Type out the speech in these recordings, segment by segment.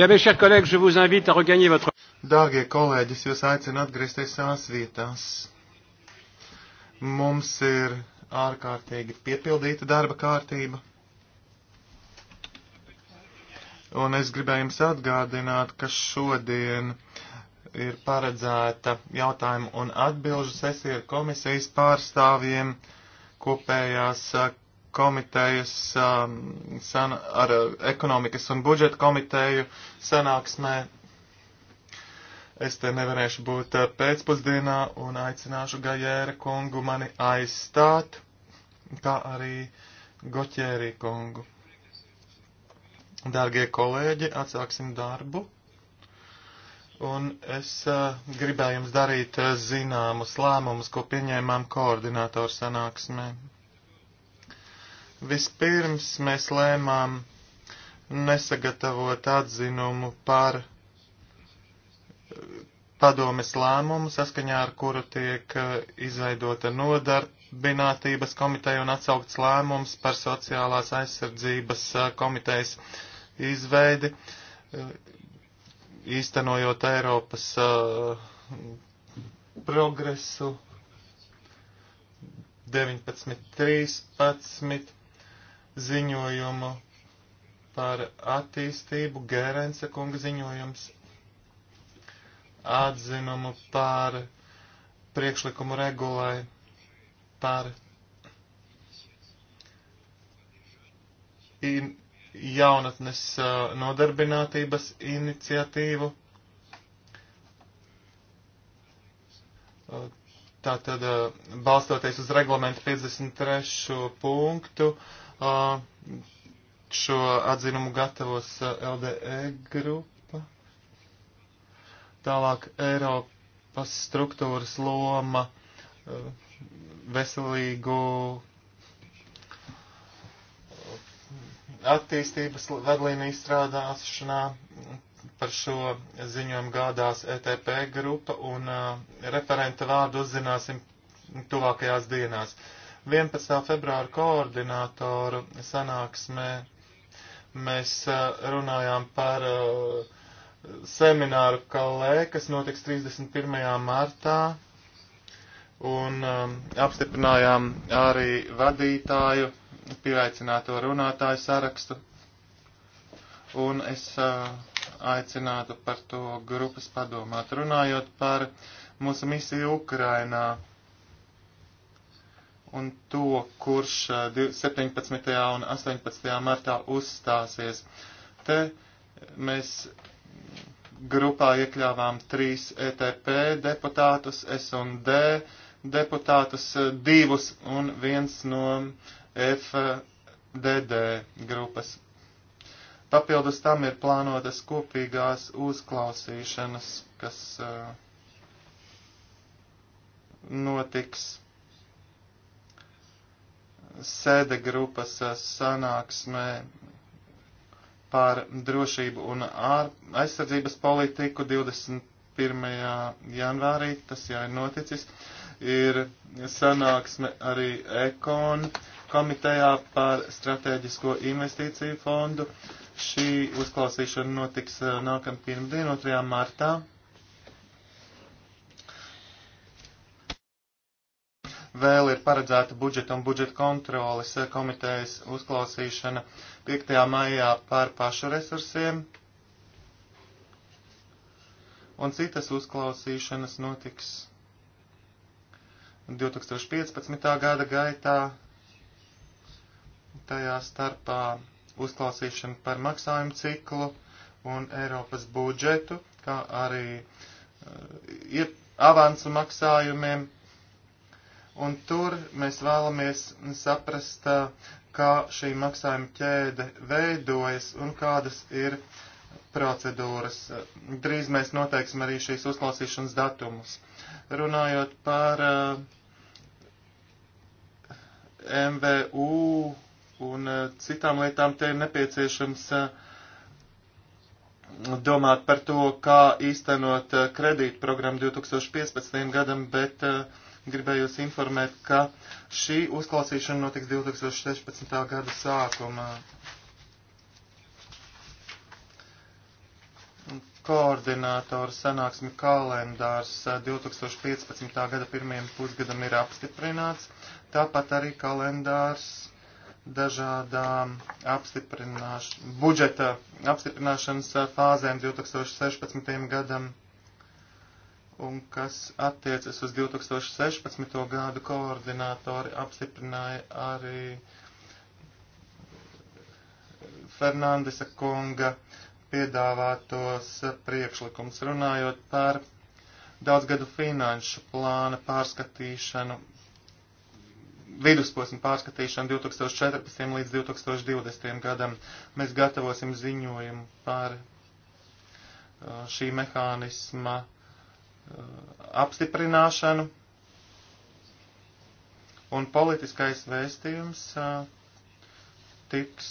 Bien, mes chers collègues, je vous invite à regagner votre. Dārgie kolēģi, es jūs aicinu atgriezties savās vietās. Mums ir ārkārtīgi piepildīta darba kārtība. Un es gribēju jums atgādināt, ka šodien ir paredzēta jautājumu un atbilžu sesija ar komisijas pārstāvjiem kopējās komitejas, um, san, ar uh, ekonomikas un budžeta komiteju sanāksmē. Es te nevarēšu būt uh, pēcpusdienā un aicināšu Gajēra kungu mani aizstāt, kā arī Goķērī kungu. Dārgie kolēģi, atsāksim darbu. Un es uh, gribēju jums darīt uh, zināmus lēmumus, ko pieņēmām koordinātoru sanāksmē. Vispirms mēs lēmām nesagatavot atzinumu par eh, padomes lēmumu, saskaņā ar kuru tiek eh, izveidota nodarbinātības komiteja un atsaukts lēmums par sociālās aizsardzības eh, komitejas izveidi, īstenojot Eiropas progresu 19.13 ziņojumu par attīstību, Gērensa kunga ziņojums, atzinumu par priekšlikumu regulai, par in, jaunatnes uh, nodarbinātības iniciatīvu. Uh, Tātad, uh, balstoties uz reglamentu 53. punktu, uh, Šo atzinumu gatavos LDE grupa. Tālāk Eiropas struktūras loma veselīgu attīstības vadlīniju strādāšanā. Par šo ziņojumu gādās ETP grupa un uh, referenta vārdu uzzināsim tuvākajās dienās. Uh, 11. februāra koordinātoru sanāksmē mēs runājām par semināru Kalē, kas notiks 31. martā, un apstiprinājām arī vadītāju, pieaicināto runātāju sarakstu, un es aicinātu par to grupas padomāt, runājot par mūsu misiju Ukrainā un to, kurš 17. un 18. martā uzstāsies. Te mēs grupā iekļāvām trīs ETP deputātus, S&D deputātus, divus un viens no FDD grupas. Papildus tam ir plānotas kopīgās uzklausīšanas, kas uh, notiks sēde grupas eh, sanāksmē par drošību un ār, aizsardzības politiku 21. janvārī, tas jau ir noticis, ir sanāksme arī Ekon komitejā par strateģisko investīciju fondu. Šī uzklausīšana notiks eh, nākamā pirmdien, 2. martā. vēl ir paredzēta budžeta un budžeta kontrolas eh, komitejas uzklausīšana 5. maijā par pašu resursiem. Un citas uzklausīšanas notiks 2015. gada gaitā, tajā starpā uzklausīšana par maksājumu ciklu un Eiropas budžetu, kā arī uh, avansu maksājumiem un tur mēs vēlamies saprast, kā šī maksājuma ķēde veidojas un kādas ir procedūras. Drīz mēs noteiksim arī šīs uzklausīšanas datumus. Runājot par MVU un citām lietām, te ir nepieciešams domāt par to, kā īstenot kredītprogrammu 2015. gadam, bet uh, Gribēju jūs informēt, ka šī uzklausīšana notiks 2016. gada sākumā. Koordinātora sanāksmi kalendārs 2015. Eh, gada pirmajam pusgadam ir apstiprināts, tāpat arī kalendārs dažādām budžeta apstiprināšanas eh, fāzēm 2016. gadam un kas attiecas uz 2016. gadu koordinātori apstiprināja arī Fernandesa kunga piedāvātos priekšlikums runājot par daudzgadu finanšu plāna pārskatīšanu, vidusposmu pārskatīšanu 2014 līdz 2020 gadam. Mēs gatavosim ziņojumu par uh, šī mehānisma uh, apstiprināšanu. Un politiskais vēstījums tiks,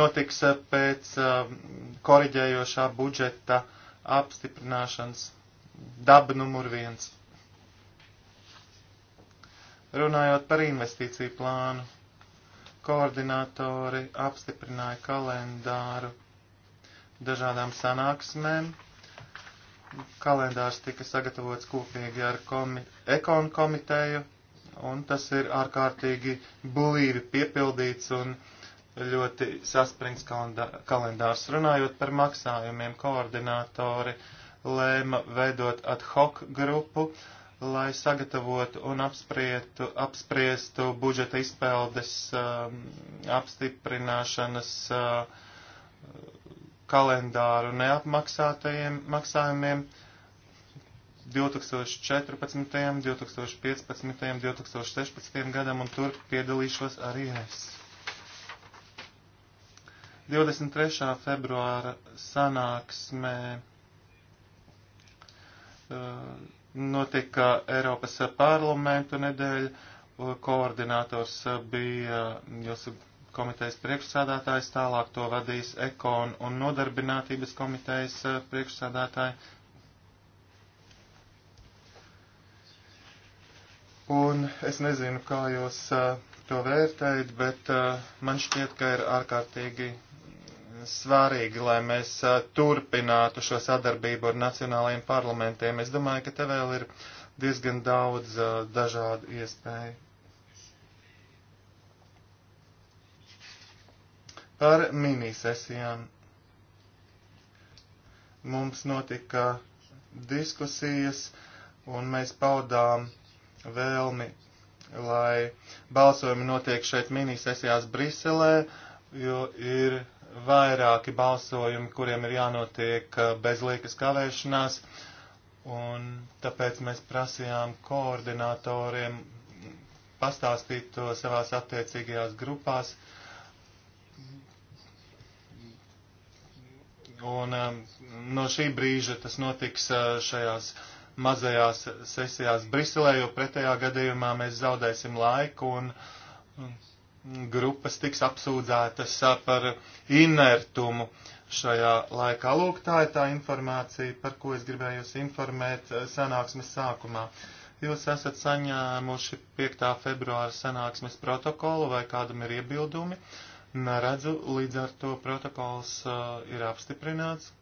notiks pēc koriģējošā budžeta apstiprināšanas daba numur viens. Runājot par investīciju plānu, koordinātori apstiprināja kalendāru dažādām sanāksmēm kalendārs tika sagatavots kopīgi ar komi ekonu komiteju, un tas ir ārkārtīgi bulīvi piepildīts un ļoti saspringts kalendārs. Runājot par maksājumiem, koordinātori lēma veidot ad hoc grupu, lai sagatavotu un apsprietu, apspriestu budžeta izpeldes um, apstiprināšanas uh, kalendāru neapmaksātajiem maksājumiem 2014., 2015., 2016. gadam, un tur piedalīšos arī es. 23. februāra sanāksmē uh, notika Eiropas parlamentu nedēļa, koordinators bija uh, Josip komitejas priekšsādātājs, tālāk to vadīs ekon un nodarbinātības komitejas eh, priekšsādātāji. Un es nezinu, kā jūs eh, to vērtējat, bet eh, man šķiet, ka ir ārkārtīgi svārīgi, lai mēs turpinātu šo sadarbību ar nacionālajiem parlamentiem. Es domāju, ka te vēl ir diezgan daudz dažādu iespēju. Par minisesijām mums notika diskusijas, un mēs paudām vēlmi, lai balsojumi notiek šeit minisesijās Briselē, jo ir vairāki balsojumi, kuriem ir jānotiek eh, bez liekas kavēšanās, un tāpēc mēs prasījām koordinatoriem pastāstīt to savās attiecīgajās grupās, uh, Un um, no šī brīža tas notiks uh, šajās mazajās sesijās Briselē, jo pretējā gadījumā mēs zaudēsim laiku un grupas tiks apsūdzētas uh, par inertumu šajā laikā. Lūk, tā ir tā informācija, par ko es gribēju jūs informēt uh, sanāksmes sākumā. Jūs esat saņēmuši 5. februāra sanāksmes protokolu vai kādam ir iebildumi? Uh, neredzu, līdz ar to protokols uh, ir apstiprināts.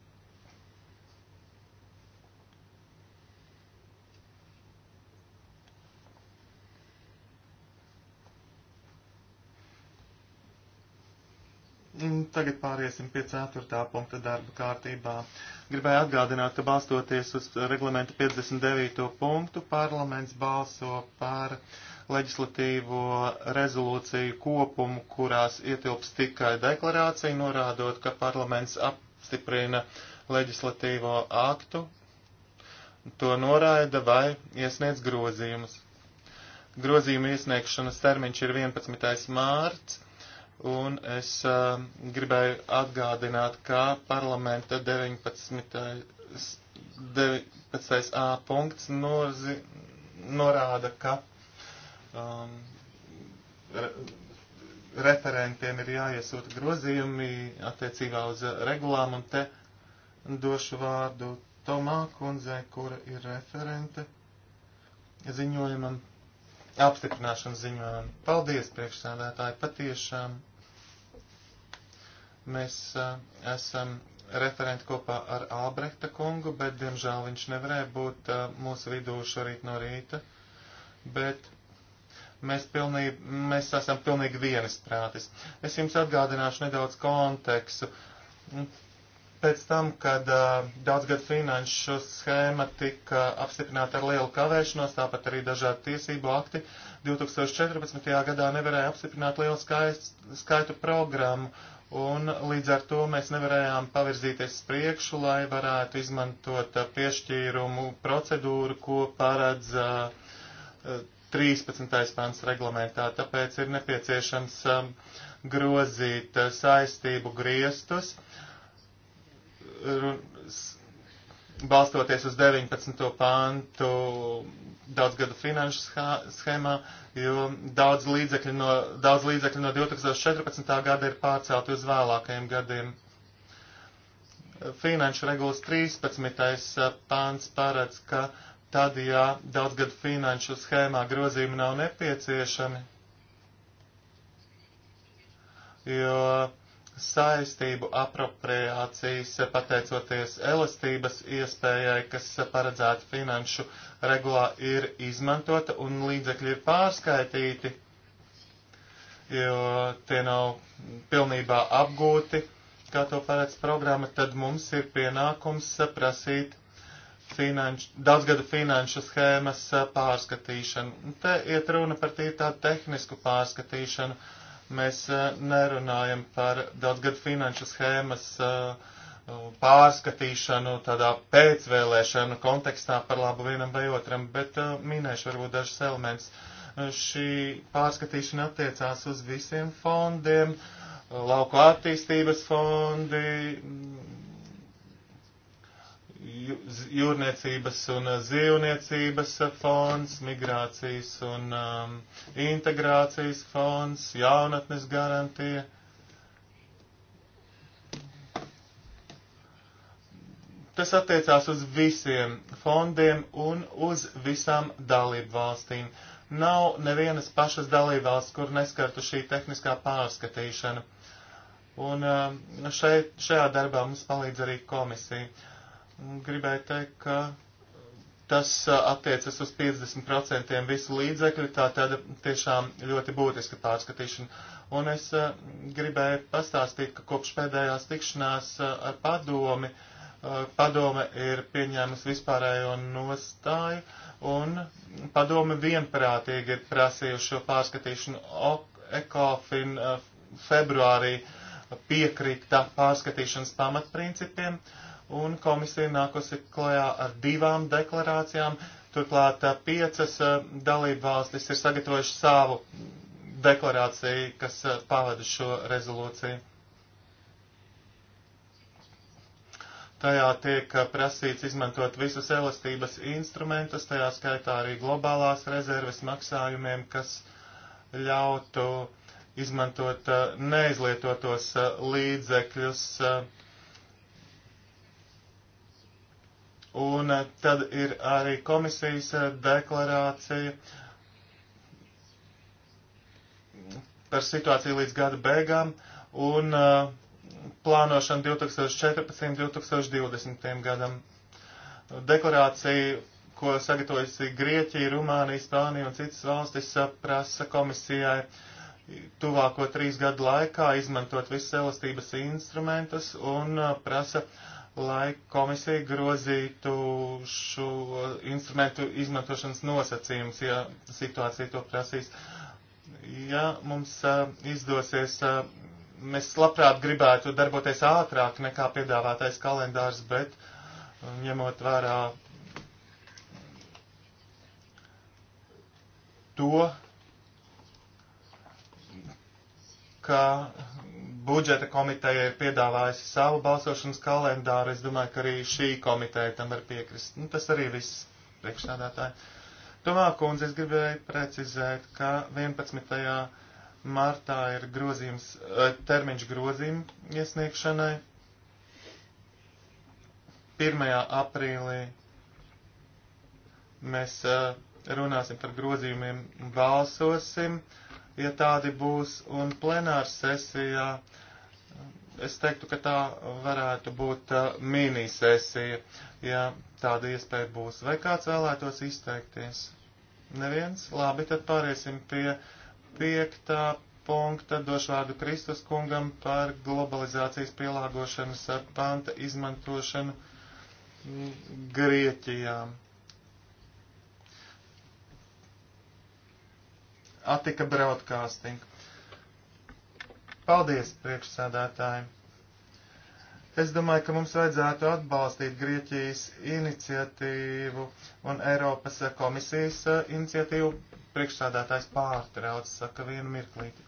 Tagad pāriesim pie 4. punkta darba kārtībā. Gribēju atgādināt, ka balstoties uz reglamenta 59. punktu, parlaments balso par uh, leģislatīvo rezolūciju kopumu, kurās ietilps tikai deklarācija, norādot, ka parlaments apstiprina leģislatīvo aktu, to noraida vai iesniedz grozījumus. Grozījuma iesniegšanas termiņš ir 11. mārts, un es uh, gribēju atgādināt, ka parlamenta 19. 19. A punkts norzi, norāda, ka um, re, referentiem ir jāiesūta grozījumi attiecībā uz regulām, un te došu vārdu Tomā kundzē, kura ir referente ziņojumam, apstiprināšanas ziņojumam. Paldies, priekšsēdētāji, patiešām mēs uh, esam referenti kopā ar Ābrehta kungu, bet, diemžēl, viņš nevarēja būt uh, mūsu vidū šorīt no rīta. Bet mēs, pilnī, mēs esam pilnīgi vienisprātis. Es jums atgādināšu nedaudz kontekstu. Pēc tam, kad uh, daudzgad finanšu schēma tika apstiprināta ar lielu kavēšanos, tāpat arī dažādi tiesību akti, 2014. gadā nevarēja apstiprināt lielu skaist, skaitu programmu, un līdz ar to mēs nevarējām pavirzīties priekšu, lai varētu izmantot uh, piešķīrumu procedūru, ko paredz uh, 13. pants reglamentā, tāpēc ir nepieciešams um, grozīt uh, saistību griestus, balstoties uz 19. pantu daudzgadu finanšu schēmā, jo daudz līdzekļu, no, daudz līdzekļu no 2014. gada ir pārcelti uz vēlākajiem gadiem. Finanšu regulas 13. Uh, pāns paredz, ka uh, Tad, ja daudzgadu finanšu schēmā grozījumi nav nepieciešami, jo saistību apropriācijas, pateicoties elastības iespējai, kas paredzēta finanšu regulā, ir izmantota un līdzekļi ir pārskaitīti, jo tie nav pilnībā apgūti, kā to paredz programma, tad mums ir pienākums prasīt finanš, daudzgada finanšu schēmas eh, pārskatīšanu. Te iet runa par tī tādu tehnisku pārskatīšanu. Mēs eh, nerunājam par daudzgada finanšu schēmas eh, pārskatīšanu tādā pēcvēlēšanu kontekstā par labu vienam vai otram, bet minēšu varbūt dažus elementus. Šī pārskatīšana attiecās uz visiem fondiem, lauku attīstības fondi, jūrniecības un uh, zīvniecības fonds, migrācijas un um, integrācijas fonds, jaunatnes garantija. Tas attiecās uz visiem fondiem un uz visām dalību valstīm. Nav nevienas pašas dalību valsts, kur neskartu šī tehniskā pārskatīšana. Un um, šeit, šajā darbā mums palīdz arī komisija. Uh, gribēju teikt, ka tas attiecas uz 50% visu līdzekļu, tā tāda tiešām ļoti būtiska pārskatīšana. Un es gribēju pastāstīt, ka kopš pēdējās tikšanās ar padomi, padome ir pieņēmusi vispārējo nostāju, un padome vienprātīgi ir prasījuši šo pārskatīšanu ECOFIN februārī piekrita pārskatīšanas pamatprincipiem. Uh, un komisija nākusi klajā ar divām deklarācijām. Turklāt piecas dalību valstis ir sagatavojuši savu deklarāciju, kas pavada šo rezolūciju. Tajā tiek prasīts izmantot visus elastības instrumentus, tajā skaitā arī globālās rezerves maksājumiem, kas ļautu izmantot neizlietotos līdzekļus uh, Un eh, tad ir arī komisijas eh, deklarācija par situāciju līdz gada beigām un uh, plānošanu 2014. 2020. gadam. Deklarācija, ko sagatavojusi Grieķija, Rumānija, Spānija un citas valstis, eh, prasa komisijai tuvāko trīs gadu laikā izmantot visas elastības instrumentus un uh, prasa uh, lai komisija grozītu šo instrumentu izmantošanas nosacījumus, ja situācija to prasīs. Ja mums uh, izdosies, uh, mēs labprāt gribētu darboties ātrāk nekā piedāvātais kalendārs, bet ņemot vērā to, ka budžeta komiteja ir piedāvājusi savu balsošanas kalendāru. Es domāju, ka arī šī komiteja tam var piekrist. Nu, tas arī viss priekšstādātāji. Tomā kundze, es gribēju precizēt, ka 11. martā ir grozījums, eh, termiņš grozījumu iesniegšanai. 1. aprīlī mēs eh, runāsim par grozījumiem un balsosim. Uh, ja tādi būs, un plenāra sesijā es teiktu, ka tā varētu būt uh, minisesija, ja tāda iespēja būs. Vai kāds vēlētos izteikties? Neviens? Labi, tad pāriesim pie piektā punkta. Došu vārdu Kristus kungam par globalizācijas pielāgošanas panta izmantošanu Grieķijām. Atika Broadcasting. Paldies, priekšsēdētāji! Es domāju, ka mums vajadzētu atbalstīt Grieķijas iniciatīvu un Eiropas komisijas eh, iniciatīvu. Priekšsādātājs pārtrauc, saka vienu mirklīti.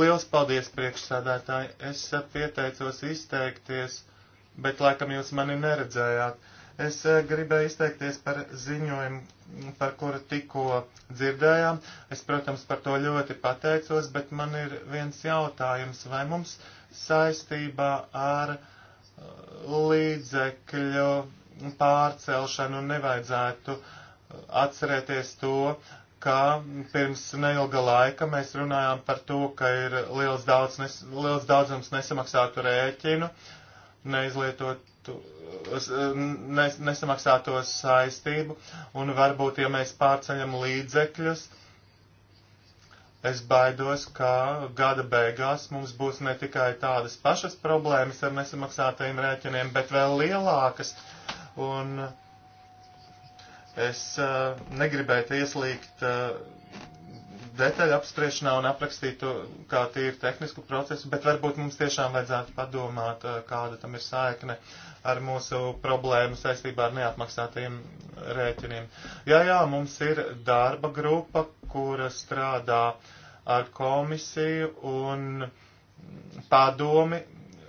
Liels paldies, priekšsādātāji. Es eh, pieteicos izteikties, bet laikam jūs mani neredzējāt. Es eh, gribēju izteikties par ziņojumu, par kuru tikko dzirdējām. Es, protams, par to ļoti pateicos, bet man ir viens jautājums, vai mums saistībā ar uh, līdzekļu pārcelšanu nevajadzētu uh, atcerēties to, ka pirms neilga laika mēs runājām par to, ka ir liels, daudz nes, liels daudzums nesamaksātu rēķinu, neizlietot nes, nesamaksāto saistību, un varbūt, ja mēs pārceļam līdzekļus, es baidos, ka gada beigās mums būs ne tikai tādas pašas problēmas ar nesamaksātajiem rēķiniem, bet vēl lielākas. Un es uh, negribētu ieslīgt uh, detaļu apspriešanā un aprakstīt to kā tīri tehnisku procesu, bet varbūt mums tiešām vajadzētu padomāt, eh, kāda tam ir saikne ar mūsu problēmu saistībā ar neapmaksātajiem rēķiniem. Jā, jā, mums ir darba grupa, kura strādā ar komisiju un padomi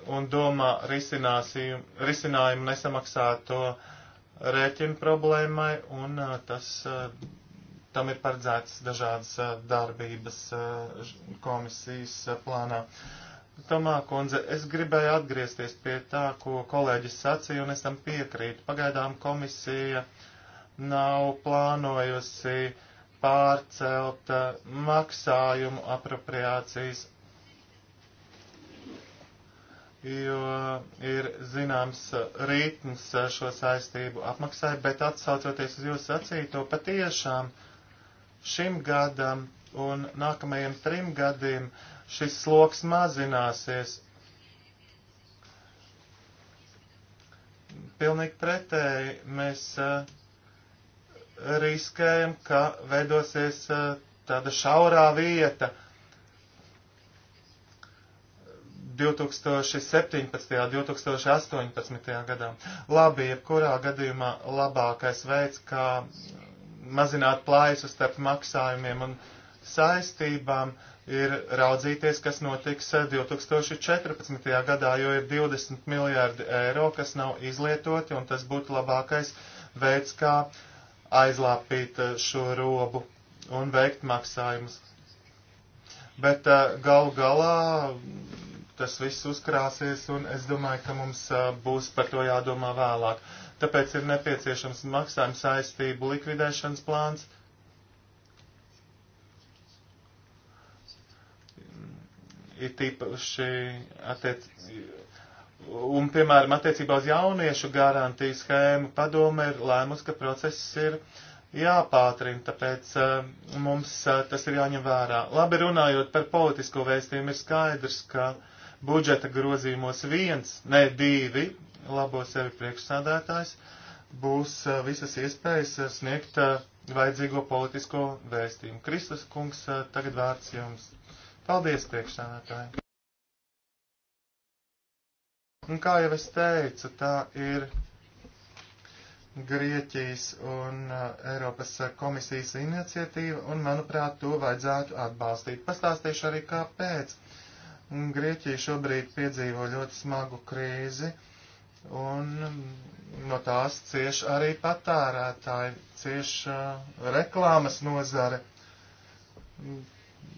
un domā risinājumu nesamaksāto rēķinu problēmai, un eh, tas eh, tam ir paredzētas dažādas darbības komisijas plānā. Tomā kundze, es gribēju atgriezties pie tā, ko kolēģis sacīja, un es tam piekrītu. Pagaidām komisija nav plānojusi pārcelt maksājumu apropriācijas, jo ir zināms ritms šo saistību apmaksai, bet atsaucoties uz jūsu sacīto, patiešām. Uh, šim gadam un nākamajiem trim gadiem šis sloks mazināsies. Pilnīgi pretēji mēs uh, riskējam, ka veidosies uh, tāda šaurā vieta 2017. un 2018. gadā. Labi, jebkurā gadījumā labākais veids, kā mazināt plājas starp maksājumiem un saistībām, ir raudzīties, kas notiks 2014. Eh, gadā, jo ir 20 miljārdi eiro, kas nav izlietoti, un tas būtu labākais veids, kā aizlāpīt eh, šo robu un veikt maksājumus. Bet eh, galu galā tas viss uzkrāsies, un es domāju, ka mums būs par to jādomā vēlāk. Tāpēc ir nepieciešams maksājuma saistību likvidēšanas plāns. Ir tīpaši attiec, un, piemēram, attiecībā uz jauniešu garantiju schēmu padome ir lēmus, ka process ir jāpātrina, tāpēc uh, mums uh, tas ir jāņem vērā. Labi, runājot par politisko vēstījumu, ir skaidrs, ka budžeta grozījumos viens, ne divi, labo sevi priekšsādātājs, būs visas iespējas sniegt vajadzīgo politisko vēstījumu. Kristus kungs, tagad vārds jums. Paldies, priekšsādātāji! Un kā jau es teicu, tā ir Grieķijas un Eiropas komisijas iniciatīva, un manuprāt, to vajadzētu atbalstīt. Pastāstīšu arī kāpēc. Grieķija šobrīd piedzīvo ļoti smagu krīzi un no tās cieš arī patērētāji, cieš uh, reklāmas nozare.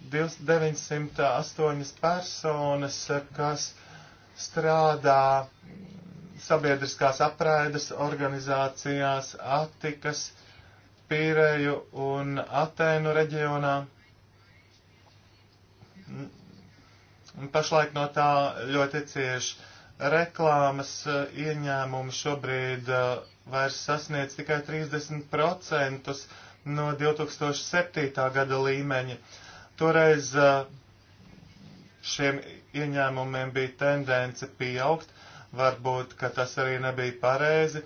908 personas, kas strādā sabiedriskās apraides organizācijās Atikas, Pīreju un Atēnu reģionā. Un pašlaik no tā ļoti cieši reklāmas e, ieņēmumu šobrīd e, vairs sasniedz tikai 30% no 2007. gada līmeņa. Toreiz e, šiem ieņēmumiem bija tendence pieaugt, varbūt, ka tas arī nebija pareizi,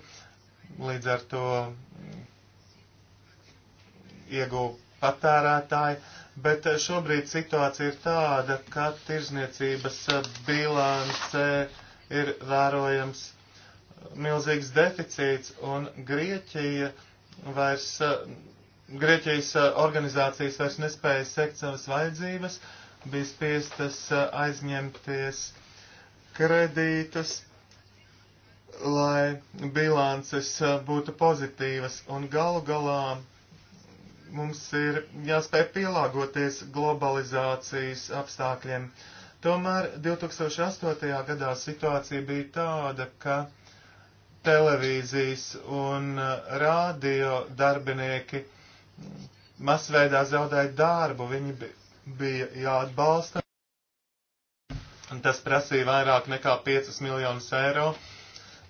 līdz ar to mm, ieguv patērētāji, bet šobrīd situācija ir tāda, ka tirzniecības bilance uh, ir vērojams milzīgs deficīts, un Grieķija vairs, Grieķijas organizācijas vairs nespēja sekt savas vajadzības, bija spiestas aizņemties kredītus, lai bilances būtu pozitīvas, un galu galā mums ir jāspēj pielāgoties globalizācijas apstākļiem. Uh, Tomēr 2008. gadā situācija bija tāda, ka televīzijas un uh, rādio darbinieki masveidā zaudēja darbu, viņi bija jāatbalsta. Tas prasīja vairāk nekā 5 miljonus eiro,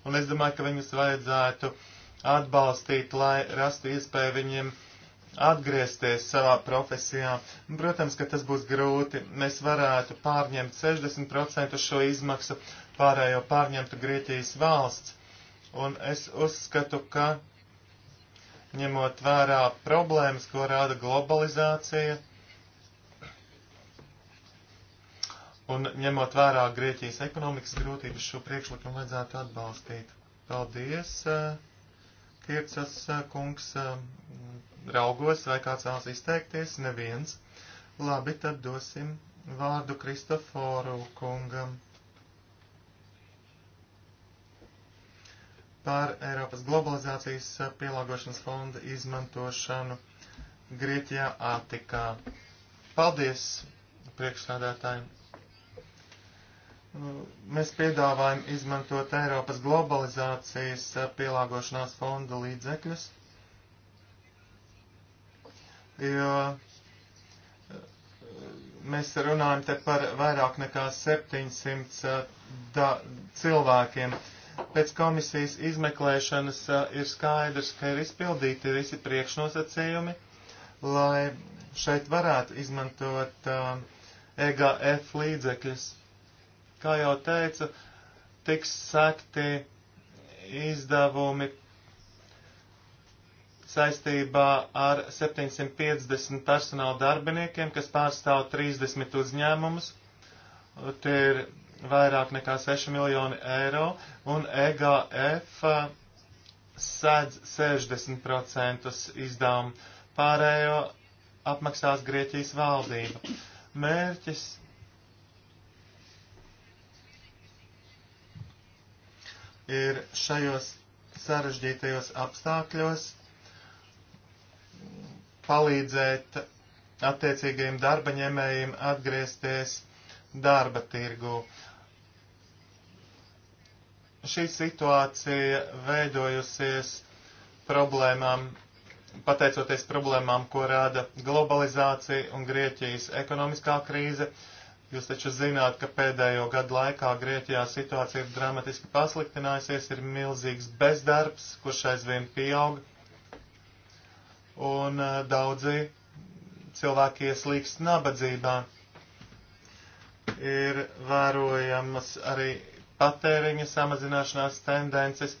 un es domāju, ka viņus vajadzētu atbalstīt, lai rastu iespēju viņiem atgriezties savā profesijā. Protams, ka tas būs grūti. Mēs varētu pārņemt 60% šo izmaksu, pārējo pārņemtu Grieķijas valsts. Un es uzskatu, ka ņemot vērā problēmas, ko rada globalizācija, un ņemot vērā Grieķijas ekonomikas grūtības, šo priekšlikumu vajadzētu atbalstīt. Paldies, eh, Kircas eh, kungs, eh, raugos, vai kāds vēlas izteikties? Neviens. Labi, tad dosim vārdu Kristoforu kungam par Eiropas globalizācijas pielāgošanas fonda izmantošanu Grieķijā Ātikā. Paldies priekšsādātājiem! Mēs piedāvājam izmantot Eiropas globalizācijas pielāgošanās fonda līdzekļus jo eh, mēs runājam te par vairāk nekā 700 eh, da, cilvēkiem. Pēc komisijas izmeklēšanas eh, ir skaidrs, ka ir izpildīti visi priekšnosacījumi, lai šeit varētu izmantot EGF e līdzekļus. Kā jau teicu, tiks sekti izdevumi saistībā ar 750 personāla darbiniekiem, kas pārstāv 30 uzņēmumus. Tie ir vairāk nekā 6 miljoni eiro, un EGF uh, sēdz 60% izdevumu. Pārējo apmaksās Grieķijas valdība. Mērķis ir šajos sarežģītajos apstākļos palīdzēt attiecīgajiem darba ņēmējiem atgriezties darba tirgu. Šī situācija veidojusies problēmām, pateicoties problēmām, ko rada globalizācija un Grieķijas ekonomiskā krīze. Jūs taču zināt, ka pēdējo gadu laikā Grieķijā situācija ir dramatiski pasliktinājusies, ir milzīgs bezdarbs, kurš aizvien pieauga un eh, daudzi cilvēki ieslīgst nabadzībā. Ir vērojamas arī patēriņa samazināšanās tendences.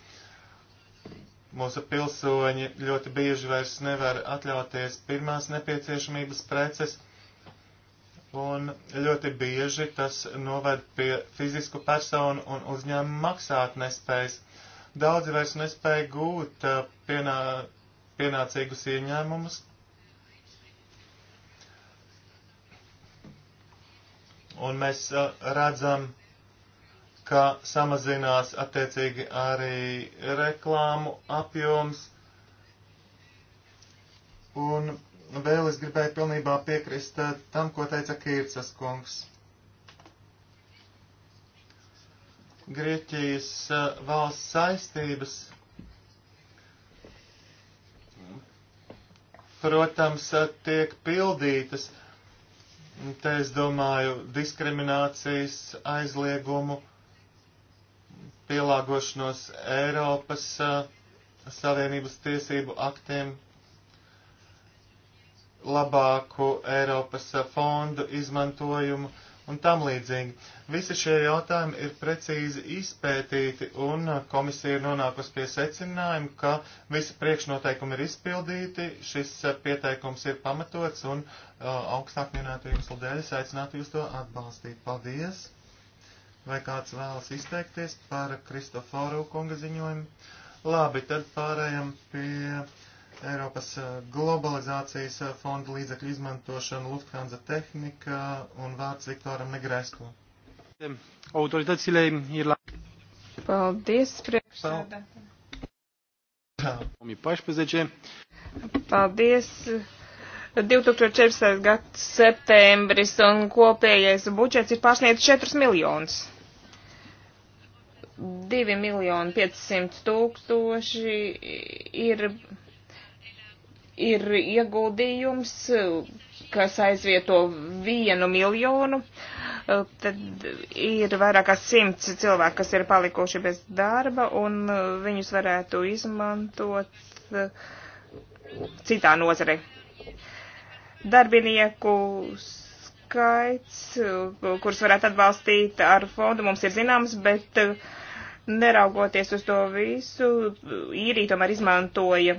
Mūsu pilsoņi ļoti bieži vairs nevar atļauties pirmās nepieciešamības preces, un ļoti bieži tas noved pie fizisku personu un uzņēmumu maksāt nespējas. Daudzi vairs nespēja gūt eh, pienā, pienācīgus ieņēmumus. Un mēs redzam, ka samazinās attiecīgi arī reklāmu apjoms. Un vēl es gribēju pilnībā piekrist tam, ko teica Kīrcas kungs. Grieķijas valsts saistības protams, eh, tiek pildītas. Te es domāju diskriminācijas aizliegumu, pielāgošanos Eiropas uh, Savienības tiesību aktiem, labāku Eiropas eh, fondu izmantojumu un tam līdzīgi. Visi šie jautājumi ir precīzi izpētīti, un komisija ir nonākusi pie secinājuma, ka visi priekšnoteikumi ir izpildīti, šis pieteikums ir pamatots, un uh, augstāk minēto iemeslu dēļ es aicinātu jūs to atbalstīt. Paldies! Vai kāds vēlas izteikties par Kristoforu kunga ziņojumu? Labi, tad pārējām pie Eiropas eh, globalizācijas eh, fonda līdzekļu izmantošanu Lufthansa tehnika un vārds Viktoram Negresko. Autoritācīlē ir labi. Paldies, priekšsēdētāji. Paldies. 2014. gads septembris un kopējais budžets ir pārsniedz 4 miljonus. 2 miljoni 500 tūkstoši ir ir ieguldījums, kas aizvieto vienu miljonu, tad ir vairāk kā simts cilvēku, kas ir palikuši bez darba, un viņus varētu izmantot uh, citā nozare. Darbinieku skaits, uh, kurus varētu atbalstīt ar fondu, mums ir zināms, bet uh, Neraugoties uz to visu, īrija tomēr izmantoja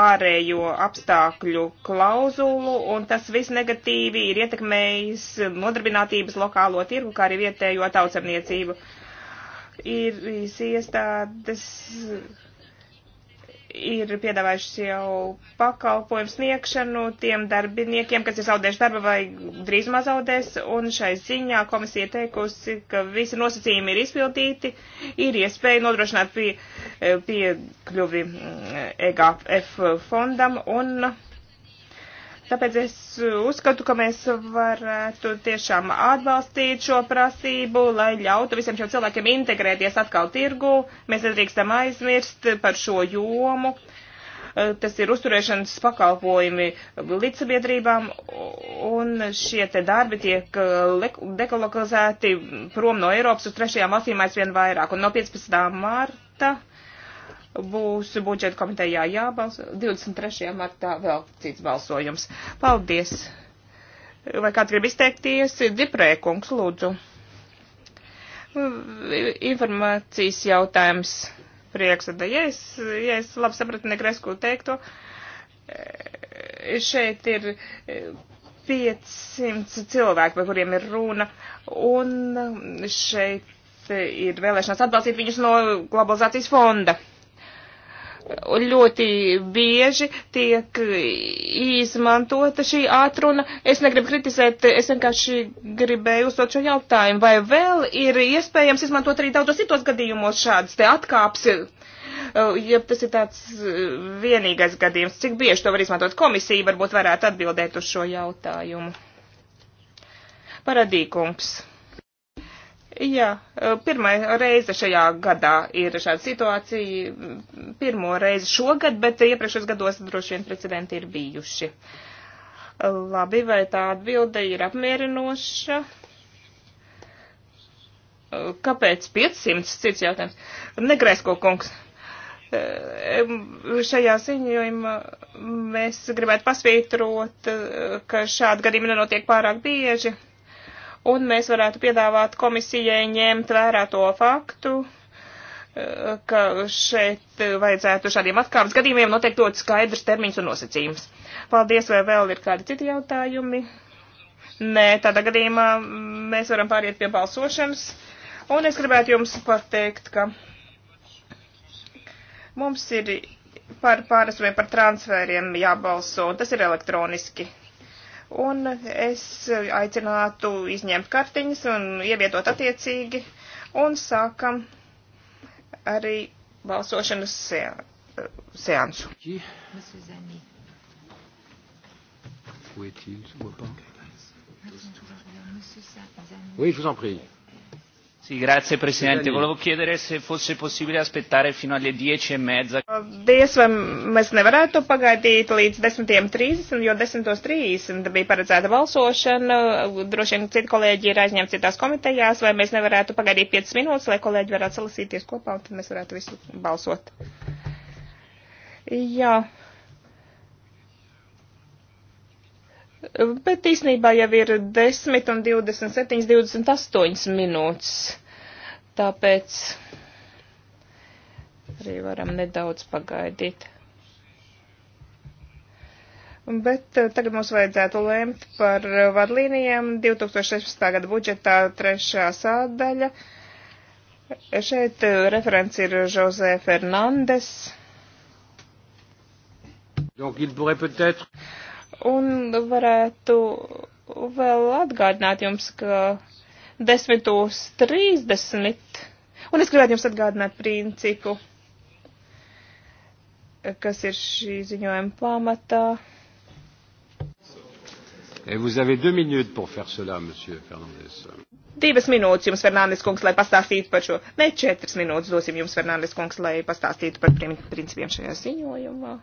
ārējo apstākļu klauzulu, un tas viss negatīvi ir ietekmējis nodarbinātības lokālo tirgu, kā arī vietējo tautsemniecību. Īrijas iestādes ir piedāvājuši jau pakalpojumu sniegšanu tiem darbiniekiem, kas ir zaudējuši darba vai drīzumā zaudēs, un šai ziņā komisija teikusi, ka visi nosacījumi ir izpildīti, ir iespēja nodrošināt pie, piekļuvi mm, EGF fondam, un Tāpēc es uzskatu, ka mēs varētu tiešām atbalstīt šo prasību, lai ļautu visiem šiem cilvēkiem integrēties atkal tirgu. Mēs nedrīkstam aizmirst par šo jomu. Tas ir uzturēšanas pakalpojumi līdzsabiedrībām, un šie te darbi tiek dekolokalizēti prom no Eiropas uz trešajām valstīm aizvien vairāk. Un no 15. marta būs budžeta komitejā jābalso. 23. martā vēl cits balsojums. Paldies! Vai kāds grib izteikties? Dziprēkungs, lūdzu. Informācijas jautājums priekšsada. Ja es, ja es labi sapratu Negresku teikto, šeit ir 500 cilvēki, par kuriem ir runa, un šeit ir vēlēšanās atbalstīt viņus no globalizācijas fonda ļoti bieži tiek izmantota šī atruna. Es negribu kritizēt, es vienkārši gribēju uzdot šo jautājumu, vai vēl ir iespējams izmantot arī daudzos citos gadījumos šādas te atkāps, uh, ja tas ir tāds uh, vienīgais gadījums, cik bieži to var izmantot komisija, varbūt varētu atbildēt uz šo jautājumu. Paradīkums. Jā, pirmā reize šajā gadā ir šāda situācija, pirmo reizi šogad, bet iepriekšējos gados droši vien precedenti ir bijuši. Labi, vai tā atbilde ir apmierinoša? Kāpēc 500? Cits jautājums. Negresko kungs. Šajā ziņojumā mēs gribētu pasvītrot, ka šādi gadījumi nenotiek pārāk bieži un mēs varētu piedāvāt komisijai ņemt vērā to faktu, eh, ka šeit vajadzētu šādiem atkāpes gadījumiem noteikti ļoti skaidrs termiņš un nosacījums. Paldies, vai vēl ir kādi citi jautājumi? Nē, tādā gadījumā mēs varam pāriet pie balsošanas. Un es gribētu jums pateikt, ka mums ir par pārnesumiem, par transferiem jābalso, un tas ir elektroniski. Un es aicinātu izņemt kartiņas un ievietot attiecīgi. Un sākam arī balsošanas eh, seansu. Ah, oui, je vous en prie. Sì, grazie Presidente. Volevo chiedere se fosse possibile aspettare fino alle 10 e mezza. Oh, Dies, vai mēs nevarētu pagaidīt līdz 10.30, jo 10.30 bija paredzēta balsošana. Droši vien citi kolēģi ir aizņemti citās komitejās, vai mēs nevarētu pagaidīt 5 minūtes, lai kolēģi varētu salasīties kopā un tad mēs varētu visu balsot. Jā. Ja. bet īsnībā jau ir 10 un 27, 28 minūtes. Tāpēc arī varam nedaudz pagaidīt. Bet eh, tagad mums vajadzētu lēmt par vadlīnijām 2016. gada budžetā trešā sādaļa. Šeit eh, referents ir Jose Fernandes. Donc, il pourrait peut-être... Un varētu vēl atgādināt jums, ka 10.30. Un es gribētu jums atgādināt principu, kas ir šī ziņojuma pamatā. Et vous avez deux minutes pour faire cela, monsieur Fernandez. Divas minūtes jums, Fernandes kungs, lai pastāstītu par šo. Ne, četras minūtes dosim jums, Fernandes kungs, lai pastāstītu par principiem šajā ziņojumā.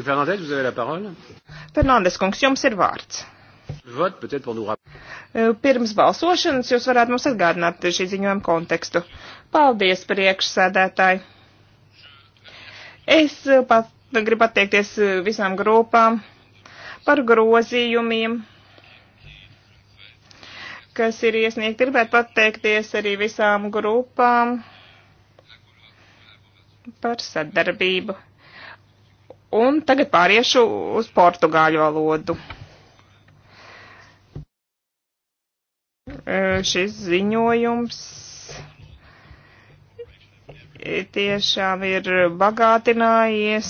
Fernandes, vous avez la parole. Fernandes kungs, jums ir vārds. Vot, peut-être pour nous rappeler. Eh, pirms balsošanas jūs varētu mums atgādināt šī ziņojuma kontekstu. Paldies, priekšsēdētāji. Es eh, pat gribu pateikties eh, visām grupām par grozījumiem, kas ir iesniegti. Gribētu pateikties arī visām grupām par sadarbību. Un tagad pāriešu uz portugāļu valodu. Šis ziņojums tiešām ir bagātinājies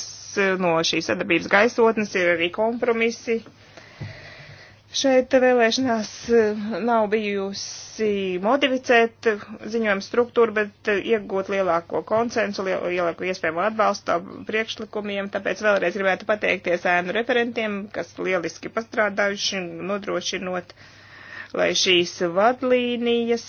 no šīs sadarbības gaisotnes, ir arī kompromisi. Uh, Šeit vēlēšanās eh, nav bijusi modificēt ziņojumu struktūru, bet eh, iegūt lielāko konsensu, lielāko iespējamo atbalstu priekšlikumiem. Tāpēc vēlreiz gribētu pateikties ēnu referentiem, kas lieliski pastrādājuši, nodrošinot, lai šīs vadlīnijas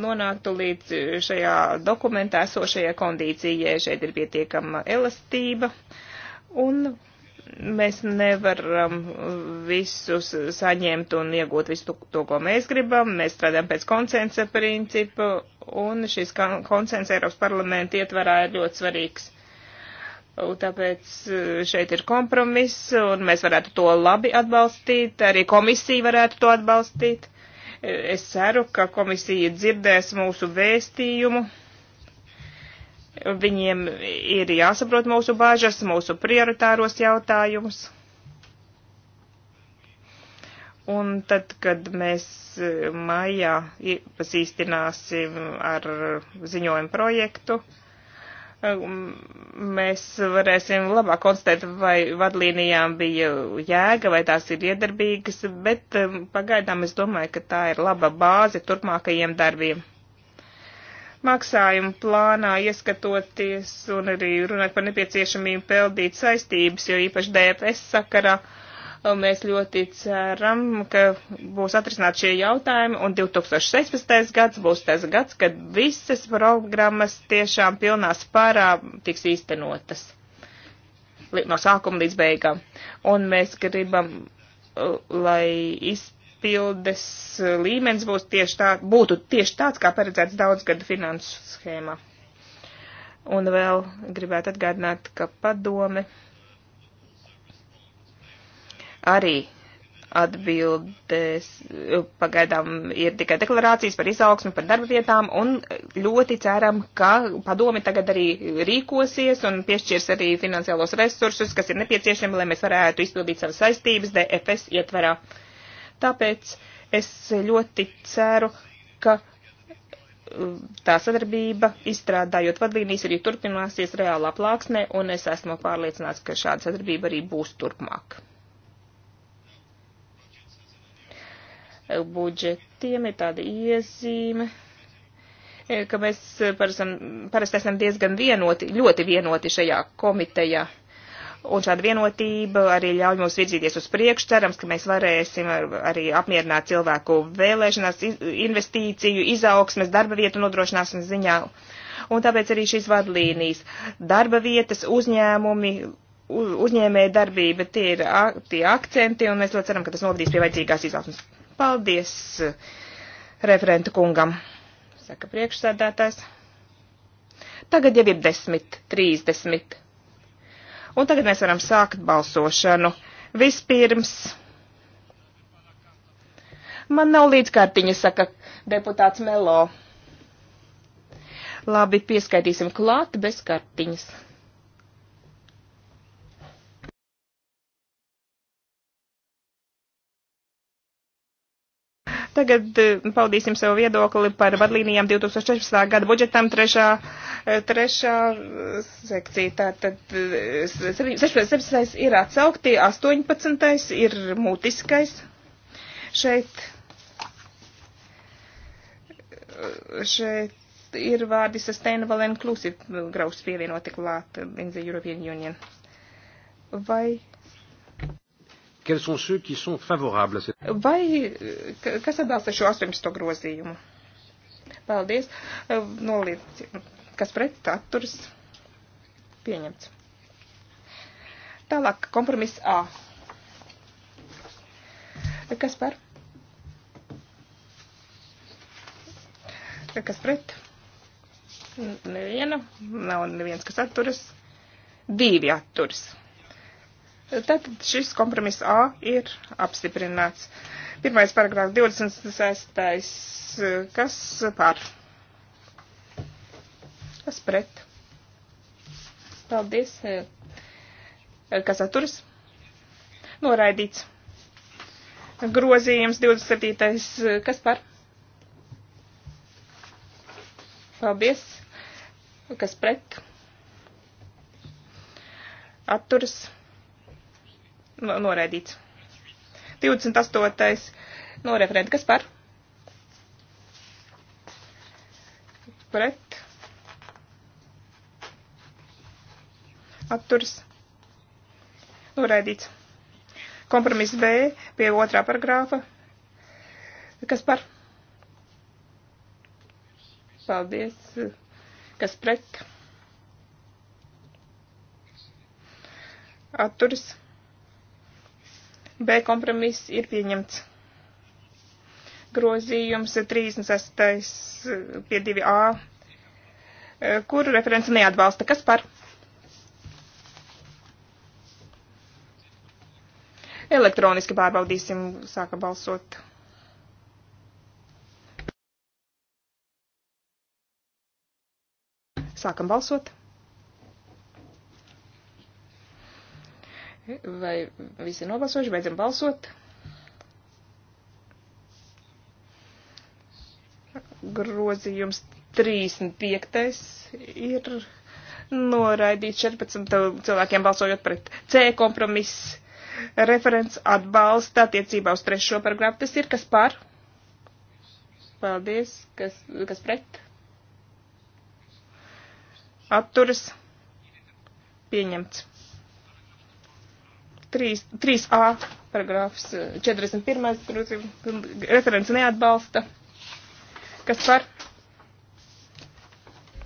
nonāktu līdz šajā dokumentā esošajai kondīcijai. Šeit ir pietiekama elastība. Un mēs nevaram visus saņemt un iegūt visu to, to ko mēs gribam. Mēs strādājam pēc konsensa principu, un šis konsensa Eiropas parlamenta ietvarā ir ļoti svarīgs. Un tāpēc eh, šeit ir kompromiss, un mēs varētu to labi atbalstīt, arī komisija varētu to atbalstīt. Es ceru, ka komisija dzirdēs mūsu vēstījumu Viņiem ir jāsaprot mūsu bāžas, mūsu prioritāros jautājumus. Un tad, kad mēs e, maijā pazīstināsim ar ziņojumu projektu, e, mēs varēsim labāk konstatēt, vai vadlīnijām bija jēga, vai tās ir iedarbīgas, bet e, pagaidām es domāju, ka tā ir laba bāze turpmākajiem darbiem maksājumu plānā ieskatoties un arī runāt par nepieciešamību peldīt saistības, jo īpaši DFS sakarā mēs ļoti ceram, ka būs atrisināt šie jautājumi, un 2016. gads būs tas gads, kad visas programmas tiešām pilnā spārā tiks īstenotas no sākuma līdz beigām. Un mēs gribam, uh, lai izpildītu izpildes eh, līmenis būs tieši tā, būtu tieši tāds, kā paredzēts daudzgada finansu schēmā. Un vēl gribētu atgādināt, ka padome arī atbildēs, eh, pagaidām ir tikai deklarācijas par izaugsmu, par darba vietām, un ļoti ceram, ka padomi tagad arī rīkosies un piešķirs arī finansiālos resursus, kas ir nepieciešami, lai mēs varētu izpildīt savas saistības DFS ietverā. Uh, Tāpēc es ļoti ceru, ka uh, tā sadarbība, izstrādājot vadlīnijas, arī turpināsies reālā plāksnē, un es esmu pārliecināts, ka šāda sadarbība arī būs turpmāk. Budžetiem ir tāda iezīme, eh, ka mēs eh, parasti esam diezgan vienoti, ļoti vienoti šajā komitejā Un šāda vienotība arī ļauj mums virzīties uz priekšu. Cerams, ka mēs varēsim ar, arī apmierināt cilvēku vēlēšanās, investīciju, izaugsmes, darba vietu nodrošināšanas ziņā. Un tāpēc arī šīs vadlīnijas - darba vietas, uzņēmumi, uzņēmēja darbība, tie ir tie akcenti, un mēs ļoti ceram, ka tas novadīs pie vajadzīgās izaugsmes. Paldies referentu kungam, saka priekšsēdētājs. Tagad jau ir 10, 30. Un tagad mēs varam sākt balsošanu. Vispirms. Man nav līdzkārtiņa, saka deputāts Melo. Labi, pieskaitīsim klāt bez kartiņas. Tagad e, paudīsim savu viedokli par vadlīnijām 2014. gada budžetam trešā, e, trešā sekcija. Tātad 16. E, ir atsaukti, 18. ir mutiskais. Šeit, šeit ir vārdi Sustainable Inclusive graus pievienoti klāt Inzi European Union. Vai Quels sont ceux qui sont favorables à cette... Vai, kas atbalsta šo 18. grozījumu? Paldies. Noliec, kas pret atturas? Pieņemts. Tālāk, kompromiss A. Kas par? Kas pret? Neviena. Nav neviens, kas atturas. Divi atturas. Tātad šis kompromiss A ir apstiprināts. Pirmais paragrāfs 26. Kas par? Kas pret? Paldies. Kas atturas? Noraidīts. Grozījums 27. Kas par? Paldies. Kas pret? Atturas noraidīts. 28. no referenta, kas par? Pret. Atturs. Noraidīts. Kompromiss B pie otrā paragrāfa. Kas par? Paldies. Kas pret? Atturs B kompromiss ir pieņemts. Grozījums 36. pie 2a, kuru referenci neatbalsta. Kas par? Elektroniski pārbaudīsim, sāka balsot. Sākam balsot. Vai visi ir nobalsojuši? Beidzam balsot. Grozījums 35. ir noraidīts 14 cilvēkiem balsojot pret C kompromiss. Referents atbalsta attiecībā uz trešo paragrafu. Tas ir kas par? Paldies. Kas, kas pret? Atturas. Pieņemts. 3, 3a paragrāfs 41. Eh, referents neatbalsta. Kas par?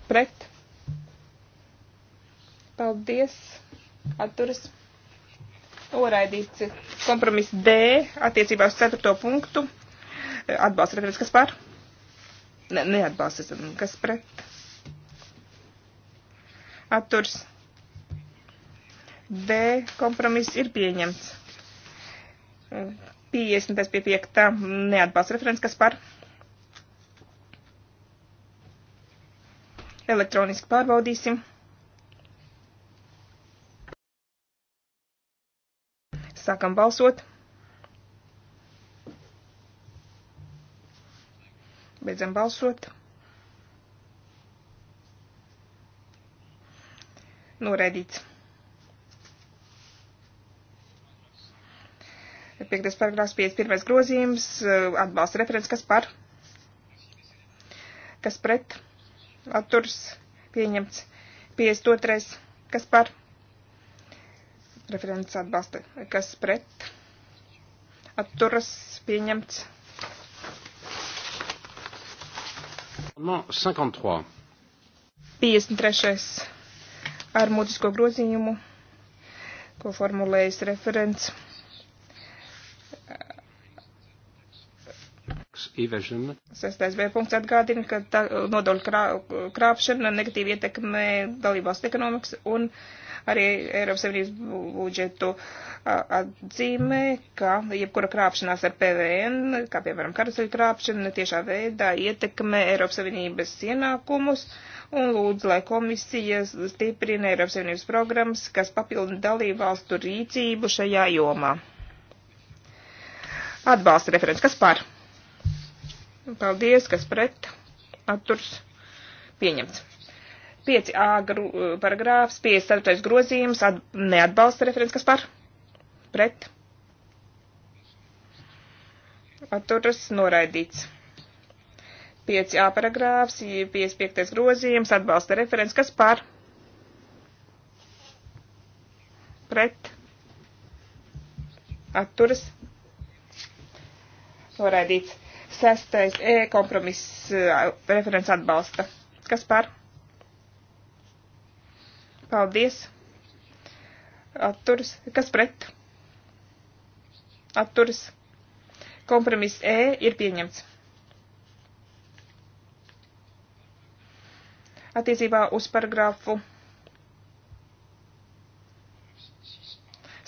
Pret. Paldies. Atturas. Noraidīts kompromiss D attiecībā uz 4. punktu. Eh, atbalsta referents. Kas par? Ne, neatbalsta. Kas pret? Atturs B kompromiss ir pieņemts. 50 pie 5 neatbalsta referents, kas par elektroniski pārbaudīsim. Sākam balsot. Beidzam balsot. Noraidīts. 5. paragrāfs 51. grozījums eh, atbalsta referents, kas par, kas pret, atturs pieņemts 52. kas par, referents atbalsta, kas pret, atturas pieņemts. No 53. 53. ar mūtisko grozījumu, ko formulējas referents. evasion. Sestais B punkts atgādina, ka tā, nodokļu krā, krāpšana negatīvi ietekmē dalībvalstu ekonomikas un arī Eiropas Savienības budžetu atzīmē, ka jebkura krāpšanās ar PVN, kā piemēram karuseļu krāpšana, tiešā veidā ietekmē Eiropas Savienības ienākumus un lūdzu, lai komisija stiprina Eiropas Savienības programmas, kas papildina dalību valstu rīcību šajā jomā. Atbalsta referents. Kas par? Paldies, kas pret atturs pieņemts. 5a gru, paragrāfs, 54. grozījums, at, neatbalsta referents, kas par pret atturas noraidīts. 5a paragrāfs, 55. grozījums, atbalsta referents, kas par pret atturas noraidīts. Sestais E kompromiss referents atbalsta. Kas par? Paldies. Atturas. Kas pret? Atturas. Kompromiss E ir pieņemts. Attiecībā uz paragrāfu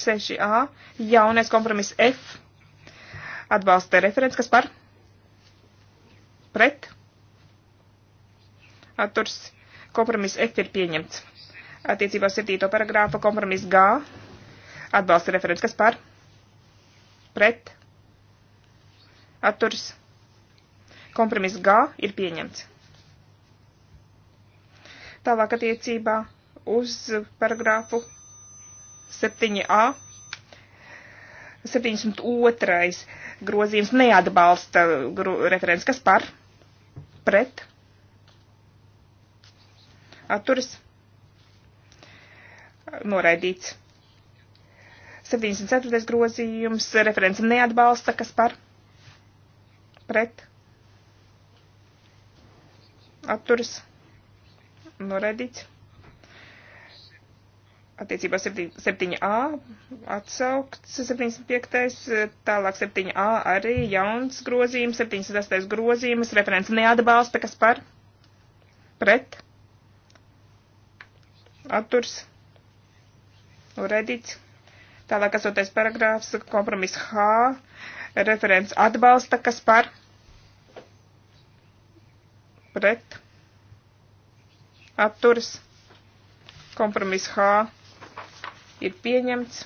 6a jaunais kompromiss F atbalsta referents, kas par? pret, atturs, kompromiss F ir pieņemts. Attiecībā 7. paragrāfa kompromiss G, atbalsta referents, kas par, pret, atturs, kompromiss G ir pieņemts. Tālāk attiecībā uz paragrāfu 7a. 72. grozījums neatbalsta referents, kas par pret, atturas, noraidīts. 74. grozījums referents neatbalsta, kas par pret atturas noraidīts attiecībā 7a atsaukts 75. tālāk 7a arī jauns grozījums, 78. grozījums, referents neatbalsta, kas par pret atturs redīts. Tālāk esoties paragrāfs kompromis H, referents atbalsta, kas par pret atturs kompromis H ir pieņemts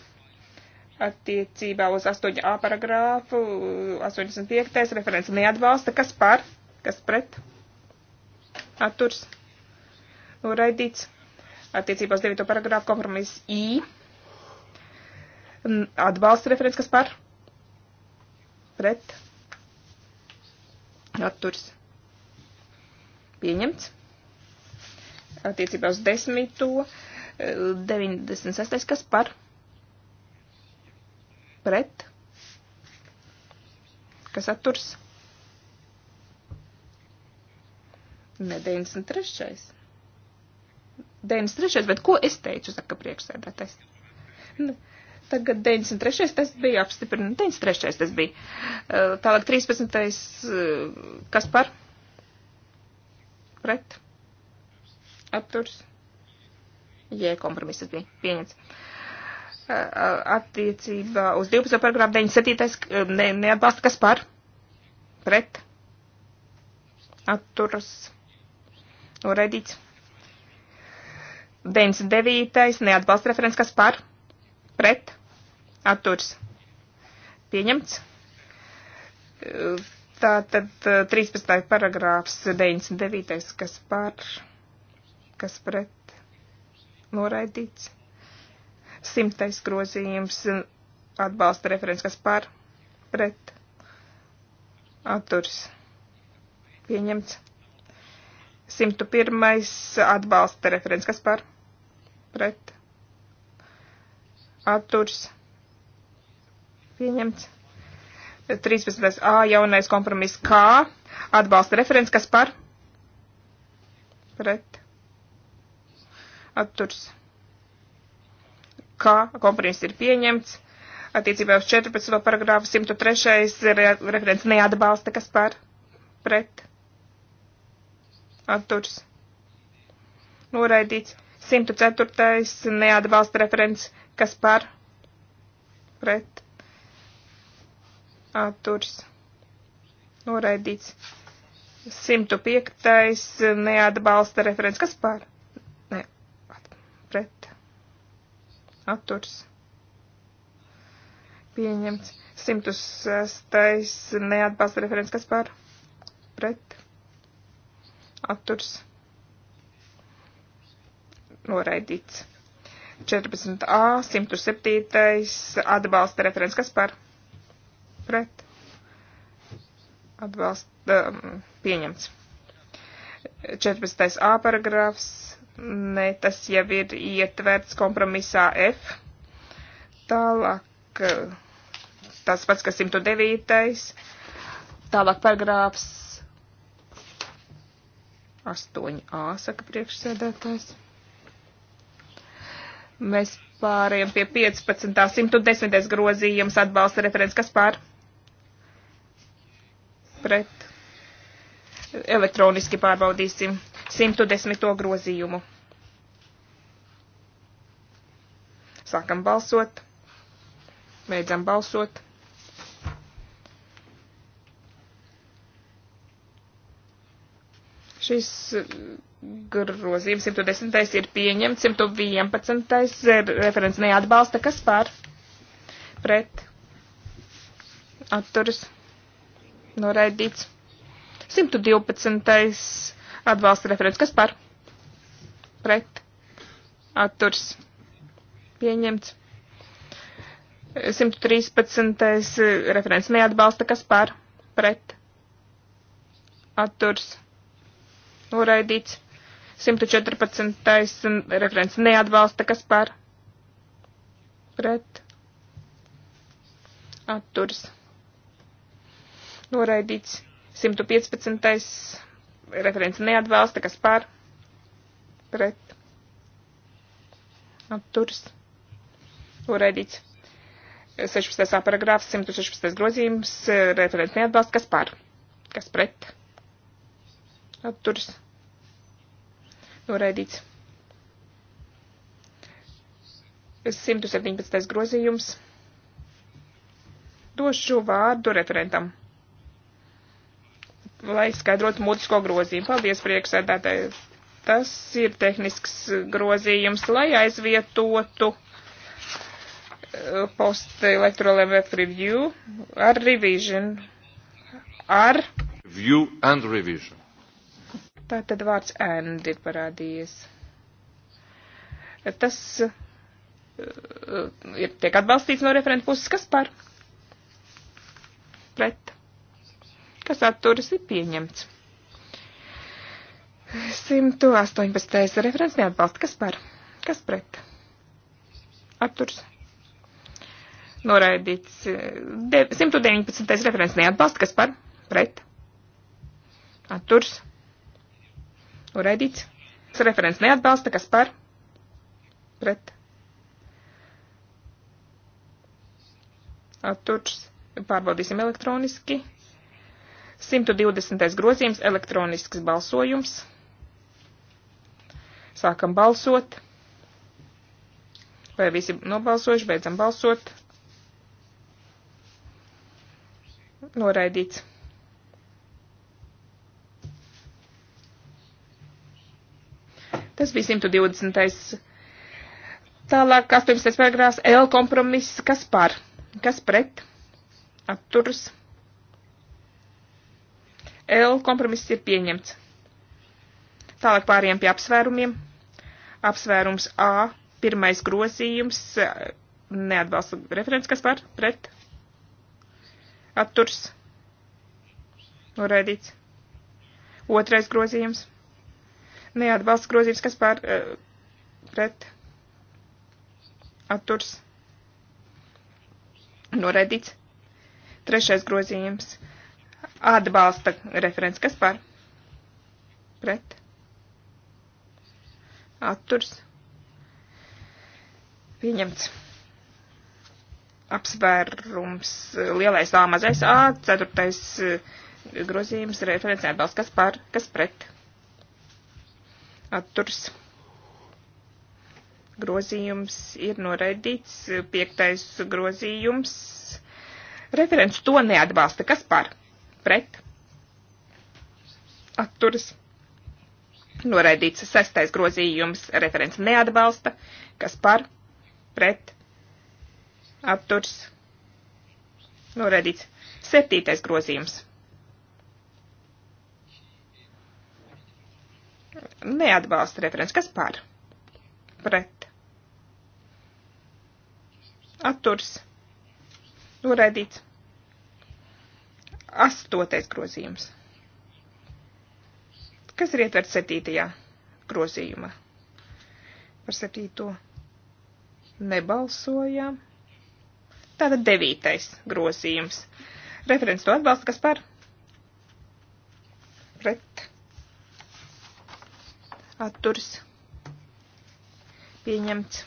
attiecībā uz 8a paragrāfu, 85. referents neatbalsta, kas par, kas pret, atturs, noraidīts, attiecībā uz 9. paragrāfu kompromiss I, atbalsta referents, kas par, pret, atturs, pieņemts, attiecībā uz 10. paragrāfu, 96. kas par? Pret? Kas atturs? Ne 93. 93. bet ko es teicu, saka priekšsēdētājs? Nu, tagad 93. tas bija apstiprināts. 93. tas bija. Uh, tālāk 13. Uh, kas par? Pret? Apturs? J kompromiss tas bija pieņemts. Attiecībā uz 12. paragrāfu 97. Ne, neatbalsta, kas par? Pret? Atturas? Noraidīts? 99. neatbalsta referents, kas par? Pret? Atturas? Pieņemts? Tātad 13. paragrāfs 99. kas par, kas pret noraidīts. Simtais grozījums atbalsta referents, kas par, pret, atturs, pieņemts. 101. atbalsta referents, kas par, pret, atturs, pieņemts. 13. A jaunais kompromiss K atbalsta referents, kas par, pret, atturs. Kā kompromiss ir pieņemts? Attiecībā uz 14. paragrāfu 103. referents neatbalsta, kas par pret atturs. Noraidīts 104. neatbalsta referents, kas par pret atturs. Noraidīts 105. neatbalsta referents, kas par pret pret atturs pieņemts. 106. neatbalsta referents, kas par pret atturs noraidīts. 14a, 107. atbalsta referents, kas par pret atbalsta um, pieņemts. 14a paragrāfs Nē, tas jau ir ietverts kompromisā F. Tālāk, tas pats, kas 109. Tālāk paragrāfs 8a, saka priekšsēdētājs. Mēs pārējām pie 15. 110. grozījums atbalsta referents. Kas pār? Pret. Elektroniski pārbaudīsim 110. grozījumu. Sākam balsot. Beidzam balsot. Šis eh, grozījums 110. ir pieņemts, 111. referents neatbalsta. Kas pār? Pret. Atturas. Noraidīts. 112. atbalsta referents. Kas pār? Pret. Atturs pieņemts. 113. Eh, referents neatbalsta, kas par, pret, atturs, noraidīts. 114. Eh, referents neatbalsta, kas par, pret, atturs, noraidīts. 115. Eh, referents neatbalsta, kas par, pret, atturs, noraidīts Noraidīts. 16. paragrāfs, 116. grozījums, e, referents neatbalsta, kas par, kas pret. Atturis. Noraidīts. 117. grozījums. Došu vārdu referentam, lai skaidrotu mutisko grozījumu. Paldies, priekšsēdētāji. Tas ir tehnisks grozījums, lai aizvietotu post-electoral MF review ar revision. Ar. View and revision. Tā tad vārds and ir parādījies. Tas eh, ir tiek atbalstīts no referenta puses, kas par? Pret. Kas atturas ir pieņemts. 118. referents neatbalsta. Kas par? Kas pret? Atturs Noraidīts. 119. referents neatbalsta, kas par? Pret. Atturs. Noraidīts. Referents neatbalsta, kas par? Pret. Atturs. Pārbaudīsim elektroniski. 120. grozījums elektronisks balsojums. Sākam balsot. Vai visi nobalsojuši? Beidzam balsot. noraidīts. Tas bija 120. Tālāk 18. paragrāfs L kompromiss, kas par, kas pret, atturas. L kompromiss ir pieņemts. Tālāk pāriem pie apsvērumiem. Apsvērums A, pirmais grozījums, neatbalsta referents, kas par, pret, atturs noraidīts. Otrais grozījums. Neatbalsts grozījums, kas pār uh, pret atturs noraidīts. Trešais grozījums. Atbalsta referents, kas pār pret atturs pieņemts apsvērums eh, lielais A mazais A, ceturtais eh, grozījums referencē atbalsts, kas par, kas pret. Atturs. Grozījums ir noraidīts, piektais grozījums. Referents to neatbalsta, kas par, pret. Atturs. Noraidīts sestais grozījums, referents neatbalsta, kas par, pret apturs noraidīts. Septītais grozījums. Neatbalsta referents. Kas par? Pret. Atturs. Noraidīts. Astotais grozījums. Kas ir ietverts septītajā grozījumā? Par septīto nebalsojām. Tātad devītais grozījums. Referents to atbalsta, kas par? Pret. Atturs. Pieņemts.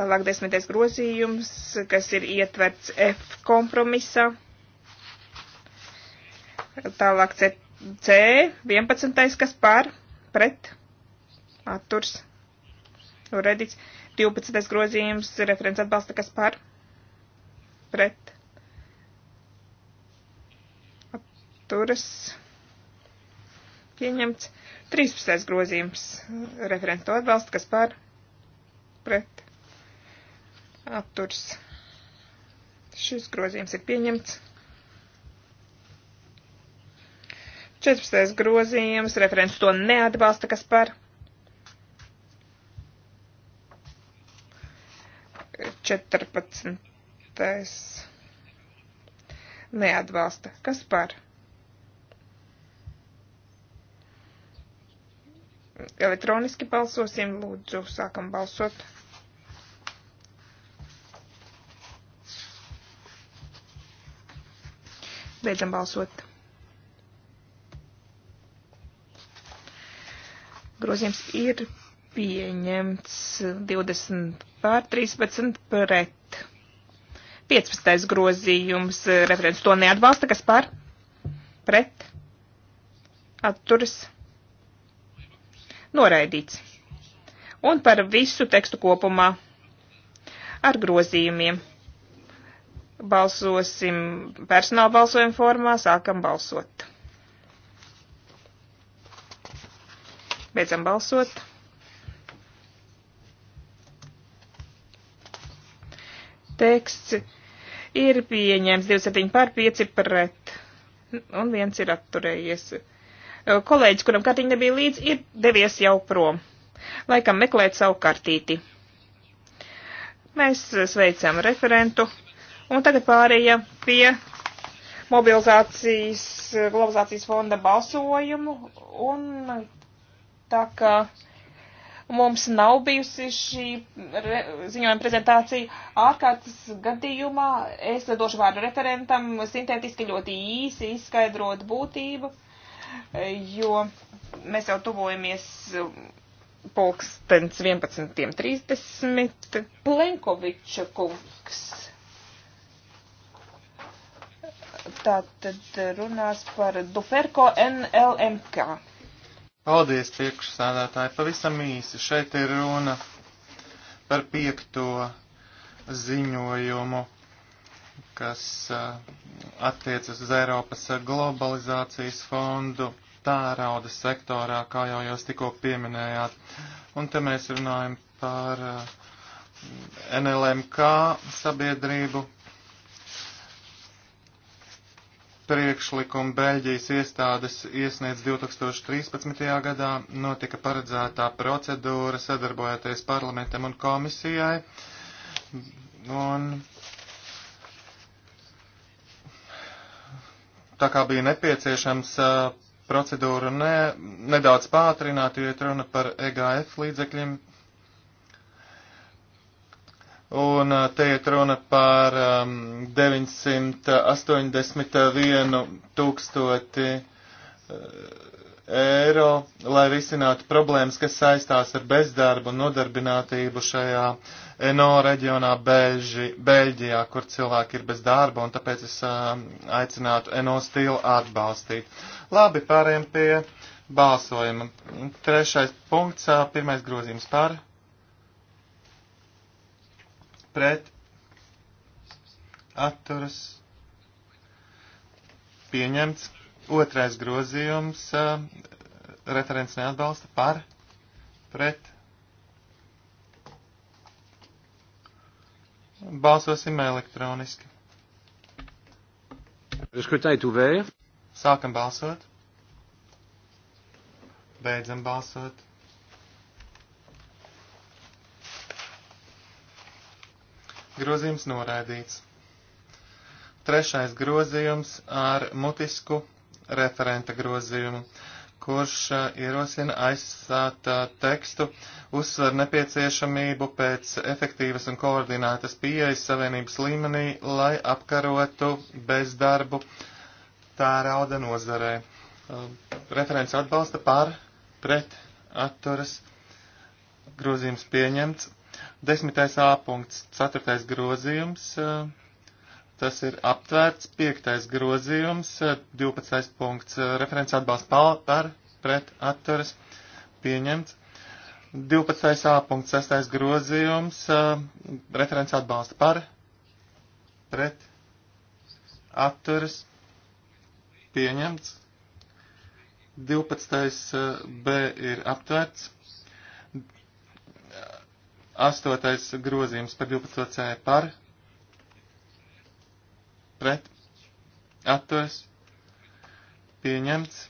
Tālāk desmitais grozījums, kas ir ietverts F kompromisā. Tālāk C, C 11. kas par, pret, atturs, redīts. 12. grozījums referents atbalsta, kas par pret atturas pieņemts. 13. grozījums referents to atbalsta, kas par pret atturas. Šis grozījums ir pieņemts. 14. grozījums, referents to neatbalsta, kas par 14. Neatbalsta. Kas par? Elektroniski balsosim, lūdzu, sākam balsot. Beidzam balsot. Grozījums ir pieņemts 20 pār 13 pret. 15. grozījums referents to neatbalsta, kas par pret atturas noraidīts. Un par visu tekstu kopumā ar grozījumiem. Balsosim personāla balsojuma formā, sākam balsot. Beidzam balsot. teksts ir pieņēmis 27 pār 5 pret, un viens ir atturējies. Kolēģis, kuram kartiņa nebija līdz, ir devies jau prom, laikam meklēt savu kartīti. Mēs sveicam referentu, un tagad pārējie pie mobilizācijas, globalizācijas fonda balsojumu, un tā kā. Ka Mums nav bijusi šī re, ziņojuma prezentācija. Ārkārtas gadījumā es došu vārdu referentam sintētiski ļoti īsi izskaidrot būtību, jo mēs jau tuvojamies pulkstens 11.30. Plenkoviča kungs. Tātad runās par Duferko NLMK. Paldies, priekšsādātāji. Pavisam īsi. Šeit ir runa par piekto ziņojumu, kas attiecas uz Eiropas globalizācijas fondu tērauda sektorā, kā jau jūs tikko pieminējāt. Un te mēs runājam par NLMK sabiedrību, priekšlikumu Beļģijas iestādes iesniedz 2013. gadā, notika paredzētā procedūra sadarbojoties parlamentam un komisijai. Un tā kā bija nepieciešams procedūru ne, nedaudz pātrināt, jo ir runa par EGF līdzekļiem, Un te ir runa par um, 981 tūkstoti uh, eiro, lai risinātu problēmas, kas saistās ar bezdarbu un nodarbinātību šajā NO reģionā Beļži, Beļģijā, kur cilvēki ir bez darba, un tāpēc es uh, aicinātu NO stilu atbalstīt. Labi, pārējiem pie balsojuma. Trešais punkts, uh, pirmais grozījums par pret atturas pieņemts. Otrais grozījums referents neatbalsta par pret. Balsosim elektroniski. Sākam balsot. Beidzam balsot. grozījums noraidīts. Trešais grozījums ar mutisku referenta grozījumu, kurš uh, ierosina aizsāt uh, tekstu uzsver nepieciešamību pēc efektīvas un koordinētas pieejas savienības līmenī, lai apkarotu bezdarbu tērauda nozarē. Uh, referents atbalsta par, pret, atturas, grozījums pieņemts Desmitais A punkts, ceturtais grozījums, tas ir aptvērts, piektais grozījums, divpadsmitais punkts, referents atbalsts par, pret, atturas, pieņemts. 12. A punkts, 6. grozījums, referents atbalsta par, pret, atturas, pieņemts. 12. B ir aptverts. Astotais grozījums par 12. C par pret atturas pieņemts.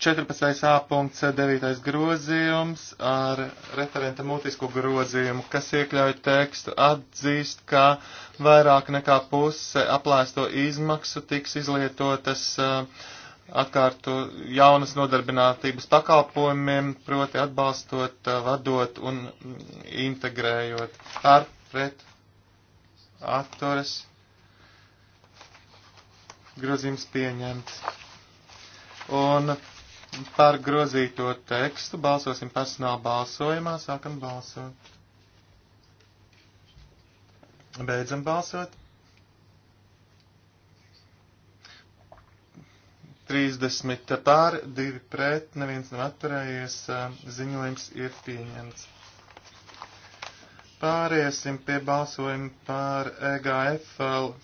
14. A punkts 9. grozījums ar referenta mutisko grozījumu, kas iekļauj tekstu atzīst, ka vairāk nekā puse aplēsto izmaksu tiks izlietotas uh, atkārtu jaunas nodarbinātības pakalpojumiem, proti atbalstot, vadot un integrējot ar pret aktoras grozījums pieņemts. Un par grozīto tekstu balsosim personāla balsojumā, sākam balsot. Beidzam balsot. 30 pār, 2 pret, neviens nav atturējies, ziņojums ir pieņemts. Pāriesim pie balsojuma par EGF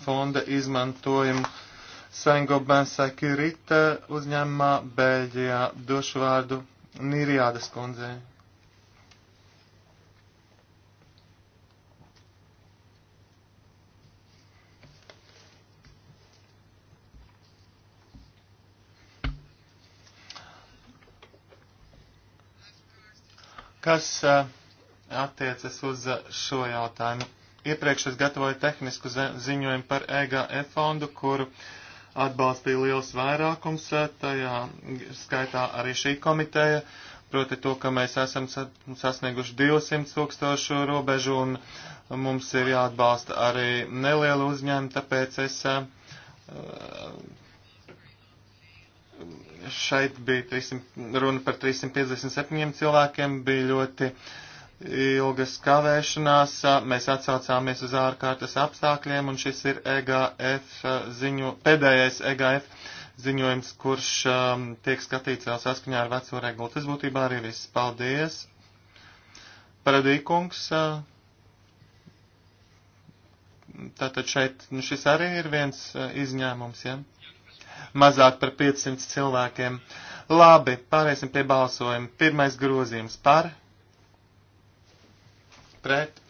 fonda izmantojumu Saint-Gobain Securite uzņēmumā Bēļģijā. Došu vārdu Nīrijādas kundzei. kas attiecas uz šo jautājumu. Iepriekš es gatavoju tehnisku ziņojumu par EGF fondu, kuru atbalstīja liels vairākums, tajā skaitā arī šī komiteja, proti to, ka mēs esam sasnieguši 200 tūkstošu robežu un mums ir jāatbalsta arī nelielu uzņēmumu, tāpēc es šeit bija 300, runa par 357 cilvēkiem, bija ļoti ilgas kavēšanās, mēs atsaucāmies uz ārkārtas apstākļiem, un šis ir EGF eh, ziņu, pēdējais EGF ziņojums, kurš um, tiek skatīts vēl saskaņā ar veco regulu. Tas būtībā arī viss. Paldies! Paradīkungs! Uh, eh, tātad šeit nu, šis arī ir viens eh, izņēmums, ja? mazāk par 500 cilvēkiem. Labi, pāriesim pie balsojuma. Pirmais grozījums par, pret,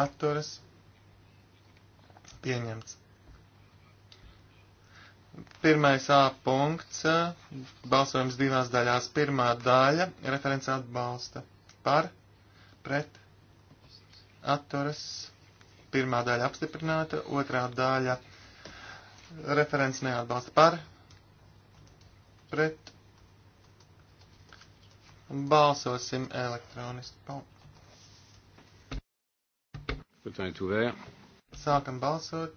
atturas, pieņemts. Pirmais A punkts, balsojums divās daļās. Pirmā daļa, referents atbalsta par, pret, atturas, pirmā daļa apstiprināta, otrā daļa Referents neatbalsta par. Pret. Balsosim elektroniski. Putain ouvert. Sākam balsot.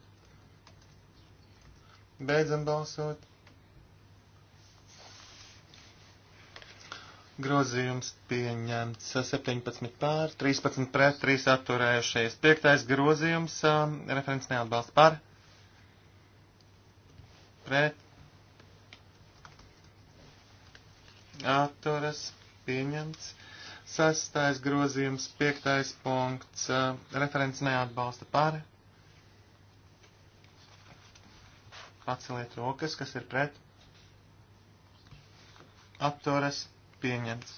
Beidzam balsot. Grozījums pieņemts 17 pār, 13 pret, 3 atturējušies. Piektais grozījums, um, referents neatbalsta par pret, atturas, pieņemts. Sastais grozījums, piektais punkts, uh, referents neatbalsta par. Paceliet rokas, kas ir pret. Atturas, pieņemts.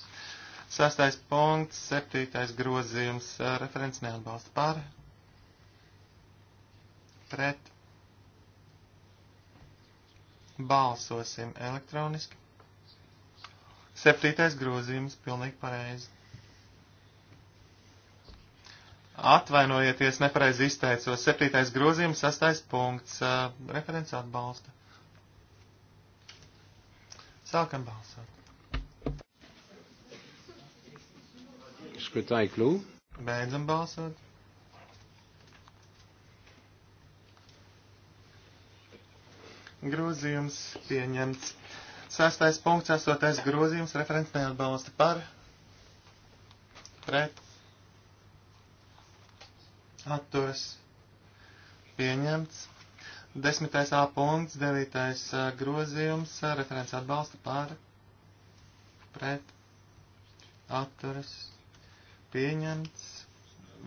Sastais punkts, septītais grozījums, uh, referents neatbalsta par. Pret Balsosim elektroniski. Septītais grozījums, pilnīgi pareizi. Atvainojieties, nepareizi izteicos. Septītais grozījums, sastais punkts. Uh, referents atbalsta. Sākam balsot. Skrutāju klū. Beidzam balsot. grozījums pieņemts. Sastais punkts, astotais grozījums, referents neatbalsta par, pret, atturas, pieņemts. Desmitais A punkts, devītais grozījums, referents atbalsta par, pret, atturas, pieņemts.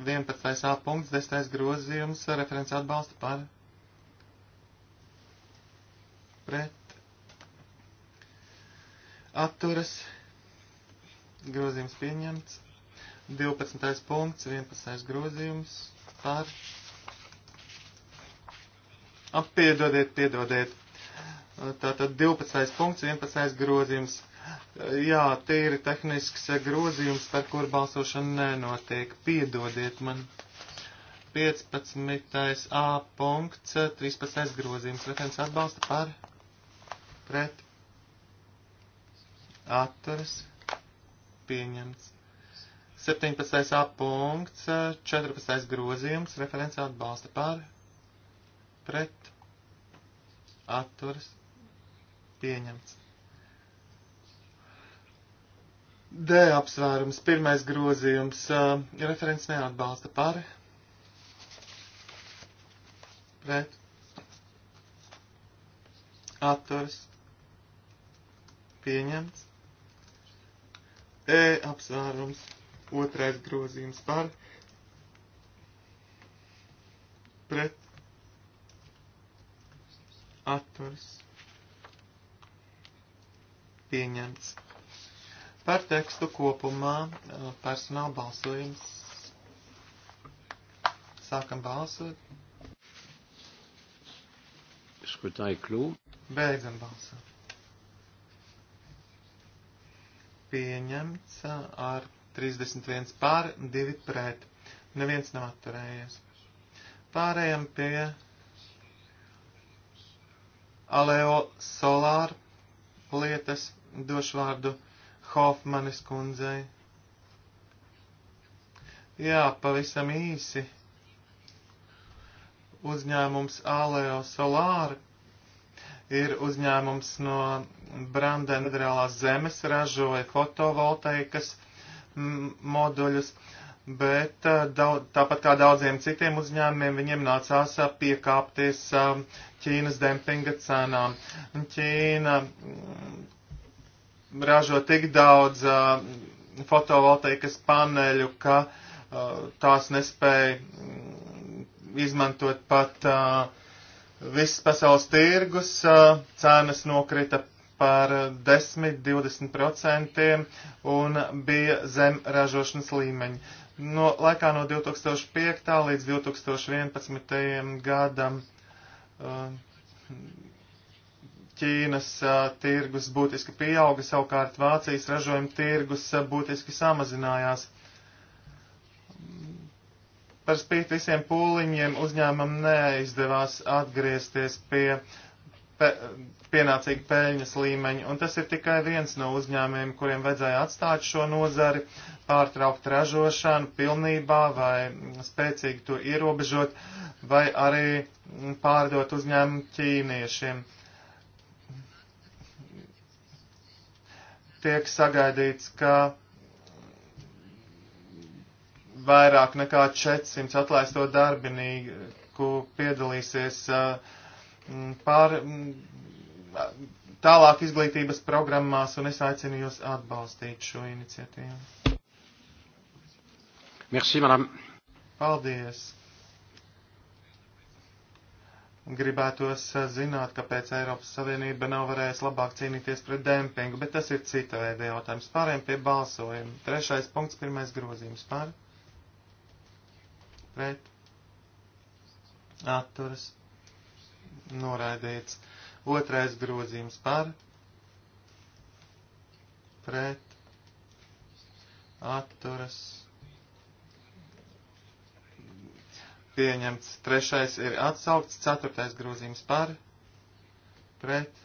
11. A punkts, 10. grozījums, referents atbalsta par, pret pret atturas grozījums pieņemts. 12. punkts, 11. grozījums par. Appiedodiet, piedodiet. Tātad 12. punkts, 11. grozījums. Jā, tīri tehnisks grozījums, par kur balsošana nenotiek. Piedodiet man. 15. A punkts, 13. grozījums. Referents atbalsta par pret atturas pieņemts. 17. A punkts, 14. grozījums, referents atbalsta par, pret, atturas, pieņemts. D apsvērums, pirmais grozījums, eh, referents neatbalsta par, pret, atturas, pieņemts pieņemts. E apsvērums, otrais grozījums par pret atturs pieņemts. Par tekstu kopumā e, personāla balsojums. Sākam balsot. Skutāju klū. Beidzam balsot. pieņemts ar 31 pār, 2 pret. Neviens nav atturējies. Pārējām pie Aleo Solāra lietas. Došu vārdu Hofmanes kundzei. Jā, pavisam īsi. Uzņēmums Aleo Solāra ir uzņēmums no Brandena federālās zemes, ražoja fotovoltaikas moduļus, bet uh, daudz, tāpat kā daudziem citiem uzņēmumiem, viņiem nācās uh, piekāpties um, Ķīnas dempinga cenām. Ķīna mm, ražo tik daudz uh, fotovoltaikas paneļu, ka tās nespēja mm, izmantot pat uh, Viss pasaules tirgus uh, cenas nokrita par 10-20% un bija zem ražošanas līmeņa. No laikā no 2005. līdz 2011. gadam uh, Ķīnas uh, tirgus būtiski pieauga, savukārt Vācijas ražojuma tirgus būtiski samazinājās. Par spīt visiem pūliņiem uzņēmumam neizdevās atgriezties pie pe, pienācīga peļņas līmeņa, un tas ir tikai viens no uzņēmumiem, kuriem vajadzēja atstāt šo nozari, pārtraukt ražošanu pilnībā vai spēcīgi to ierobežot, vai arī pārdot uzņēmumu ķīniešiem. Tiek sagaidīts, ka vairāk nekā 400 atlaisto darbinieku piedalīsies uh, pār, tālāk izglītības programmās, un es aicinu jūs atbalstīt šo iniciatīvu. Merci, madame. Paldies. Gribētos uh, zināt, kāpēc Eiropas Savienība nav varējusi labāk cīnīties pret dempingu, bet tas ir cita veida jautājums. Pārējiem pie balsojuma. Trešais punkts, pirmais grozījums. Pārējiem pret atturas noraidīts. Otrais grozījums par pret atturas pieņemts. Trešais ir atsaukts. Ceturtais grozījums par pret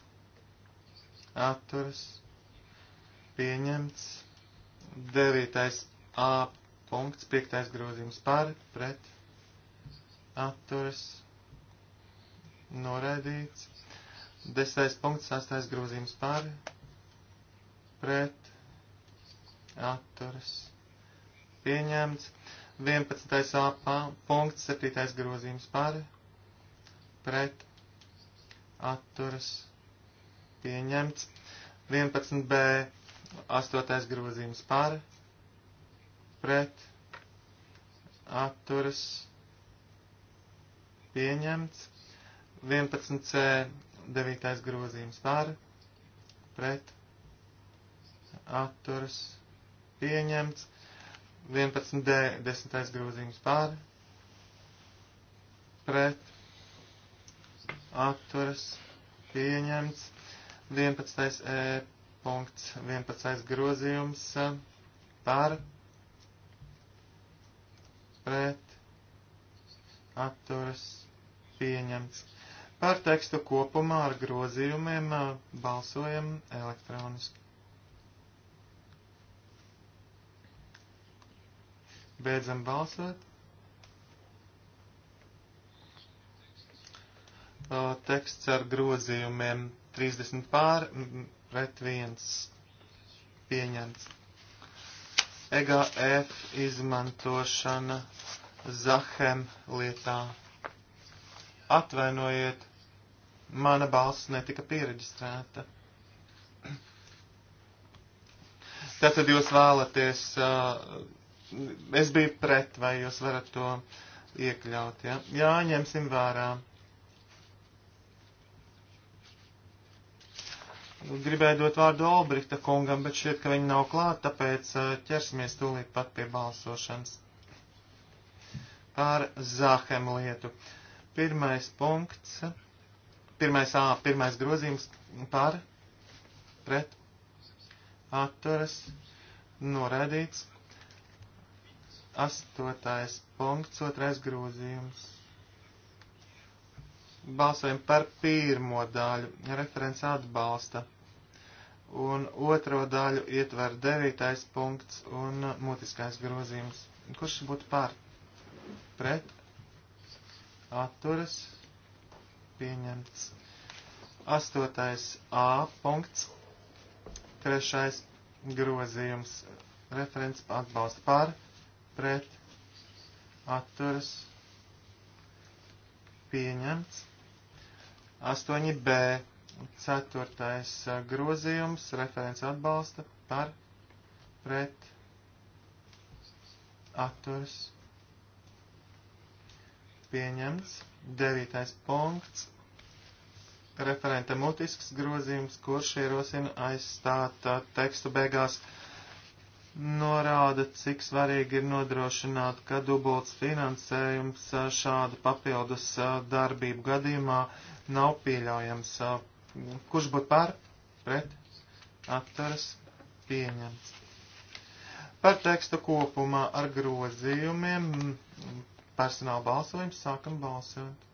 atturas pieņemts. Devītais A punkts, piektais grozījums par, pret, atturas, noraidīts. Desmitais punkts, sastais grozījums par, pret, atturas, pieņemts. Vienpadsmitais apā, punkts, septītais grozījums par, pret, atturas, pieņemts. 11b, astotais grozījums par, pret, pret atturas pieņemts. 11C 9. grozījums par pret atturas pieņemts. 11D 10. grozījums par pret atturas pieņemts. 11E punkts 11. grozījums par pret pret, atturas, pieņemts. Par tekstu kopumā ar grozījumiem balsojam elektroniski. Beidzam balsot. teksts ar grozījumiem 30 pār pret 1 pieņemts. EGF izmantošana Zahem lietā. Atvainojiet, mana balss netika pieregistrēta. Tātad jūs vēlaties, uh, es biju pret, vai jūs varat to iekļaut, ja? Jā, ņemsim vērā. gribēju dot vārdu Olbrihta kungam, bet šķiet, ka viņa nav klāt, tāpēc uh, ķersimies tūlīt pat pie balsošanas. Par Zāhem lietu. Pirmais punkts, pirmais A, pirmais grozījums par, pret, atturas, norādīts. Astotais punkts, otrais grozījums balsojam par pirmo daļu. Referents atbalsta un otro daļu ietver devītais punkts un mutiskais grozījums. Kurš būtu pār? Pret? Atturas? Pieņemts. Astotais A punkts. Trešais grozījums. Referents atbalsta pār? Pret? Atturas? Pieņemts. 8B Ceturtais eh, grozījums, referents atbalsta par pret atturs pieņemts. Devītais punkts, referenta mutisks grozījums, kurš ierosina aizstāt eh, tekstu beigās norāda, cik svarīgi ir nodrošināt, ka dubults finansējums eh, šādu papildus darbību gadījumā nav pieļaujams Kurš būtu par, pret, atturas, pieņemts. Par tekstu kopumā ar grozījumiem personāla balsojums sākam balsot.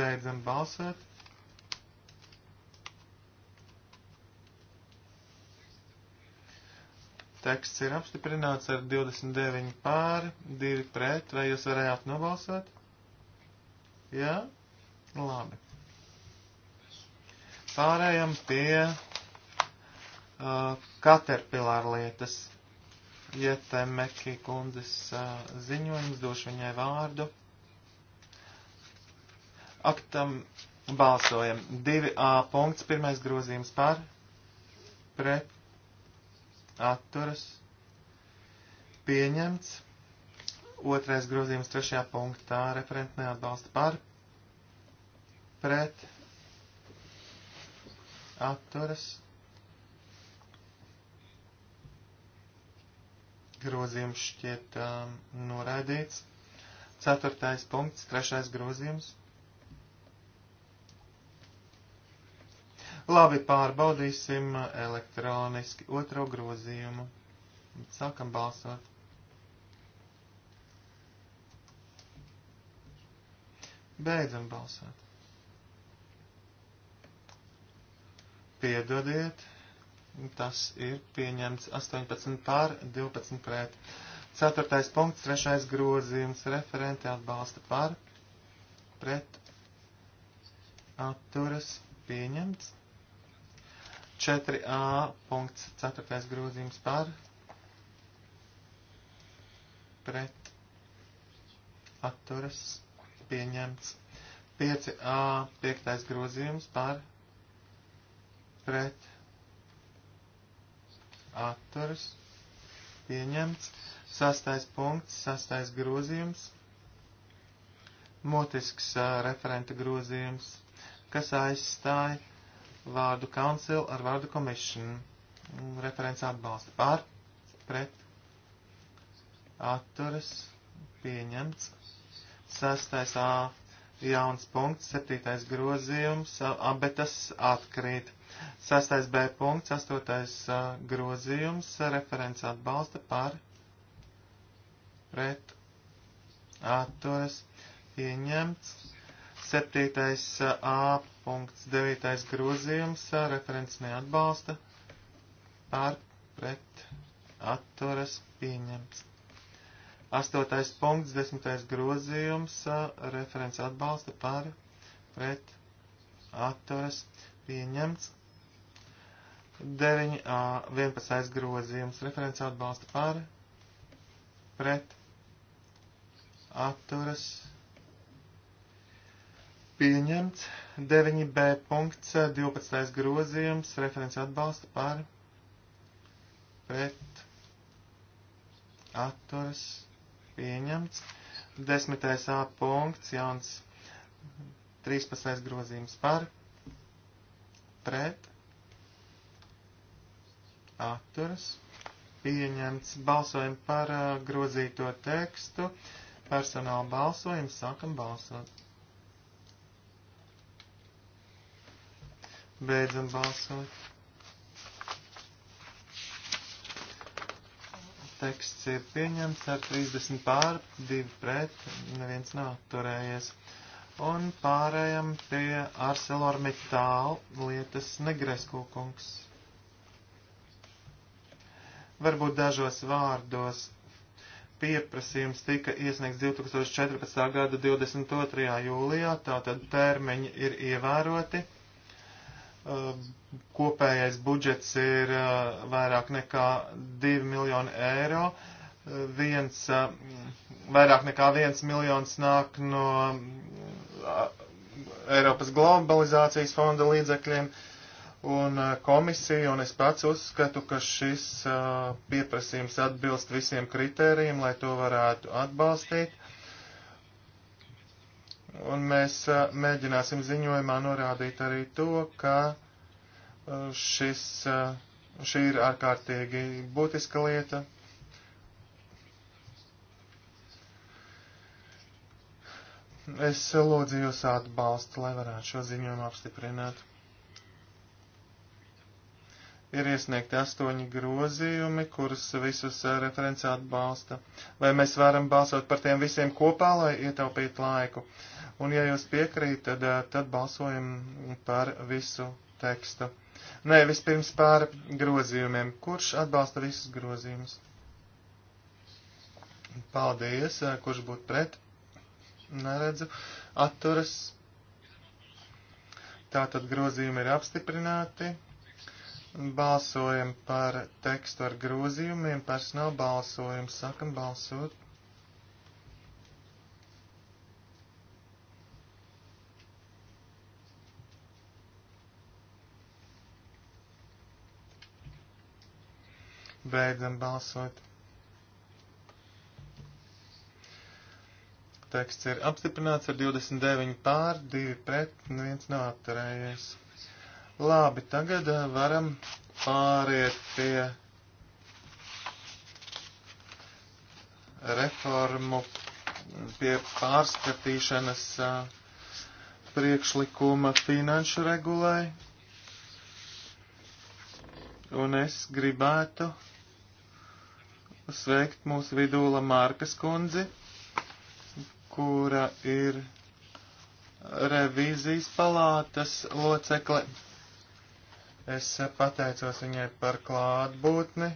Beidzam balsot. Teksts ir apstiprināts ar 29 pāri, 2 pret. Vai jūs varējāt nobalsot? Jā? Ja? Nu, labi. Pārējām pie uh, Caterpillar lietas. Ietemeki kundzes uh, ziņojums, došu viņai vārdu. Aktam balsojam. 2A punkts, pirmais grozījums par, pret, atturas, pieņemts. Otrais grozījums trešajā punktā referent neatbalsta par, pret atturas grozījums šķiet um, noraidīts. Ceturtais punkts, trešais grozījums. Labi, pārbaudīsim elektroniski otro grozījumu. Sākam balsot. Beidzam balsot. Piedodiet, tas ir pieņemts 18 pār 12 pret. Ceturtais punkts, trešais grozījums, referenti atbalsta par, pret, atturas, pieņemts. 4a punkts, ceturtais grozījums par, pret, atturas, pieņemts. 5a, piektais grozījums par, pret pret atturas pieņemts. Sastais punkts, sastais grozījums, mutisks uh, referenta grozījums, kas aizstāja vārdu council ar vārdu commission. Referents atbalsta pār, pret, atturas, pieņemts. Sastais A jauns punkts, septītais grozījums, abetas atkrīt. Sastais B punkts, astotais grozījums, referents atbalsta par pret atturas pieņemts. Septītais A punkts, devītais grozījums, referents neatbalsta par pret atturas pieņemts. Astotais punkts, desmitais grozījums, referents atbalsta par pret atturas pieņemts. 9a 11 grozījums referents atbalsta par, pret, atturas, pieņemts, 9b punkts 12 grozījums referents atbalsta par, pret, atturas, pieņemts, 10a punkts jauns 13 grozījums par, pret, atturas pieņemts. Balsojam par uh, grozīto tekstu. Personāla balsojumu sākam balsot. Beidzam balsot. Teksts ir pieņemts ar 30 pār, 2 pret, neviens nav turējies. Un pārējam pie ArcelorMittal lietas Negresko kungs. Varbūt dažos vārdos pieprasījums tika iesniegts 2014. gada 22. jūlijā, tātad termiņi ir ievēroti. Kopējais budžets ir vairāk nekā 2 miljoni eiro. Viens, vairāk nekā 1 miljons nāk no Eiropas globalizācijas fonda līdzekļiem. Uh, Un eh, komisija un es pats uzskatu, ka šis eh, pieprasījums atbilst visiem kritērijiem, lai to varētu atbalstīt. Un mēs eh, mēģināsim ziņojumā norādīt arī to, ka šis, šī ir ārkārtīgi būtiska lieta, Es lūdzu jūs atbalstu, lai varētu šo ziņojumu apstiprināt ir iesniegti astoņi grozījumi, kurus visus eh, referents atbalsta. Vai mēs varam balsot par tiem visiem kopā, lai ietaupītu laiku? Un ja jūs piekrīt, tad, eh, tad balsojam par visu tekstu. Nē, vispirms par grozījumiem. Kurš atbalsta visus grozījumus? Paldies, eh, kurš būtu pret? Neredzu. Atturas. Tātad grozījumi ir apstiprināti. Balsojam par tekstu ar grozījumiem, personāla balsojums, sakam balsot. Beidzam balsot. Teksts ir apstiprināts ar 29 pār, 2 pret, neviens nav atturējies. Labi, tagad eh, varam pāriet pie reformu, pie pārskatīšanas eh, priekšlikuma finanšu regulai. Un es gribētu sveikt mūsu vidū Lamārkas kundzi, kura ir revīzijas palātas locekle Es pateicos viņai par klātbūtni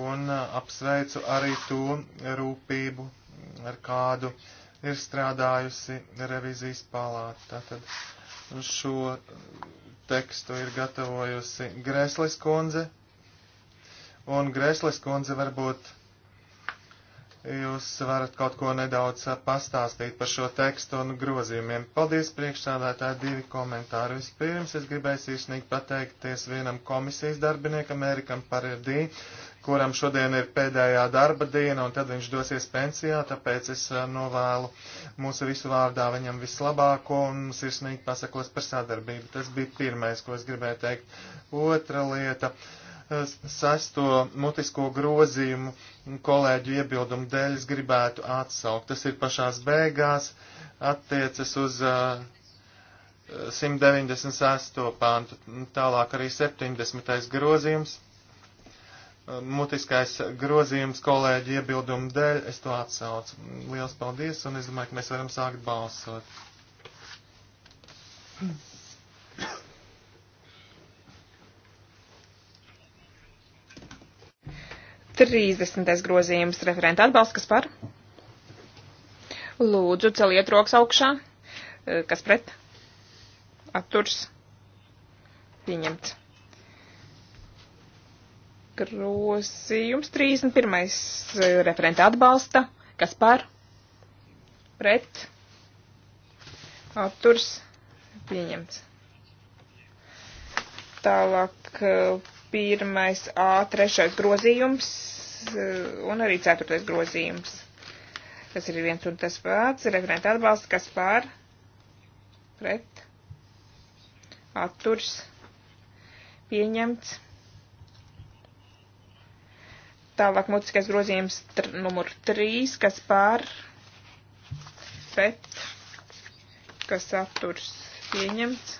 un uh, apsveicu arī to rūpību, ar kādu ir strādājusi revizijas palāta. Tātad šo tekstu ir gatavojusi Greslis kundze, un Greslis kundze varbūt jūs varat kaut ko nedaudz pastāstīt par šo tekstu un grozījumiem. Paldies priekšsādātāji divi komentāri. Vispirms es gribēju sirsnīgi pateikties vienam komisijas darbiniekam, Erikam Paredī, kuram šodien ir pēdējā darba diena un tad viņš dosies pensijā, tāpēc es uh, novēlu mūsu visu vārdā viņam vislabāko un sirsnīgi pasakos par sadarbību. Tas bija pirmais, ko es gribēju teikt. Otra lieta. Uh, sesto mutisko grozījumu kolēģu iebildumu dēļ es gribētu atsaukt. Tas ir pašās beigās, attiecas uz uh, 198. pāntu, tālāk arī 70. grozījums. Mutiskais grozījums kolēģi iebildumu dēļ, es to atsaucu. Liels paldies, un es domāju, ka mēs varam sākt balsot. Hmm. 30. grozījums referenta atbalsts, kas par? Lūdzu, celiet rokas augšā. E, kas pret? Atturs. Pieņemts. Grozījums 31. E, referenta atbalsta. Kas par? Pret. Atturs. Pieņemts. Tālāk e, Pirmais A, trešais grozījums eh, un arī ceturtais grozījums. Tas ir viens un tas pats. Referenta atbalsts, kas pār, pret, atturs, pieņemts. Tālāk mutiskais grozījums tr numur 3, kas pār, pret, kas atturs, pieņemts.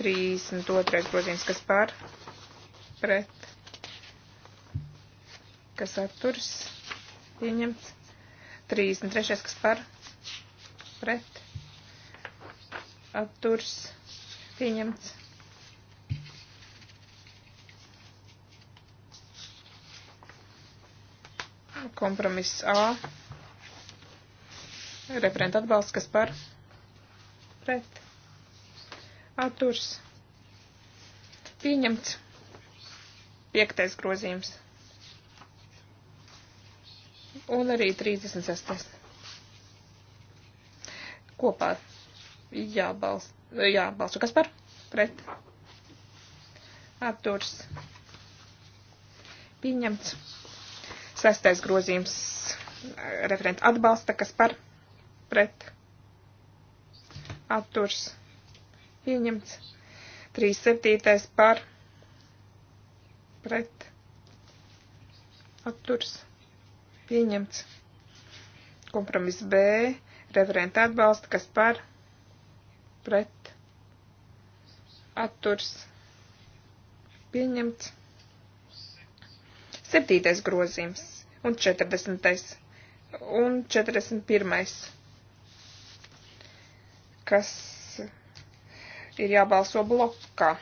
32. grozījums, kas pār, pret pret, kas atturas, pieņemts. 33. kas par, pret, atturas, pieņemts. Kompromiss A. Referenta atbalsts, kas par, pret, atturs, pieņemts. Piektais grozījums. Un arī 36. Kopā jābalso. Jābalso. Kas par? Pret. Atturs. Pieņemts. Sestais grozījums. Referents atbalsta. Kas par? Pret. Atturs. Pieņemts. 37. par pret atturs pieņemts. Kompromiss B referenta atbalsta, kas par pret atturs pieņemts. Septītais grozījums un 40. un 41. kas ir jābalso blokā.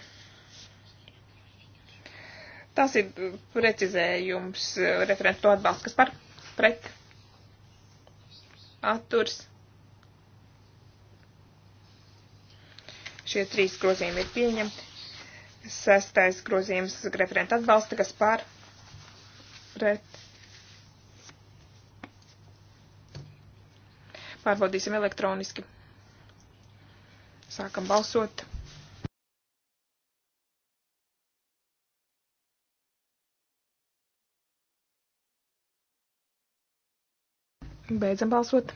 Tas ir precizējums referents to atbalsts, kas par pret atturs. Šie trīs grozījumi ir pieņemti. Sestais grozījums referenta atbalsta, kas par pret. Pārbaudīsim elektroniski. Sākam balsot. Beidzam balsot.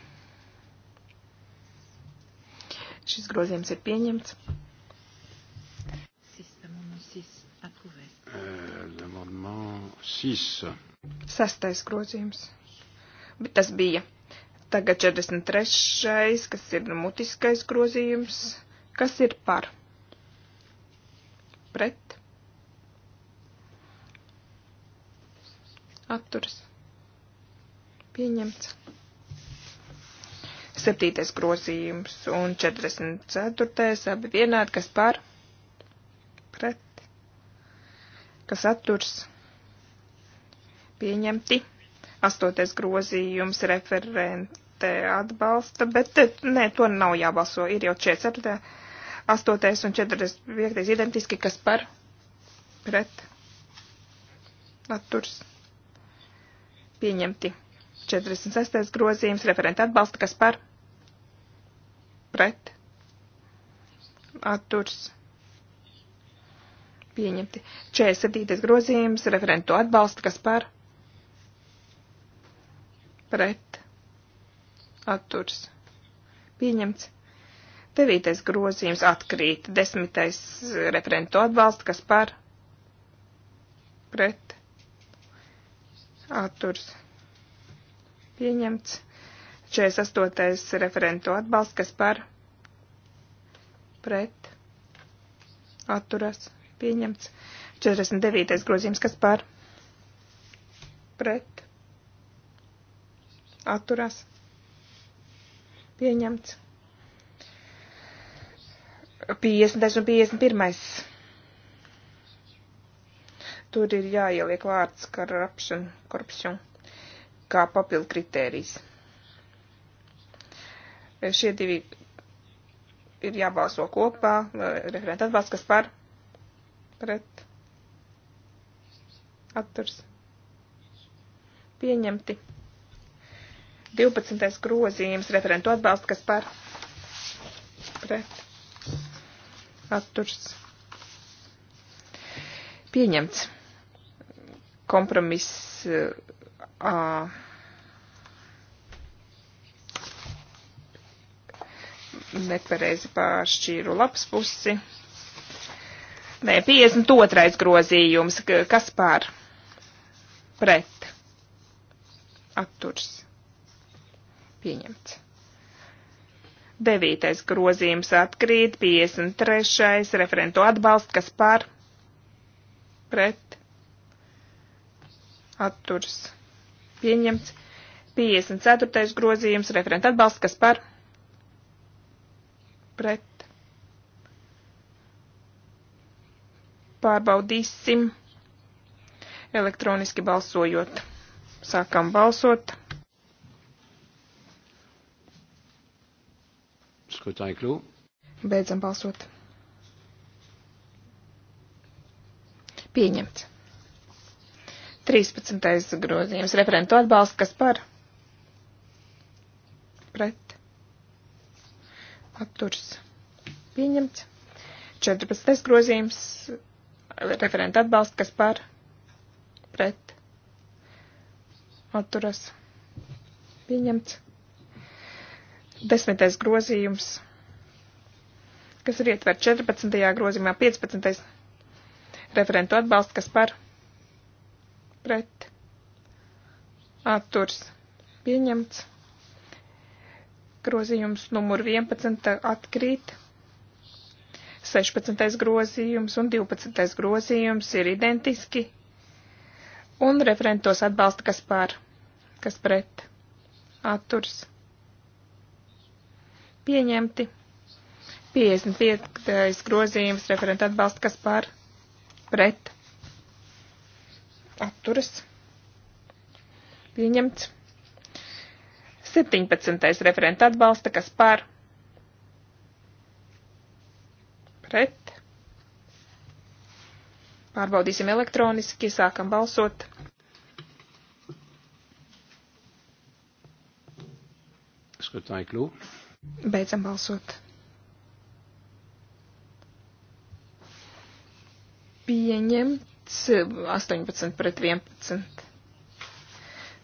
Šis grozījums ir pieņemts. Euh, Sastais grozījums. Bet tas bija. Tagad 43. kas ir mutiskais grozījums. Kas ir par? Pret. Atturs. Pieņemts. 7. grozījums un 44. abi vienādi, kas par, pret, kas atturs, pieņemti. 8. grozījums referente atbalsta, bet nē, to nav jābalso, ir jau 44. 8. un 45. identiski, kas par, pret, atturs, pieņemti. 46. grozījums referenta atbalsta, kas par pret atturs pieņemti. 47. grozījums referentu atbalsta, kas par pret atturs pieņemts. 9. grozījums atkrīt, 10. referentu atbalsta, kas par pret atturs pieņemts. 48. referentu atbalsts, kas par pret, atturas, pieņemts. 49. grozījums, kas par, pret, atturas, pieņemts. 50. un 51. Tur ir jāieliek vārds corruption, corruption kā papildu kritērijs. Šie divi ir jābalso kopā. Referenta atbalsts, kas par pret atturs pieņemti. 12. grozījums referentu atbalsts, kas par pret atturs pieņemts. Kompromiss. Uh, nepareizi pāršķīru labs pusi. Nē, 52. grozījums, kas pār pret atturs pieņemts. 9. grozījums atkrīt, 53. referentu atbalsts, kas pār pret atturs pieņemts. 54. grozījums referentu atbalsts, kas par pret pret. Pārbaudīsim elektroniski balsojot. Sākam balsot. Skrutāju kļū. Beidzam balsot. Pieņemts. 13. grozījums. Referentu atbalsts, kas par? Pret atturs pieņemts. 14. grozījums referenta atbalsts, kas par pret atturas pieņemts. 10. grozījums, kas ir ietver 14. grozījumā 15. referentu atbalsts, kas par pret atturs pieņemts grozījums numur 11 eh, atkrīt. 16. grozījums un 12. grozījums ir identiski, un referentos atbalsta, kas pār, kas pret, atturs. Pieņemti. 55. grozījums referenta atbalsta, kas pār, pret, atturas. Pieņemts. 17. referenta atbalsta, kas par pret. Pārbaudīsim elektroniski, sākam balsot. Skatāju klū. Beidzam balsot. Pieņemts 18 pret 11.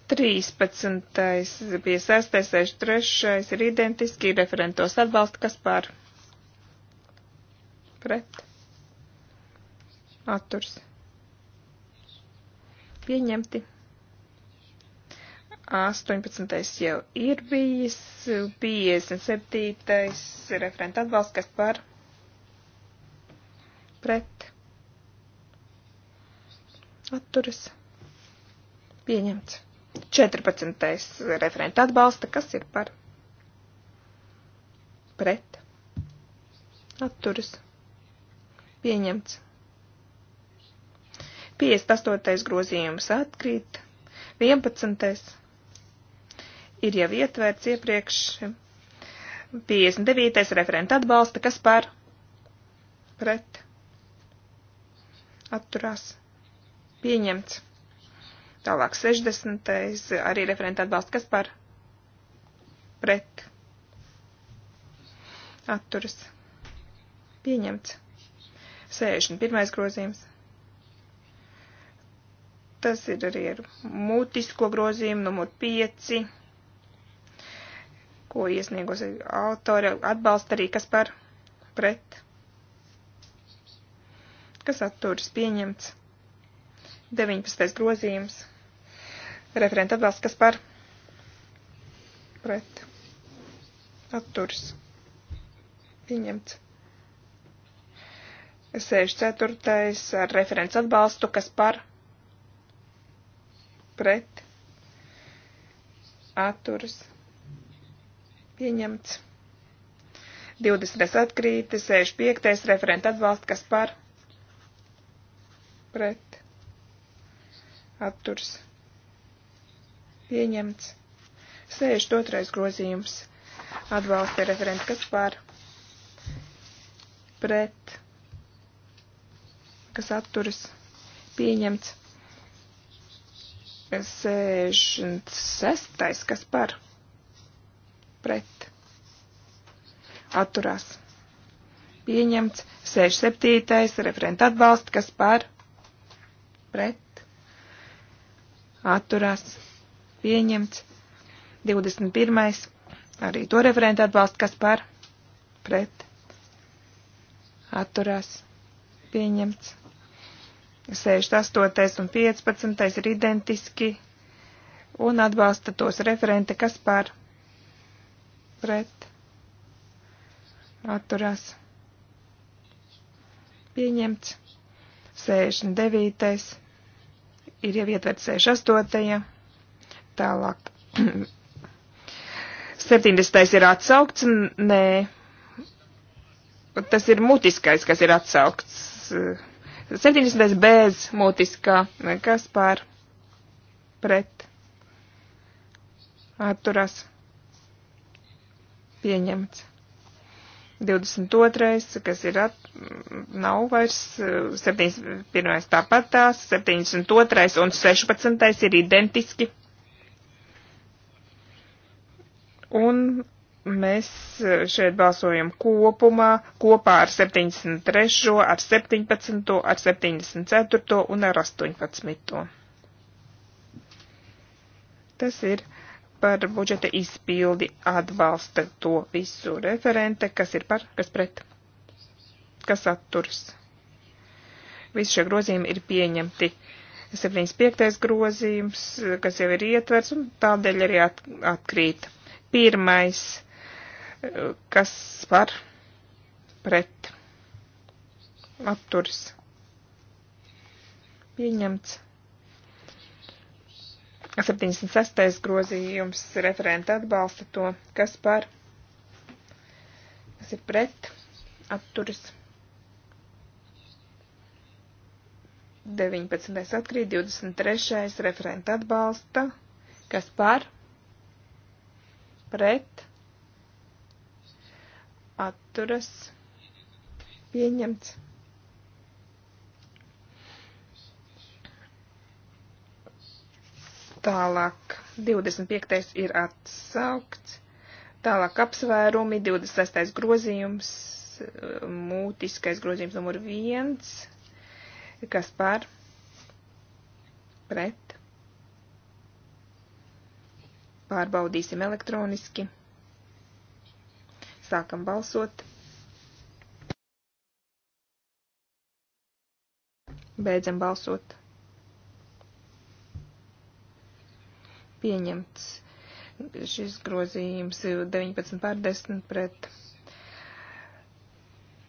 13. bija 6. 63. ir identiski referentos atbalsta, kas pār pret atturs pieņemti. 18. jau ir bijis, 57. referenta atbalsts, kas par pret atturas pieņemts. 14. referenta atbalsta, kas ir par pret atturas pieņemts. 58. grozījums atkrīt, 11. ir jau ietverts iepriekš, 59. referenta atbalsta, kas par pret atturās pieņemts. Tālāk 60. arī referenta atbalsts. Kas par? Pret. Atturas. Pieņemts. 61. grozījums. Tas ir arī ar mutisko grozījumu numur 5, ko iesniegos autori. Atbalsta arī kas par? Pret. Kas atturas pieņemts. 19. grozījums. Referenta atbalsts, kas par pret atturs pieņemts. 64. ar referents atbalstu, kas par pret atturs pieņemts. 20. atkrīt, 65. referenta atbalsts, kas par pret atturs pieņemts. 62. grozījums atbalsta referents, kas pār pret, kas atturas pieņemts. 66. kas par pret atturās. Pieņemts 67. referenta atbalsts, kas par pret atturās, pieņemts. 21. arī to referentu atbalsta, kas par, pret, atturās, pieņemts. 68. un 15. ir identiski un atbalsta tos referente, kas par, pret, atturās, pieņemts. 69 ir jau ietverts 68. Tālāk. 70. ir atsaukts, nē. Tas ir mutiskais, kas ir atsaukts. 70. bez mutiskā, kas pār pret atturas pieņemts. 22. kas ir at, nav vairs, 71. tāpat tās, 72. un 16. ir identiski. Un mēs šeit balsojam kopumā, kopā ar 73., ar 17., ar 74. un ar 18. Tas ir par budžeta izpildi atbalsta to visu referente, kas ir par, kas pret, kas atturs. Visi šie grozījumi ir pieņemti. 75. grozījums, kas jau ir ietverts un tādēļ arī at, atkrīt. Pirmais, kas par, pret, atturs. Pieņemts. 76. grozījums referenta atbalsta to, kas par, kas ir pret, atturas. 19. atkrīt, 23. referenta atbalsta, kas par, pret, atturas, pieņemts. Tālāk 25. ir atsaukts. Tālāk apsvērumi 26. grozījums, mūtiskais grozījums numur 1, kas par pret. Pārbaudīsim elektroniski. Sākam balsot. Beidzam balsot. pieņemts šis grozījums 19 pār 10 pret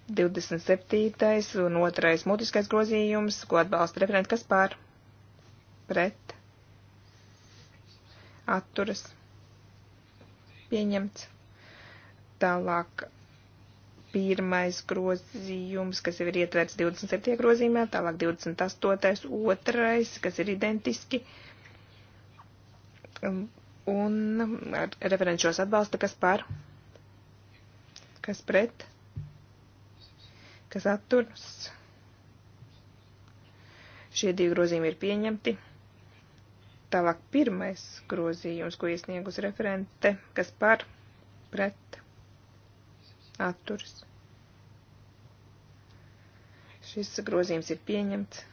27. un otrais mutiskais grozījums, ko atbalsta referenti, kas pār pret atturas pieņemts. Tālāk pirmais grozījums, kas jau ir ietverts 27. grozījumā, tālāk 28. otrais, kas ir identiski. Uh, Um, un referenčos atbalsta, kas par, kas pret, kas atturs. Šie divi grozījumi ir pieņemti. Tālāk pirmais grozījums, ko iesniegus referente, kas par, pret, atturs. Šis grozījums ir pieņemts.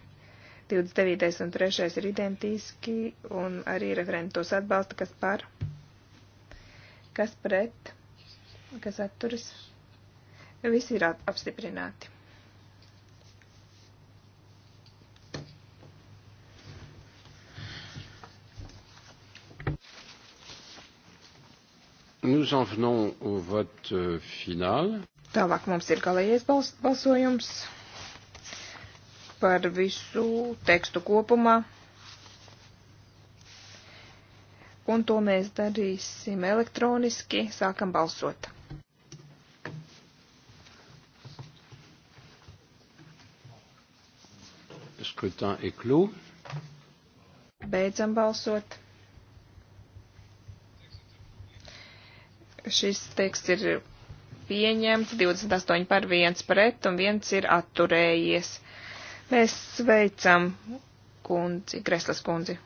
29. un 3. ir identiski, un arī referentos atbalsta, kas par, kas pret, kas atturas. Visi ir apstiprināti. Nous en venons au vote euh, final. Tālāk mums ir galējais bals balsojums par visu tekstu kopumā. Un to mēs darīsim elektroniski. Sākam balsot. Skrutin ir clos. Beidzam balsot. Šis teksts ir pieņemts 28 par 1 pret un 1 ir atturējies. Mēs sveicam kundzi, Kreslas kundzi.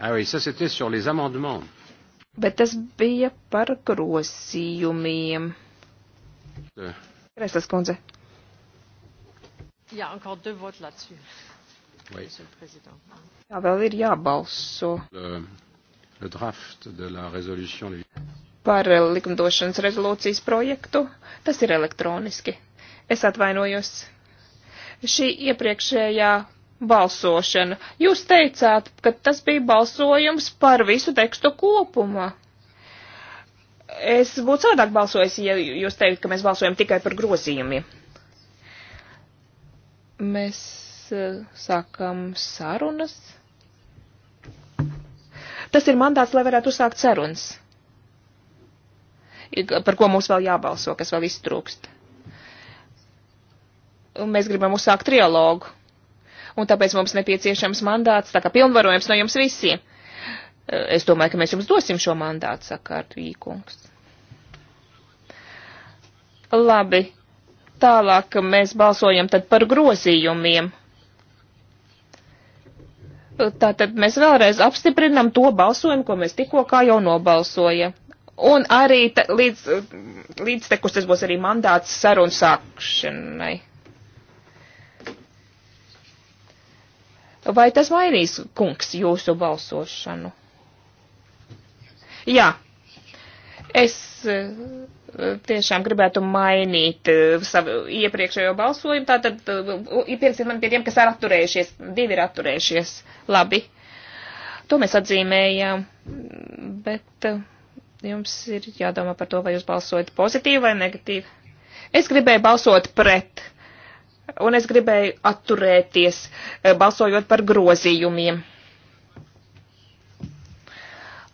Ah oui, ça c'était sur les amendements. Bet tas bija par grozījumiem. Kreslas kundze. Jā, encore deux votes là-dessus. Oui. Monsieur le Président. Jā, vēl ir jābalso. Le, le draft de la résolution par likumdošanas rezolūcijas projektu. Tas ir elektroniski. Es atvainojos. Šī iepriekšējā balsošana. Jūs teicāt, ka tas bija balsojums par visu tekstu kopumā. Es būtu savādāk balsojis, ja jūs teikt, ka mēs balsojam tikai par grozījumiem. Mēs eh, sākam sarunas. Tas ir mandāts, lai varētu uzsākt sarunas par ko mums vēl jābalso, kas vēl iztrūkst. Un mēs gribam uzsākt trialogu, un tāpēc mums nepieciešams mandāts, tā kā pilnvarojums no jums visiem. Eh, es domāju, ka mēs jums dosim šo mandātu, saka Artvīkungs. Labi, tālāk mēs balsojam tad par grozījumiem. Tātad mēs vēlreiz apstiprinam to balsojumu, ko mēs tikko kā jau nobalsoja. Un arī ta, līdz, līdz tekus tas būs arī mandāts sarunu sākšanai. Vai tas mainīs, kungs, jūsu balsošanu? Jā. Es eh, tiešām gribētu mainīt eh, savu iepriekšējo balsojumu. Tātad, eh, pieciem man pie tiem, kas ir atturējušies, divi ir atturējušies. Labi. To mēs atzīmējām. Bet. Uh, jums ir jādomā par to, vai jūs balsojat pozitīvi vai negatīvi. Es gribēju balsot pret, un es gribēju atturēties, eh, balsojot par grozījumiem.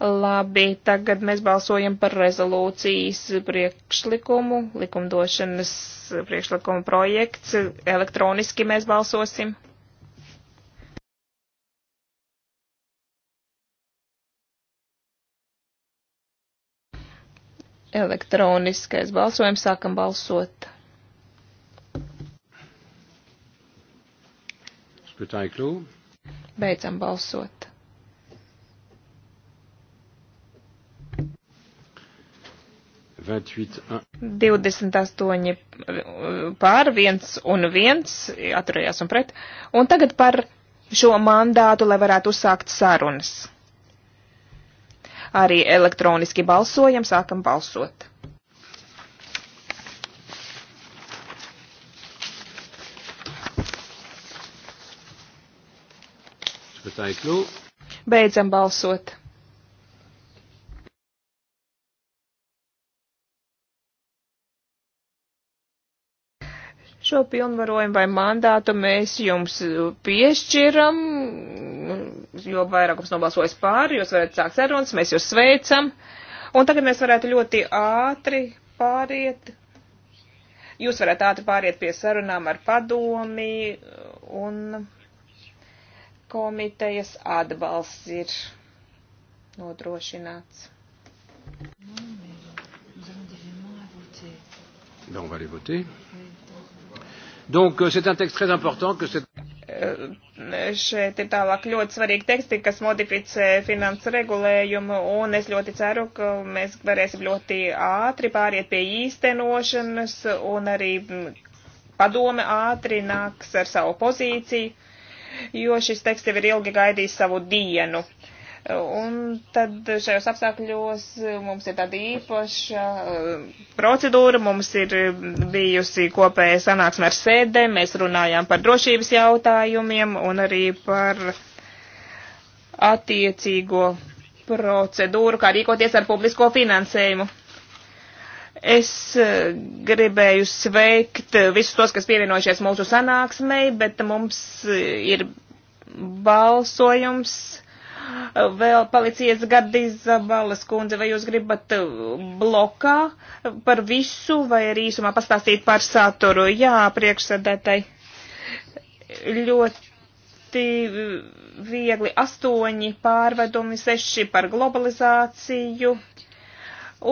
Labi, tagad mēs balsojam par rezolūcijas priekšlikumu, likumdošanas priekšlikumu projekts. Elektroniski mēs balsosim. Elektroniskais balsojums. Sākam balsot. Beidzam balsot. Divdesmit astoņi eh, pār viens un viens atturējās un pret. Un tagad par šo mandātu, lai varētu uzsākt sarunas. Arī elektroniski balsojam, sākam balsot. Beidzam balsot. Šo pilnvarojumu vai mandātu mēs jums piešķiram jo vairākums nobalsojas pāri, jūs varat sākt sarunas, mēs jūs sveicam. Un tagad mēs varētu ļoti ātri pāriet. Jūs varat ātri pāriet pie sarunām ar padomi un komitejas atbalsts ir nodrošināts. Ben, on va les voter. Donc euh, c'est un texte très important que cette šeit ir tālāk ļoti svarīgi teksti, kas modificē finansu regulējumu, un es ļoti ceru, ka mēs varēsim ļoti ātri pāriet pie īstenošanas, un arī padome ātri nāks ar savu pozīciju, jo šis teksts jau ir ilgi gaidījis savu dienu. Un tad šajos apstākļos mums ir tāda īpaša uh, procedūra, mums ir bijusi kopēja sanāksme ar sēdē, mēs runājām par drošības jautājumiem un arī par attiecīgo procedūru, kā rīkoties ar publisko finansējumu. Es uh, gribēju sveikt visus tos, kas pievienojušies mūsu sanāksmei, bet mums ir balsojums Vēl palicies gadi Zabalas kundze, vai jūs gribat uh, blokā par visu vai arī īsumā pastāstīt par saturu? Jā, priekšsēdētai. Ļoti ļoti viegli astoņi pārvedumi, seši par globalizāciju.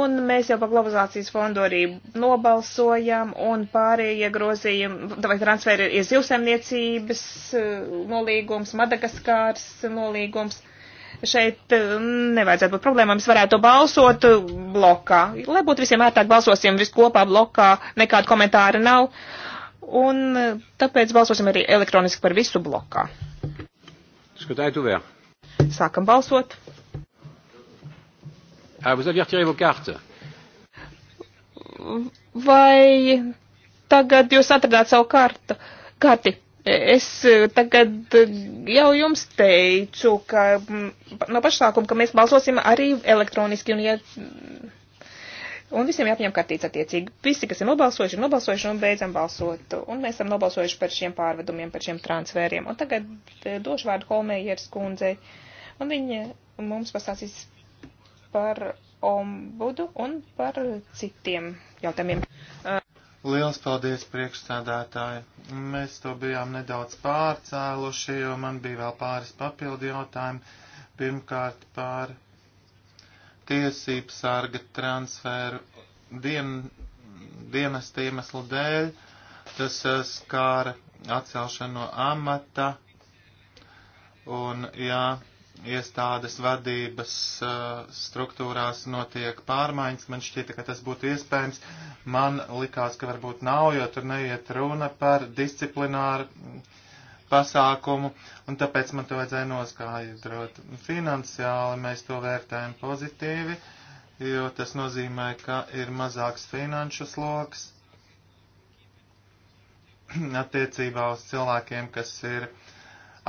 Un mēs jau par globalizācijas fondu arī nobalsojam, un pārējie grozījumi, vai transferi ir zivsemniecības uh, nolīgums, Madagaskārs nolīgums šeit eh, nevajadzētu būt problēmām. Es varētu balsot eh, blokā. Lai būtu visiem ērtāk balsosim visu kopā blokā, nekādu komentāru nav. Un eh, tāpēc balsosim arī elektroniski par visu blokā. Skatāju tuvē. Sākam balsot. Ah, Vai tagad jūs atradāt savu kartu? Karti. Es eh, tagad eh, jau jums teicu, ka mm, no pašsākuma, ka mēs balsosim arī elektroniski un, ja, mm, un visiem jāpņem kartīts attiecīgi. Visi, kas ir nobalsojuši, ir nobalsojuši un beidzam balsot. Un mēs esam nobalsojuši par šiem pārvedumiem, par šiem transferiem. Un tagad eh, došu vārdu Holmējers kundzei. Un viņa mums pastāstīs par ombudu un par citiem jautājumiem. Liels paldies priekšstādātāji. Mēs to bijām nedaudz pārcēluši, jo man bija vēl pāris papildu jautājumi. Pirmkārt par tiesību sārga transferu dien, dienesta iemeslu dēļ. Tas eh, skāra atcelšanu no amata. Un jā, iestādes vadības uh, struktūrās notiek pārmaiņas. Man šķita, ka tas būtu iespējams. Man likās, ka varbūt nav, jo tur neiet runa par disciplināru pasākumu, un tāpēc man to vajadzēja noskaidrot. Finansiāli mēs to vērtējam pozitīvi, jo tas nozīmē, ka ir mazāks finanšu sloks attiecībā uz cilvēkiem, kas ir uh,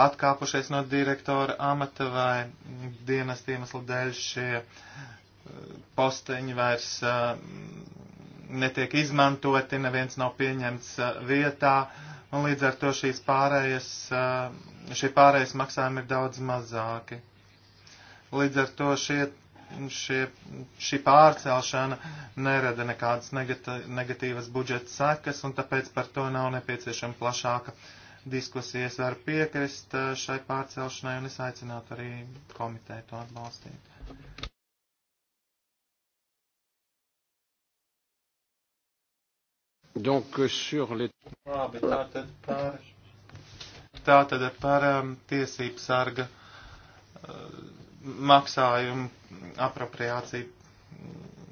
atkāpušies no direktora amata vai dienas iemeslu dēļ šie eh, posteņi vairs eh, netiek izmantoti, neviens nav pieņemts eh, vietā, un līdz ar to šīs pārējas, šie pārējas maksājumi ir daudz mazāki. Līdz ar to šie, šie, šī pārcelšana nerada nekādas negatīvas budžeta sekas, un tāpēc par to nav nepieciešama plašāka uh, diskusijas var piekrist eh, šai pārcelšanai, un es aicinātu arī komiteju to atbalstīt. Donc, sur les... Labi, tātad par, tātad par um, tiesību sarga uh, maksājumu apropriāciju mm,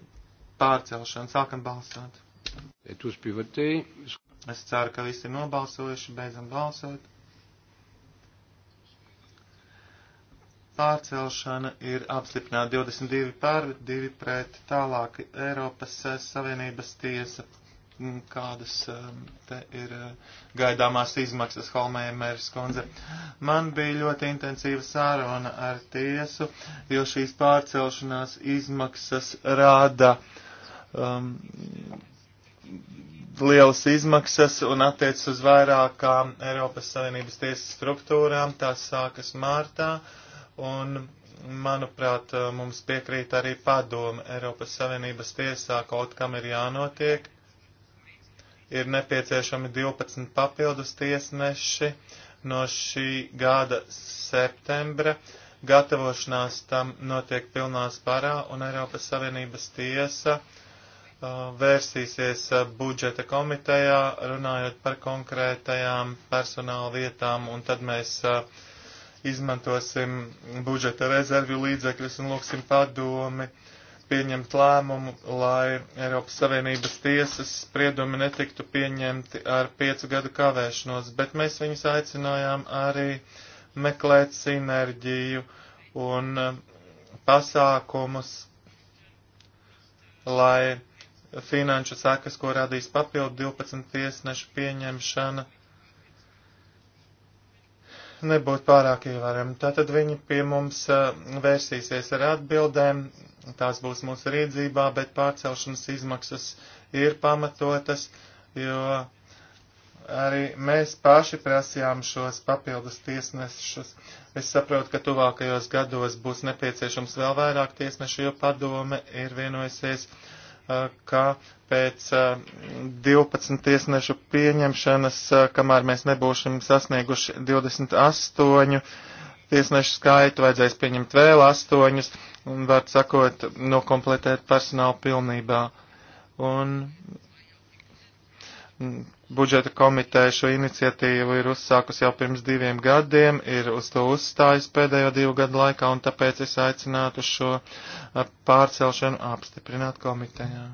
pārcelšanu. Sākam balsot. Et tous pivoter. Es ceru, ka visi ir nobalsojuši, beidzam balsot. Pārcelšana ir apstiprināta 22 par, 2 pret tālāk Eiropas eh, Savienības tiesa, mm, kādas eh, te ir eh, gaidāmās izmaksas Holmējumērs kundze. Man bija ļoti intensīva sāruna ar tiesu, jo šīs pārcelšanās izmaksas rāda um, lielas izmaksas un attiec uz vairākām Eiropas Savienības tiesas struktūrām. Tās sākas mārtā un, manuprāt, mums piekrīt arī padome Eiropas Savienības tiesā kaut kam ir jānotiek. Ir nepieciešami 12 papildus tiesneši no šī gada septembra. Gatavošanās tam notiek pilnā sparā un Eiropas Savienības tiesa Uh, vērsīsies uh, budžeta komitejā, runājot par konkrētajām personāla vietām, un tad mēs uh, izmantosim budžeta rezervju līdzekļus un lūksim padomi pieņemt lēmumu, lai Eiropas Savienības tiesas spriedumi netiktu pieņemti ar piecu gadu kavēšanos, bet mēs viņus aicinājām arī meklēt sinerģiju un pasākumus, lai finanšu sekas, ko radīs papildu 12 tiesnešu pieņemšana, nebūtu pārāk ievērama. Tātad viņi pie mums eh, vērsīsies ar atbildēm, tās būs mūsu rīdzībā, bet pārcelšanas izmaksas ir pamatotas, jo arī mēs paši prasījām šos papildus tiesnešus. Es saprotu, ka tuvākajos gados būs nepieciešams vēl vairāk tiesnešu, jo padome ir vienojusies. Uh, ka pēc 12 eh, tiesnešu pieņemšanas, eh, kamēr mēs nebūsim sasnieguši 28 tiesnešu skaitu, vajadzēs pieņemt vēl 8 un, var sakot, nokopletēt personālu pilnībā. Un Mm, budžeta komiteja šo iniciatīvu ir uzsākusi jau pirms diviem gadiem, ir uz to uzstājis pēdējo divu gadu laikā, un tāpēc es aicinātu šo pārcelšanu apstiprināt komitejā.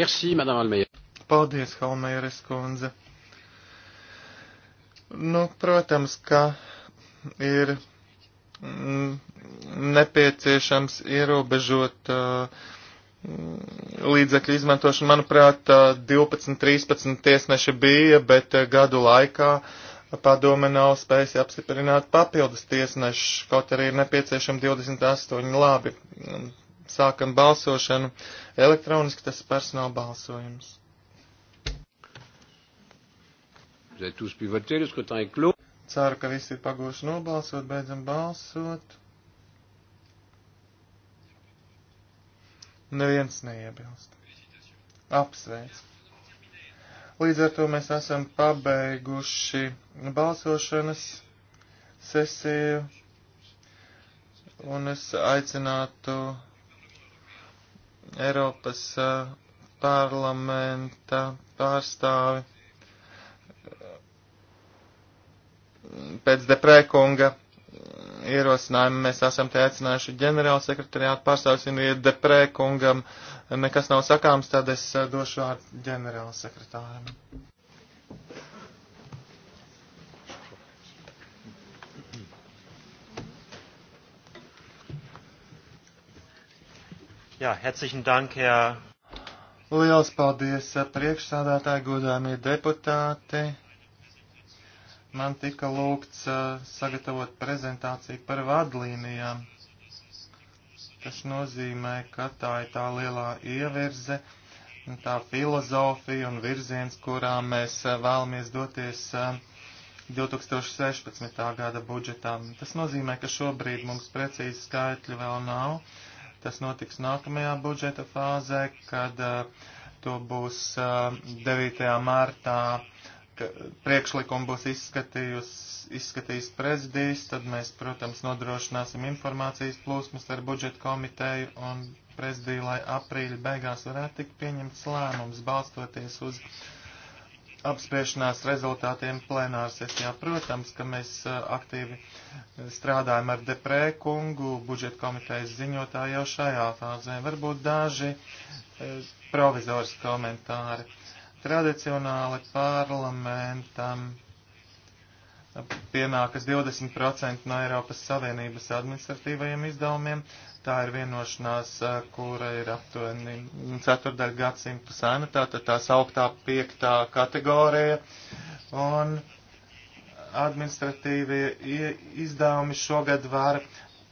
Merci, Madame Almeja. Paldies, Halmēras kundze. Nu, protams, ka ir mm, nepieciešams ierobežot uh, līdzekļu izmantošanu. Manuprāt, 12-13 tiesneši bija, bet eh, gadu laikā padome nav spējusi apstiprināt papildus tiesnešus, kaut arī ir nepieciešami 28 labi. Sākam balsošanu elektroniski, tas ir personāla balsojums. Ceru, ka visi ir pagoši nobalsot, beidzam balsot. Neviens neiebilst. Apsveic. Līdz ar to mēs esam pabeiguši balsošanas sesiju, un es aicinātu Eiropas parlamenta pārstāvi pēc deprēkunga ierosinājumu mēs esam te aicinājuši ģenerāla sekretariāta pārstāvjiem, ja deprē kungam nekas nav sakāms, tad es eh, došu vārdu ģenerāla sekretāram. Jā, herzlichen Dank, Herr. Liels paldies eh, priekšsādātāji, godāmie deputāti man tika lūgts eh, sagatavot prezentāciju par vadlīnijām. Tas nozīmē, ka tā ir tā lielā ievirze, tā filozofija un virziens, kurā mēs eh, vēlamies doties 2016. Eh, gada budžetā. Tas nozīmē, ka šobrīd mums precīzi skaitļi vēl nav. Tas notiks nākamajā budžeta fāzē, kad uh, to būs uh, 9. martā priekšlikumu būs izskatījis prezidijs, tad mēs, protams, nodrošināsim informācijas plūsmas ar budžeta komiteju un prezidiju, lai aprīļa beigās varētu tikt pieņemts lēmums balstoties uz apspriešanās rezultātiem plenārsesijā. Protams, ka mēs uh, aktīvi strādājam ar deprē kungu, budžeta komitejas ziņotāju jau šajā fāzē. Varbūt daži uh, provizoras komentāri Tradicionāli parlamentam pienākas 20% no Eiropas Savienības administratīvajiem izdevumiem. Tā ir vienošanās, eh, kura ir aptuveni ceturdaļa gadsimta sena, tātad tā sauktā piektā kategorija. Un administratīvie izdevumi šogad var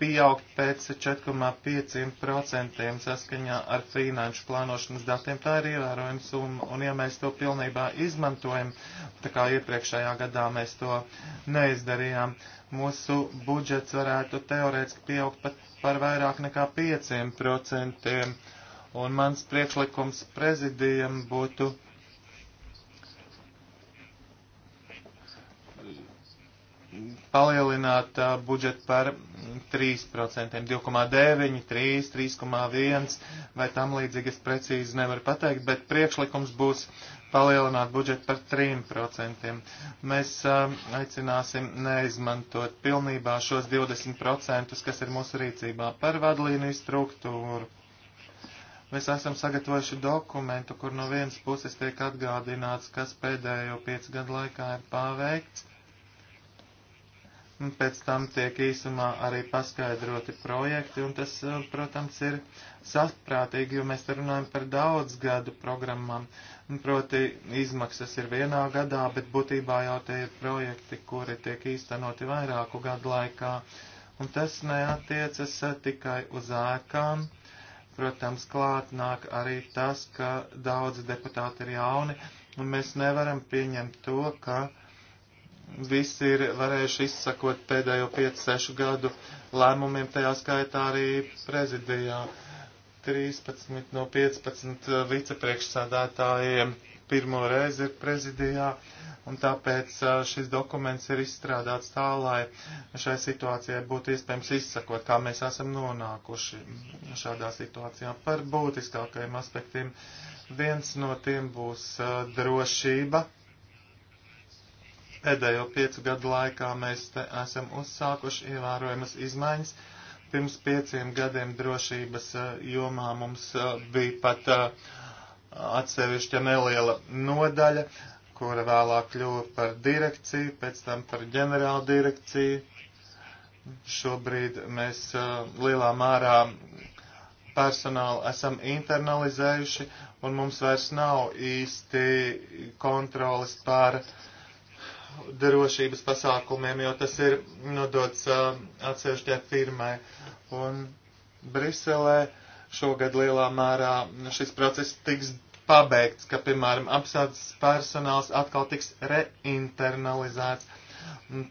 pieaugt pēc 4,5% saskaņā ar finanšu plānošanas datiem. Tā ir ievērojama summa, un, un ja mēs to pilnībā izmantojam, tā kā iepriekšējā gadā mēs to neizdarījām, mūsu budžets varētu teorētiski pieaugt pat par vairāk nekā 5%. Un mans priekšlikums prezidijam būtu palielināt uh, budžetu par 3%, 2,9, 3, 3,1 vai tam līdzīgi, es precīzi nevaru pateikt, bet priekšlikums būs palielināt budžetu par 3%. Mēs uh, aicināsim neizmantot pilnībā šos 20%, kas ir mūsu rīcībā par vadlīniju struktūru. Mēs esam sagatavojuši dokumentu, kur no vienas puses tiek atgādināts, kas pēdējo piecu gadu laikā ir paveikts, un pēc tam tiek īsumā arī paskaidroti projekti, un tas, eh, protams, ir saprātīgi, jo mēs te runājam par daudz gadu programmām, un proti izmaksas ir vienā gadā, bet būtībā jau tie ir projekti, kuri tiek īstenoti vairāku gadu laikā, un tas neatiecas eh, tikai uz ēkām. Protams, klāt nāk arī tas, ka daudzi deputāti ir jauni, un mēs nevaram pieņemt to, ka uh, visi ir varējuši izsakot pēdējo 5-6 gadu lēmumiem, tajā skaitā arī prezidijā. 13 no 15 vicepriekšsādātājiem pirmo reizi ir prezidijā, un tāpēc šis dokuments ir izstrādāts tā, lai šai situācijai būtu iespējams izsakot, kā mēs esam nonākuši šādā situācijā. Par būtiskākajiem aspektiem viens no tiem būs drošība Pēdējo piecu gadu laikā mēs te esam uzsākuši ievērojamas izmaiņas. Pirms pieciem gadiem drošības eh, jomā mums eh, bija pat eh, atsevišķa neliela nodaļa, kura vēlāk kļuva par direkciju, pēc tam par ģenerālu direkciju. Šobrīd mēs lielā mērā personālu esam internalizējuši, un mums vairs nav īsti kontrolas pār uh, drošības pasākumiem, jo tas ir nodots atsevišķai firmai. Un Briselē šogad lielā mērā šis process tiks pabeigts, ka, piemēram, apsardzes personāls atkal tiks reinternalizēts.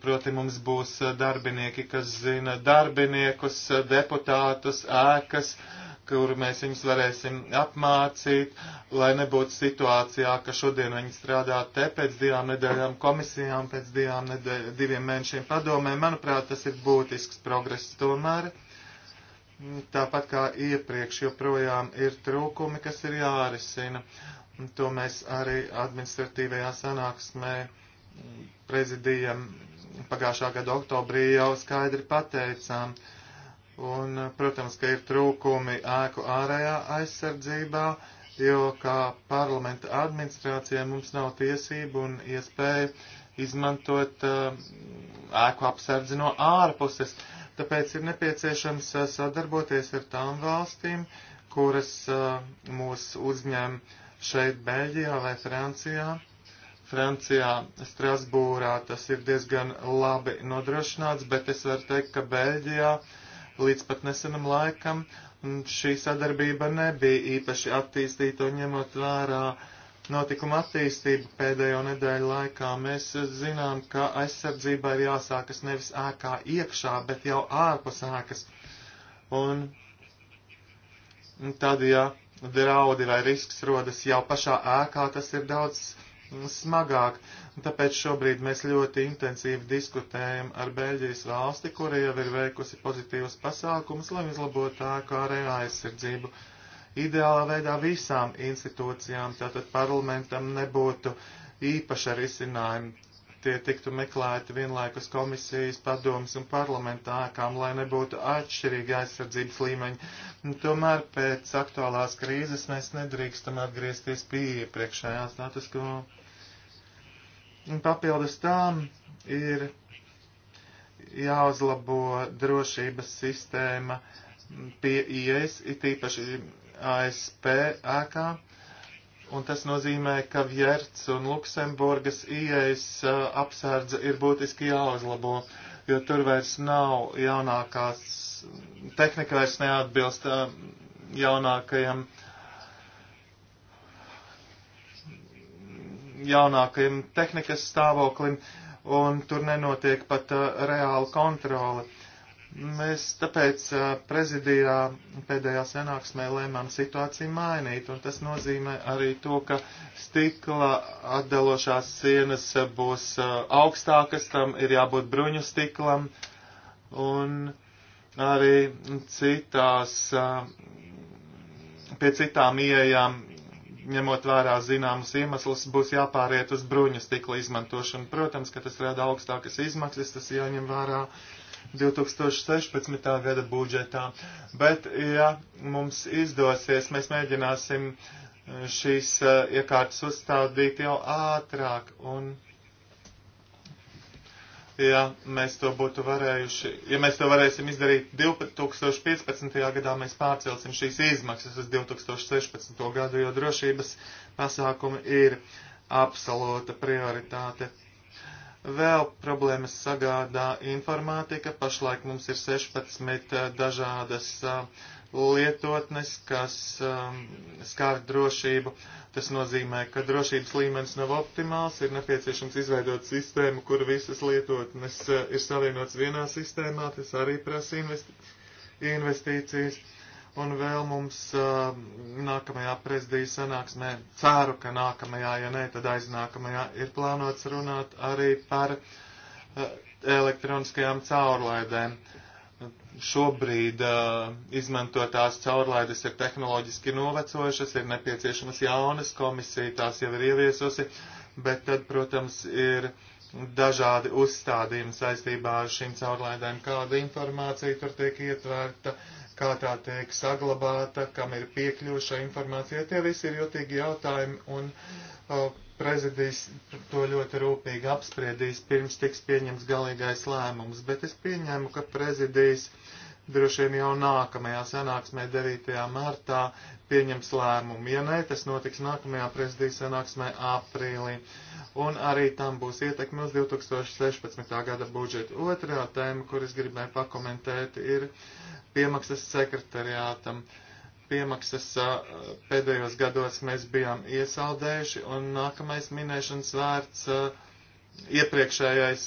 Proti mums būs darbinieki, kas zina darbiniekus, deputātus, ēkas, uh, kur mēs viņus varēsim apmācīt, lai nebūtu situācijā, ka šodien viņi strādā te pēc divām nedēļām komisijām, pēc divām nedēļ, diviem mēnešiem padomē. Manuprāt, tas ir būtisks progress tomēr. Tāpat kā iepriekš joprojām ir trūkumi, kas ir jārisina. To mēs arī administratīvajā sanāksmē prezidijam pagājušā gada oktobrī jau skaidri pateicām. Uh, Un, eh, protams, ka ir trūkumi ēku ārējā aizsardzībā, jo kā parlamenta administrācijai mums nav tiesību un iespēju izmantot uh, ēku apsardzi no ārpuses. Tāpēc ir nepieciešams uh, sadarboties ar tām valstīm, kuras uh, mūs uzņem šeit Beļģijā vai Francijā. Francijā, Strasbūrā tas ir diezgan labi nodrošināts, bet es varu teikt, ka Beļģijā uh, Līdz pat nesenam laikam šī sadarbība nebija īpaši attīstīta un ņemot vērā notikuma attīstību pēdējo nedēļu laikā. Mēs zinām, ka aizsardzībai ir jāsākas nevis ēkā iekšā, bet jau ārpus ēkas. Un tad, ja draudi vai risks rodas jau pašā ēkā, tas ir daudz smagāk. Tāpēc šobrīd mēs ļoti intensīvi diskutējam ar Beļģijas valsti, kura jau ir veikusi pozitīvas pasākumus, lai uzlabotu ēku ārējo aizsardzību. Ideālā veidā visām institūcijām, tātad parlamentam, nebūtu īpaša risinājuma. Tie tiktu meklēti vienlaikus komisijas, padomas un parlamentā ēkām, lai nebūtu atšķirīgi aizsardzības līmeņi. Tomēr pēc aktuālās krīzes mēs nedrīkstam atgriezties pie iepriekšējā status quo. Ko Papildus tām ir jāuzlabo drošības sistēma pie IES, it īpaši ASP ēkā. Un tas nozīmē, ka Vjerts un Luksemburgas IES apsardze ir būtiski jāuzlabo, jo tur vairs nav jaunākās, tehnika vairs neatbilst jaunākajam uh, jaunākajam tehnikas stāvoklim, un tur nenotiek pat uh, reāla kontrole. Mēs tāpēc uh, prezidijā pēdējā sanāksmē lēmām situāciju mainīt, un tas nozīmē arī to, ka stikla atdalošās sienas būs uh, augstākas, tam ir jābūt bruņu stiklam, un arī citās, uh, pie citām ieejām ņemot vērā zināmas iemeslas, būs jāpāriet uz bruņas stikla izmantošanu. Protams, ka tas rada augstākas izmaksas, tas jāņem vērā 2016. gada budžetā. Bet, ja mums izdosies, mēs mēģināsim eh, šīs eh, iekārtas uzstādīt jau ātrāk un Ja mēs to būtu varējuši, ja mēs to varēsim izdarīt 2015. gadā, mēs pārcelsim šīs izmaksas uz 2016. gadu, jo drošības pasākumi ir absolūta prioritāte. Vēl problēmas sagādā informātika. Pašlaik mums ir 16 dažādas uh, lietotnes, kas um, skār drošību. Tas nozīmē, ka drošības līmenis nav optimāls, ir nepieciešams izveidot sistēmu, kur visas lietotnes uh, ir savienotas vienā sistēmā, tas arī prasa investi investīcijas. Un vēl mums uh, nākamajā prezidija sanāksmē, ceru, ka nākamajā, ja ne, tad aiznākamajā, ir plānots runāt arī par uh, elektroniskajām caurlaidēm. Uh, šobrīd uh, izmantotās caurlaides ir tehnoloģiski novecojušas, ir nepieciešamas jaunas komisijas, tās jau ir ieviesusi, bet tad, protams, ir dažādi uzstādījumi saistībā ar šīm caurlaidēm, kāda informācija tur tiek ietverta, kā tā tiek saglabāta, kam ir piekļuša informācija. Tie visi ir jūtīgi jautājumi un uh, prezidijs to ļoti rūpīgi apspriedīs, pirms tiks pieņems galīgais lēmums, bet es pieņēmu, ka prezidijs droši vien jau nākamajā sanāksmē 9. martā pieņems lēmumu. Ja nē, tas notiks nākamajā prezidijas sanāksmē aprīlī. Un arī tam būs ietekme uz 2016. gada budžetu. Otrā tēma, kuras gribēju pakomentēt, ir piemaksas sekretariātam. Uh, piemaksas pēdējos gados mēs bijām iesaldējuši, un nākamais minēšanas vērts, iepriekšējais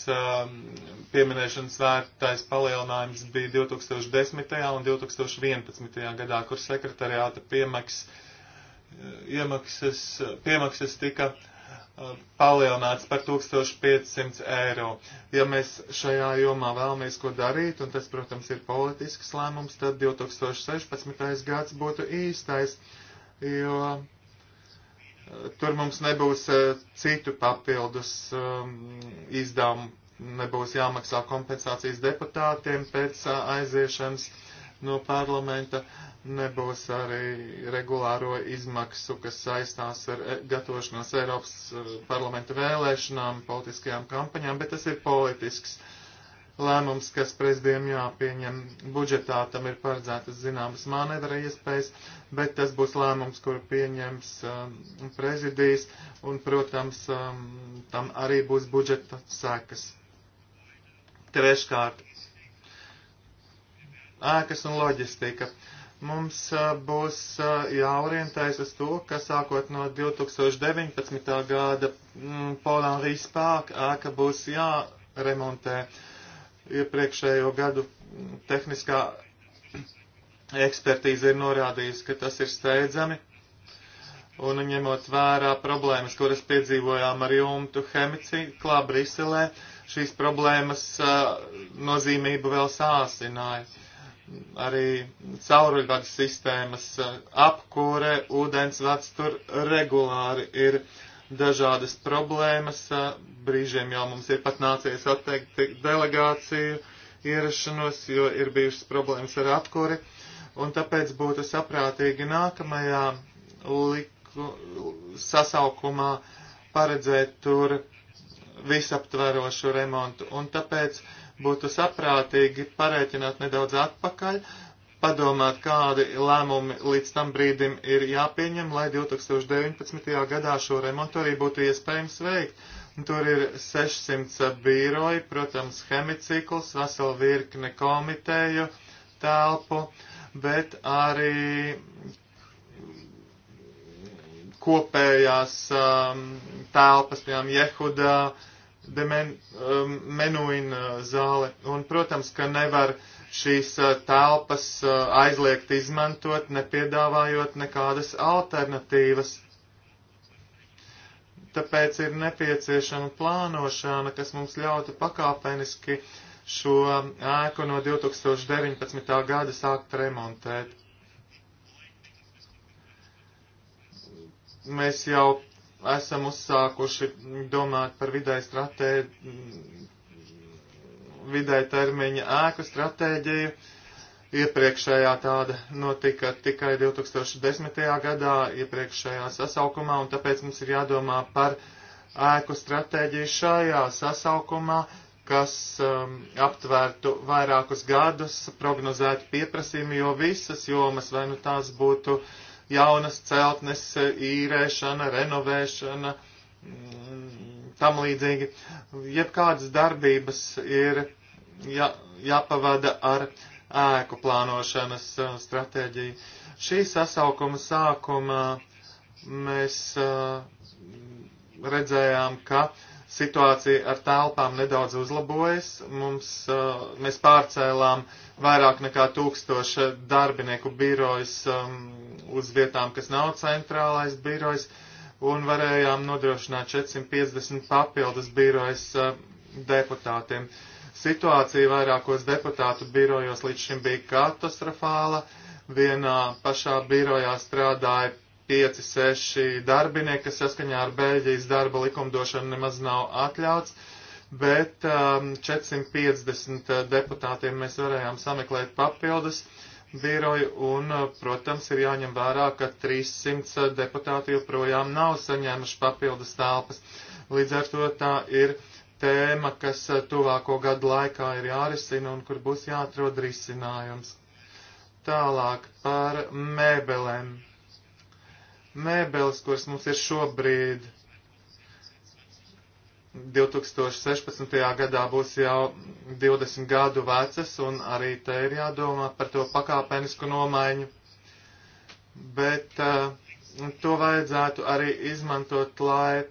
pieminēšanas vērtais palielinājums bija 2010. un 2011. gadā, kur sekretariāta piemaksas, iemaksas, piemaksas tika palielināts par 1500 eiro. Ja mēs šajā jomā vēlamies ko darīt, un tas, protams, ir politisks lēmums, tad 2016. gads būtu īstais, jo eh, tur mums nebūs eh, citu papildus um, izdevumu, nebūs jāmaksā kompensācijas deputātiem pēc eh, aiziešanas no parlamenta, nebūs arī regulāro izmaksu, kas saistās ar e, gatavošanos Eiropas e, parlamenta vēlēšanām, politiskajām kampaņām, bet tas ir politisks lēmums, kas prezidiem jāpieņem budžetā, tam ir paredzētas zināmas manevra iespējas, bet tas būs lēmums, kur pieņems um, prezidijs, un, protams, um, tam arī būs budžeta sekas. Treškārt, ēkas un loģistika. Mums būs jāorientējas uz to, ka sākot no 2019. gada Polām mm, Rīspāk ēka būs jāremontē iepriekšējo gadu tehniskā ekspertīze ir norādījusi, ka tas ir steidzami. Un ņemot vērā problēmas, kuras piedzīvojām ar jumtu hemiciklā Briselē, šīs problēmas uh, nozīmību vēl sāsināja arī cauruļvads sistēmas apkūre, ūdens vads tur regulāri ir dažādas problēmas. Brīžiem jau mums ir pat nācies atteikt delegāciju ierašanos, jo ir bijušas problēmas ar apkūri. Un tāpēc būtu saprātīgi nākamajā liku, sasaukumā paredzēt tur visaptverošu remontu. Un tāpēc uh, būtu saprātīgi parēķināt nedaudz atpakaļ, padomāt, kādi lēmumi līdz tam brīdim ir jāpieņem, lai 2019. gadā šo remontu arī būtu iespējams veikt. Tur ir 600 bīroji, protams, hemicikls, vesela virkne komiteju, telpu, bet arī kopējās um, telpas, piemēram, Jehudā, uh, de men, um, menuina uh, zāle. Un, protams, ka nevar šīs uh, telpas uh, aizliegt izmantot, nepiedāvājot nekādas alternatīvas. Tāpēc ir nepieciešama plānošana, kas mums ļautu pakāpeniski šo ēku no 2019. gada sākt remontēt. Mēs jau esam uzsākuši domāt par vidē stratē, vidē termiņa ēku stratēģiju. Iepriekšējā tāda notika tikai 2010. gadā, iepriekšējā sasaukumā, un tāpēc mums ir jādomā par ēku stratēģiju šajā sasaukumā, kas um, aptvērtu vairākus gadus, prognozētu pieprasījumu, jo visas jomas, vai nu tās būtu uh, jaunas celtnes īrēšana, renovēšana, mm, tam līdzīgi. Jebkādas darbības ir jā, jāpavada ar ēku plānošanas uh, stratēģiju. Šī sasaukuma sākumā mēs uh, redzējām, ka situācija ar telpām nedaudz uzlabojas. Mums, uh, mēs pārcēlām uh, vairāk nekā tūkstoša darbinieku birojas um, uz vietām, kas nav centrālais birojas, un varējām nodrošināt 450 papildus birojas uh, deputātiem. Situācija vairākos deputātu birojos līdz šim bija katastrofāla. Vienā pašā birojā strādāja 5-6 darbinieki, kas saskaņā ar Beļģijas darba likumdošanu nemaz nav atļauts. Uh, bet um, 450 uh, deputātiem mēs varējām sameklēt papildus biroju un, uh, protams, ir jāņem vērā, ka 300 uh, deputāti joprojām nav saņēmuši papildus telpas. Līdz ar to tā ir tēma, kas tuvāko gadu laikā ir jārisina un kur būs jāatrod risinājums. Tālāk par mēbelēm. Mēbeles, kuras mums ir šobrīd 2016. gadā būs jau 20 gadu vecas, un arī te ir jādomā par to pakāpenisku nomaiņu. Bet uh, to vajadzētu arī izmantot, lai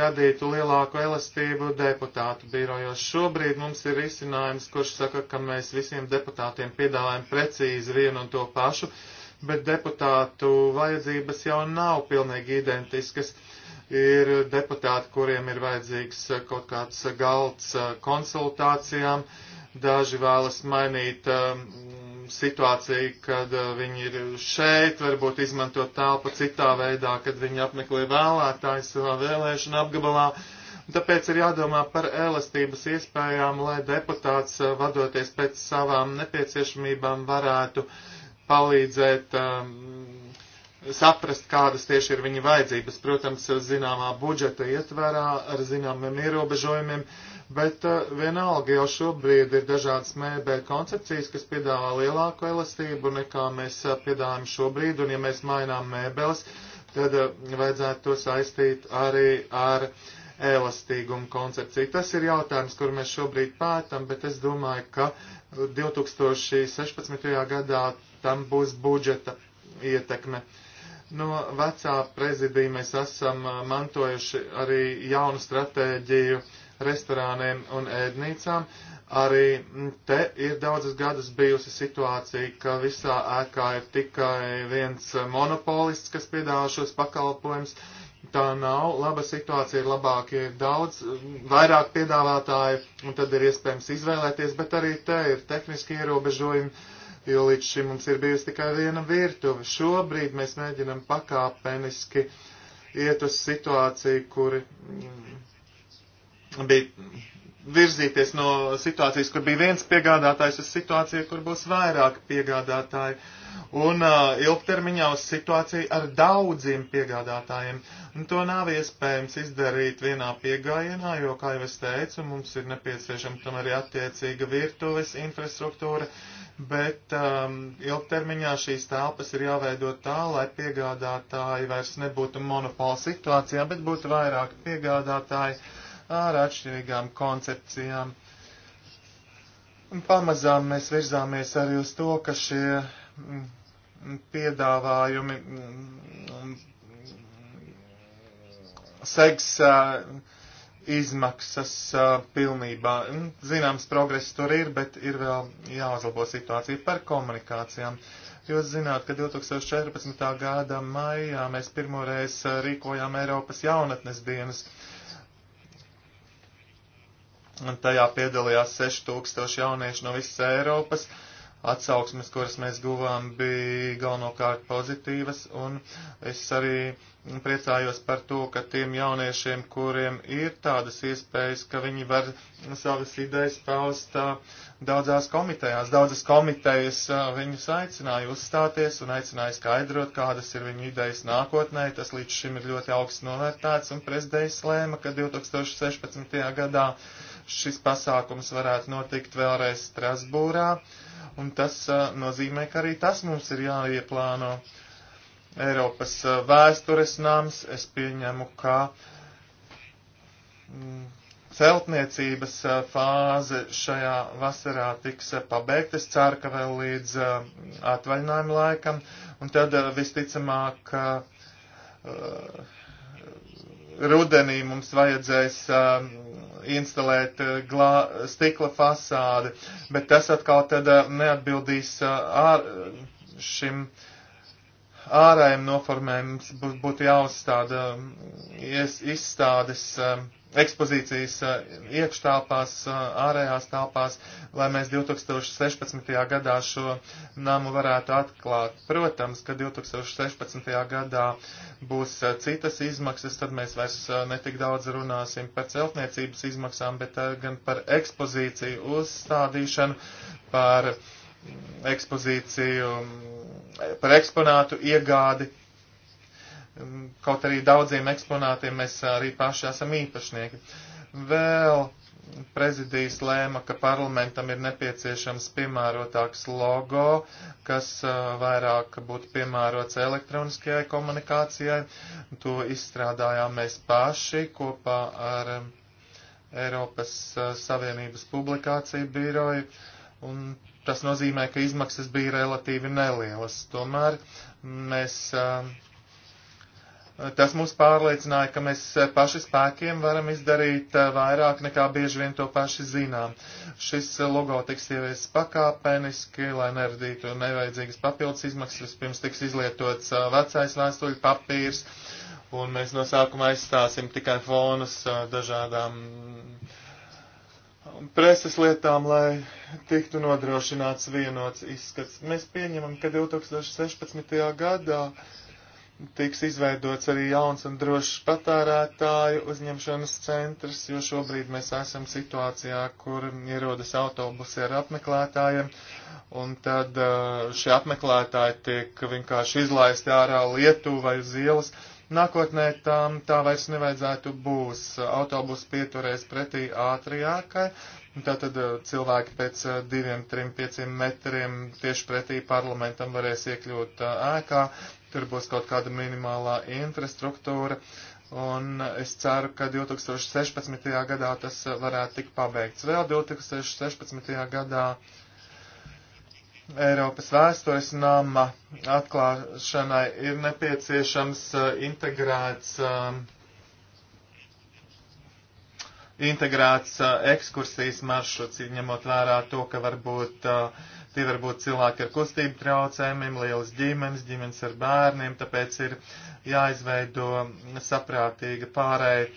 radītu lielāku elastību deputātu birojos. Šobrīd mums ir risinājums, kurš saka, ka mēs visiem deputātiem piedāvājam precīzi vienu un to pašu, bet deputātu vajadzības jau nav pilnīgi identiskas. Uh, ir deputāti, kuriem ir vajadzīgs eh, kaut kāds eh, galds eh, konsultācijām. Daži vēlas mainīt situāciju, kad viņi ir šeit, varbūt izmantot telpu citā veidā, kad viņi apmeklē vēlētājs savā vēlēšana apgabalā. Tāpēc ir jādomā par elastības iespējām, lai deputāts, vadoties pēc savām nepieciešamībām, varētu palīdzēt um, saprast, kādas tieši ir viņa vajadzības. Protams, zināmā budžeta ietverā ar zināmiem ierobežojumiem, bet eh, vienalga jau šobrīd ir dažādas MB koncepcijas, kas piedāvā lielāku elastību nekā mēs eh, piedāvājam šobrīd, un ja mēs mainām mēbeles, tad eh, vajadzētu to saistīt arī ar elastīgumu koncepciju. Tas ir jautājums, kur mēs šobrīd pētam, bet es domāju, ka 2016. gadā tam būs budžeta ietekme. Uh, No vecā prezidija mēs esam uh, mantojuši arī jaunu stratēģiju restorāniem un ēdnīcām. Arī mm, te ir daudzas gadus bijusi situācija, ka visā ēkā ir tikai viens uh, monopolists, kas piedāvā šos pakalpojumus. Tā nav laba situācija, ir labāk, ir daudz, mm, vairāk piedāvātāju, un tad ir iespējams izvēlēties, bet arī te ir tehniski ierobežojumi jo līdz šim mums ir bijusi tikai viena virtuve. Šobrīd mēs mēģinam pakāpeniski iet uz situāciju, kuri mm, bija virzīties no situācijas, kur bija viens piegādātājs, uz situāciju, kur būs vairāk piegādātāji. Un uh, ilgtermiņā uz situāciju ar daudziem piegādātājiem. Un to nav iespējams izdarīt vienā piegājienā, jo, kā jau es teicu, mums ir nepieciešama tam arī attiecīga virtuves infrastruktūra. Uh, bet um, ilgtermiņā šīs telpas ir jāveido tā, lai piegādātāji vairs nebūtu monopola situācijā, bet būtu vairāk piegādātāji ar atšķirīgām koncepcijām. Un pamazām mēs virzāmies arī uz to, ka šie mm, piedāvājumi mm, mm, segs. Uh, izmaksas uh, pilnībā. Zināms, progress tur ir, bet ir vēl jāuzlabo situācija par komunikācijām. Jūs zināt, ka 2014. gada maijā mēs pirmoreiz rīkojām Eiropas jaunatnes dienas. Un tajā piedalījās 6000 jaunieši no visas Eiropas. Atsauksmes, kuras mēs guvām, bija galvenokārt pozitīvas, un es arī uh, priecājos par to, ka tiem jauniešiem, kuriem ir tādas iespējas, ka viņi var savas idejas paust daudzās komitejās. Daudzas komitejas viņus aicināja uzstāties un aicināja skaidrot, kādas ir viņu idejas nākotnē. Tas līdz šim ir ļoti augsts novērtēts un prezidents lēma, ka 2016. gadā šis pasākums varētu notikt vēlreiz Strasbūrā. Un tas uh, nozīmē, ka arī tas mums ir jāieplāno. Uh, Eiropas eh, vēstures nams, es pieņemu, ka mm, celtniecības eh, fāze šajā vasarā tiks eh, pabeigta. Es ceru, ka vēl līdz atvaļinājuma laikam. Un tad visticamāk, rudenī mums vajadzēs instalēt glā, stikla fasādi, bet tas atkal tad neatbildīs ar šim uh, ārējiem noformējumiem būtu jāuzstāda um, izstādes um, ekspozīcijas uh, iekštāpās, uh, ārējās tāpās, lai mēs 2016. gadā šo namu varētu atklāt. Protams, ka 2016. gadā būs uh, citas izmaksas, tad mēs vairs netik daudz runāsim par celtniecības izmaksām, bet gan par ekspozīciju uzstādīšanu, par uh, ekspozīciju, mm, par eksponātu iegādi. Mm, kaut arī daudziem eksponātiem mēs arī paši esam īpašnieki. Vēl prezidijas lēma, ka parlamentam ir nepieciešams piemērotāks logo, kas vairāk būtu piemērots elektroniskajai komunikācijai. To izstrādājām mēs paši kopā ar Eiropas Savienības publikāciju biroju. Un Tas nozīmē, ka izmaksas bija relatīvi nelielas. Tomēr mēs, tas mūs pārliecināja, ka mēs paši spēkiem varam izdarīt vairāk nekā bieži vien to paši zinām. Šis logo tiks ieviesis pakāpeniski, lai neradītu nevajadzīgas papildus izmaksas. Pirms tiks izlietots vecais vēstuļu papīrs un mēs no sākuma aizstāsim tikai fonus dažādām preses lietām, lai tiktu nodrošināts vienots izskats. Mēs pieņemam, ka 2016. gadā tiks izveidots arī jauns un drošs patērētāju uzņemšanas centrs, jo šobrīd mēs esam situācijā, kur ierodas autobusi ar apmeklētājiem, un tad uh, šie apmeklētāji tiek vienkārši izlaisti ārā lietu vai uz ielas. Uh, Nākotnē tam tā vairs nevajadzētu būs. Autobus pieturēs pretī ātrākai, tātad eh, cilvēki pēc eh, diviem, trim, pieciem metriem tieši pretī parlamentam varēs iekļūt eh, ēkā, tur būs kaut kāda minimālā infrastruktūra. Un es ceru, ka 2016. gadā tas varētu tikt pabeigts. Vēl 2016. gadā uh, Eiropas vēstures nama atklāšanai ir nepieciešams uh, integrēts, um, integrēts uh, ekskursijas maršruts, ņemot vērā to, ka varbūt uh, tie var būt cilvēki ar kustību traucējumiem, lielas ģimenes, ģimenes ar bērniem, tāpēc ir jāizveido saprātīga pārēja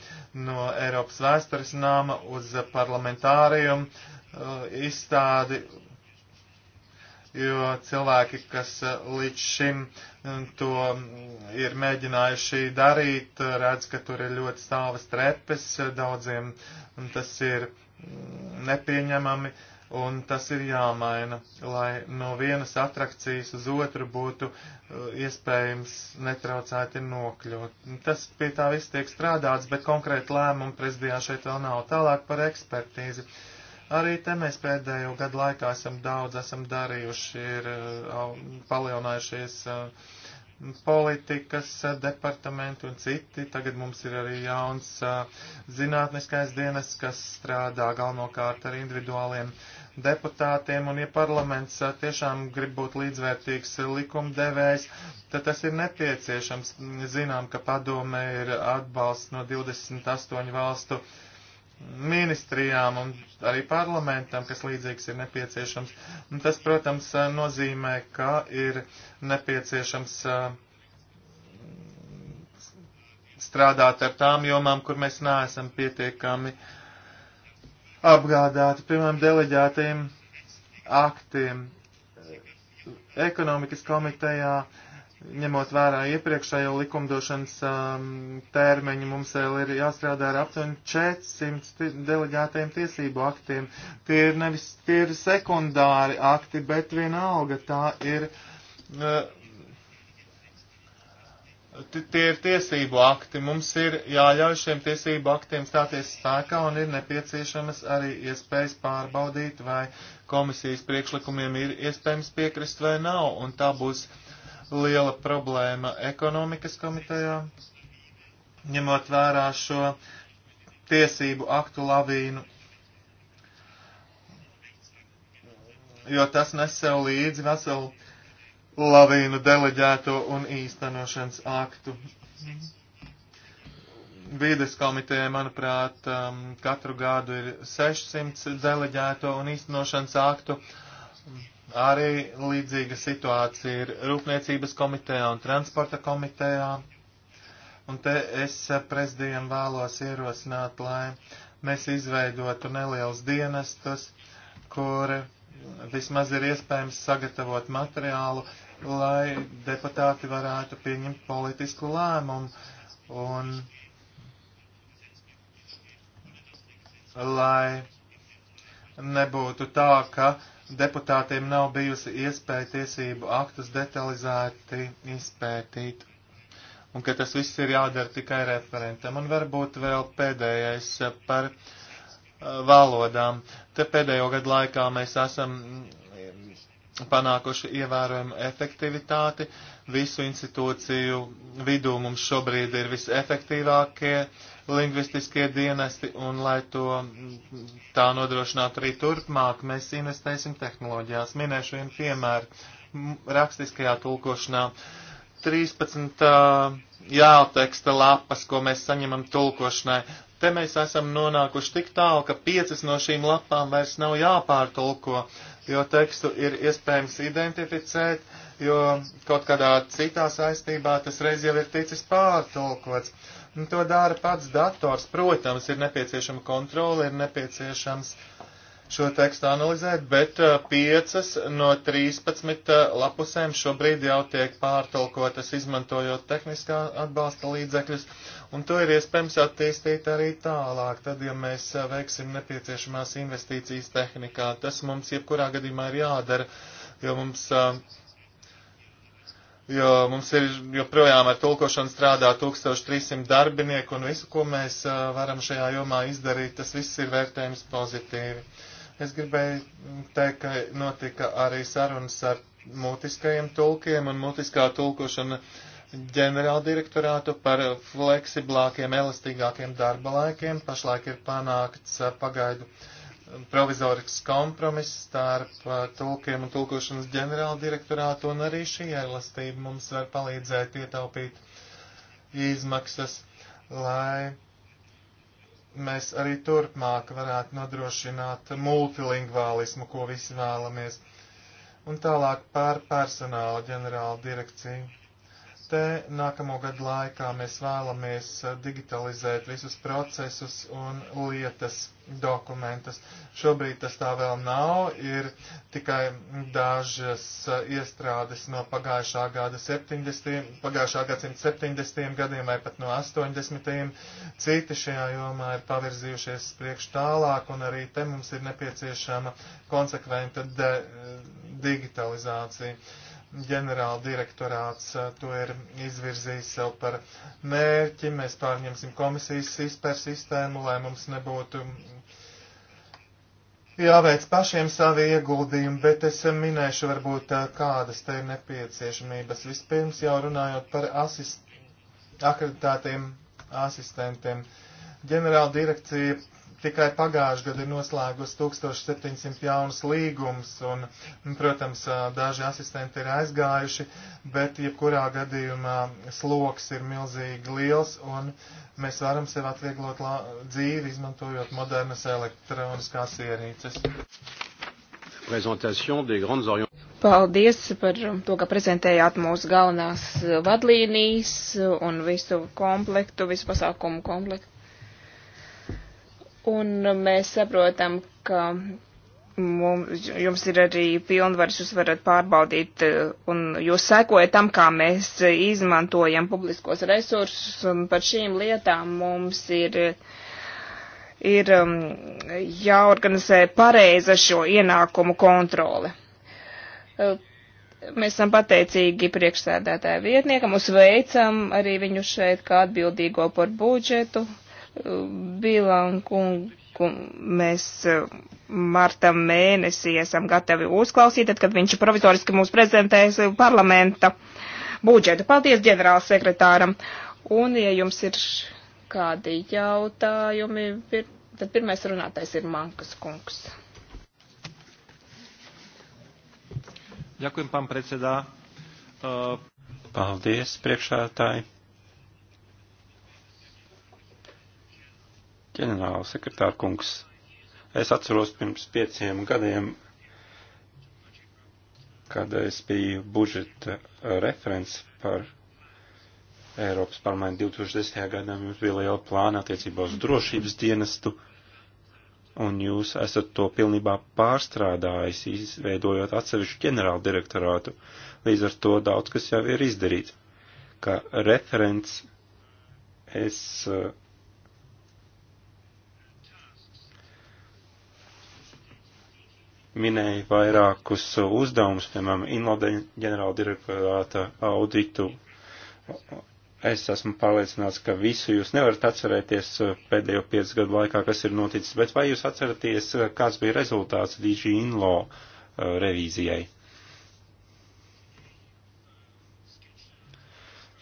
no Eiropas vēstures nama uz parlamentārijumu izstādi jo cilvēki, kas eh, līdz šim mm, to mm, ir mēģinājuši darīt, eh, redz, ka tur ir ļoti stāvas trepes, eh, daudziem mm, tas ir nepieņemami, un tas ir jāmaina, lai no vienas atrakcijas uz otru būtu iespējams netraucēti nokļūt. Tas pie tā viss tiek strādāts, bet konkrēti lēmumu prezidijā šeit vēl nav tālāk par ekspertīzi. Uh, Arī te mēs pēdējo gadu laikā esam daudz esam darījuši, ir uh, palielinājušies uh, politikas uh, departamenti un citi. Tagad mums ir arī jauns zinātniskais dienas, kas strādā galvenokārt ar individuāliem deputātiem. Un ja parlaments tiešām grib būt līdzvērtīgs likumdevējs, tad tas ir nepieciešams. Zinām, ka padome ir atbalsts no 28 valstu ministrijām un arī parlamentam, kas līdzīgs ir nepieciešams. Un tas, protams, nozīmē, ka ir nepieciešams strādāt ar tām jomām, kur mēs neesam pietiekami apgādāti, piemēram, deleģētiem aktiem. Ekonomikas komitejā uh, ņemot vērā iepriekšējo likumdošanas um, termiņu, mums vēl ir jāstrādā ar aptuveni 400 delegētajiem tiesību aktiem. Tie ir nevis tie ir sekundāri akti, bet vienalga tā ir. Uh, Tie ir tiesību akti. Mums ir jāļauj šiem tiesību aktiem stāties spēkā un ir nepieciešamas arī iespējas pārbaudīt, vai komisijas priekšlikumiem ir iespējams piekrist vai nav. Un tā būs uh, liela problēma ekonomikas komitejā, ņemot vērā šo tiesību aktu lavīnu, jo tas nes sev līdzi veselu lavīnu deleģēto un īstenošanas aktu. Vīdes komiteja, manuprāt, um, katru gadu ir 600 deleģēto un īstenošanas aktu. Arī līdzīga situācija ir Rūpniecības komitejā un Transporta komitejā. Un te es prezidijam vēlos ierosināt, lai mēs izveidotu nelielus dienestus, kur vismaz ir iespējams sagatavot materiālu, lai deputāti varētu pieņemt politisku lēmumu un lai nebūtu tā, ka uh, deputātiem nav bijusi iespēja tiesību aktus detalizēti izpētīt, un ka tas viss ir jādara tikai referentam. Un varbūt vēl pēdējais par uh, valodām. Te pēdējo gadu laikā mēs esam mm, panākuši ievērojumu efektivitāti. Visu institūciju vidū mums šobrīd ir visefektīvākie uh, lingvistiskie dienesti, un lai to tā nodrošinātu arī turpmāk, mēs investēsim tehnoloģijās. Minēšu vienu piemēru rakstiskajā tulkošanā. 13 uh, jālteksta lapas, ko mēs saņemam tulkošanai. Te mēs esam nonākuši tik tālu, ka piecas no šīm lapām vairs nav jāpārtulko, jo tekstu ir iespējams identificēt, jo kaut kādā citā saistībā tas reiz jau ir ticis pārtulkots. Uh, Un nu, to dara pats dators. Protams, ir nepieciešama kontrole, ir nepieciešams šo tekstu analizēt, bet uh, piecas no 13 uh, lapusēm šobrīd jau tiek pārtulkotas, izmantojot tehniskā atbalsta līdzekļus, un to ir iespējams attīstīt arī tālāk, tad, ja mēs uh, veiksim nepieciešamās investīcijas tehnikā. Tas mums jebkurā gadījumā ir jādara, jo mums uh, jo mums ir joprojām ar tulkošanu strādā 1300 darbinieku un visu, ko mēs varam šajā jomā izdarīt, tas viss ir vērtējums pozitīvi. Es gribēju teikt, ka notika arī sarunas ar mutiskajiem tulkiem un mutiskā tulkošana ģenerāldirektorātu par fleksiblākiem, elastīgākiem darba laikiem. Pašlaik ir panākts pagaidu provizorisks kompromiss starp uh, tulkiem un tulkošanas ģenerāla direktorātu, un arī šī elastība mums var palīdzēt ietaupīt izmaksas, lai mēs arī turpmāk varētu nodrošināt multilingvālismu, ko visi vēlamies. Un tālāk par personāla ģenerāla direkciju te nākamo gadu laikā mēs vēlamies eh, digitalizēt visus procesus un lietas dokumentus. Šobrīd tas tā vēl nav, ir tikai dažas eh, iestrādes no pagājušā gada 70, pagājušā gadsimta 70 gadiem vai pat no 80. Citi šajā jomā ir pavirzījušies priekš tālāk un arī te mums ir nepieciešama konsekventa eh, digitalizācija. Uh, ģenerāla direktorāts eh, to ir izvirzījis sev par mērķi. Mēs pārņemsim komisijas SISPER sistēmu, lai mums nebūtu jāveic pašiem savi ieguldījumi, bet es minēšu varbūt eh, kādas te ir nepieciešamības. Vispirms jau runājot par asist akreditētiem asistentiem. Ģenerāla direkcija Tikai pagājuši gadu ir noslēgus 1700 jaunas līgums, un, protams, daži asistenti ir aizgājuši, bet jebkurā gadījumā sloks ir milzīgi liels, un mēs varam sev atvieglot dzīvi, izmantojot modernas elektroniskās ierīces. Paldies par to, ka prezentējāt mūsu galvenās vadlīnijas un visu komplektu, visu pasākumu komplektu. Un mēs saprotam, ka mums, jums ir arī pilnvaras, jūs varat pārbaudīt, eh, un jūs sekojat tam, kā mēs izmantojam publiskos resursus, un par šīm lietām mums ir, ir um, jāorganizē pareiza šo ienākumu kontrole. Eh, mēs esam pateicīgi priekšsēdētāja vietniekam, uzveicam arī viņu šeit kā atbildīgo par budžetu. Uh, Bilankungu mēs marta mēnesī esam gatavi uzklausīt, tad, kad viņš provizoriski mūs prezentēs parlamenta budžetu. Paldies ģenerālsekretāram. Un, ja jums ir kādi jautājumi, tad pirmais runātais ir Mankas kungs. Ďakujem, pán predsedá. Paldies, priekšētāji. ģenerāla sekretāra kungs, es atceros pirms pieciem gadiem, kad es biju budžeta referents par Eiropas parlamentu 2010. gadā, mums bija liela plāna attiecībā uz drošības dienestu, un jūs esat to pilnībā pārstrādājis, izveidojot atsevišķu ģenerālu direktorātu. Līdz ar to daudz kas jau ir izdarīts. Kā referents es uh, minēja vairākus uzdevumus, piemēram, Inlode ģenerāla direktorāta auditu. Es esmu pārliecināts, ka visu jūs nevarat atcerēties pēdējo piecu gadu laikā, kas ir noticis, bet vai jūs atceraties, kāds bija rezultāts DG Inlo uh, revīzijai?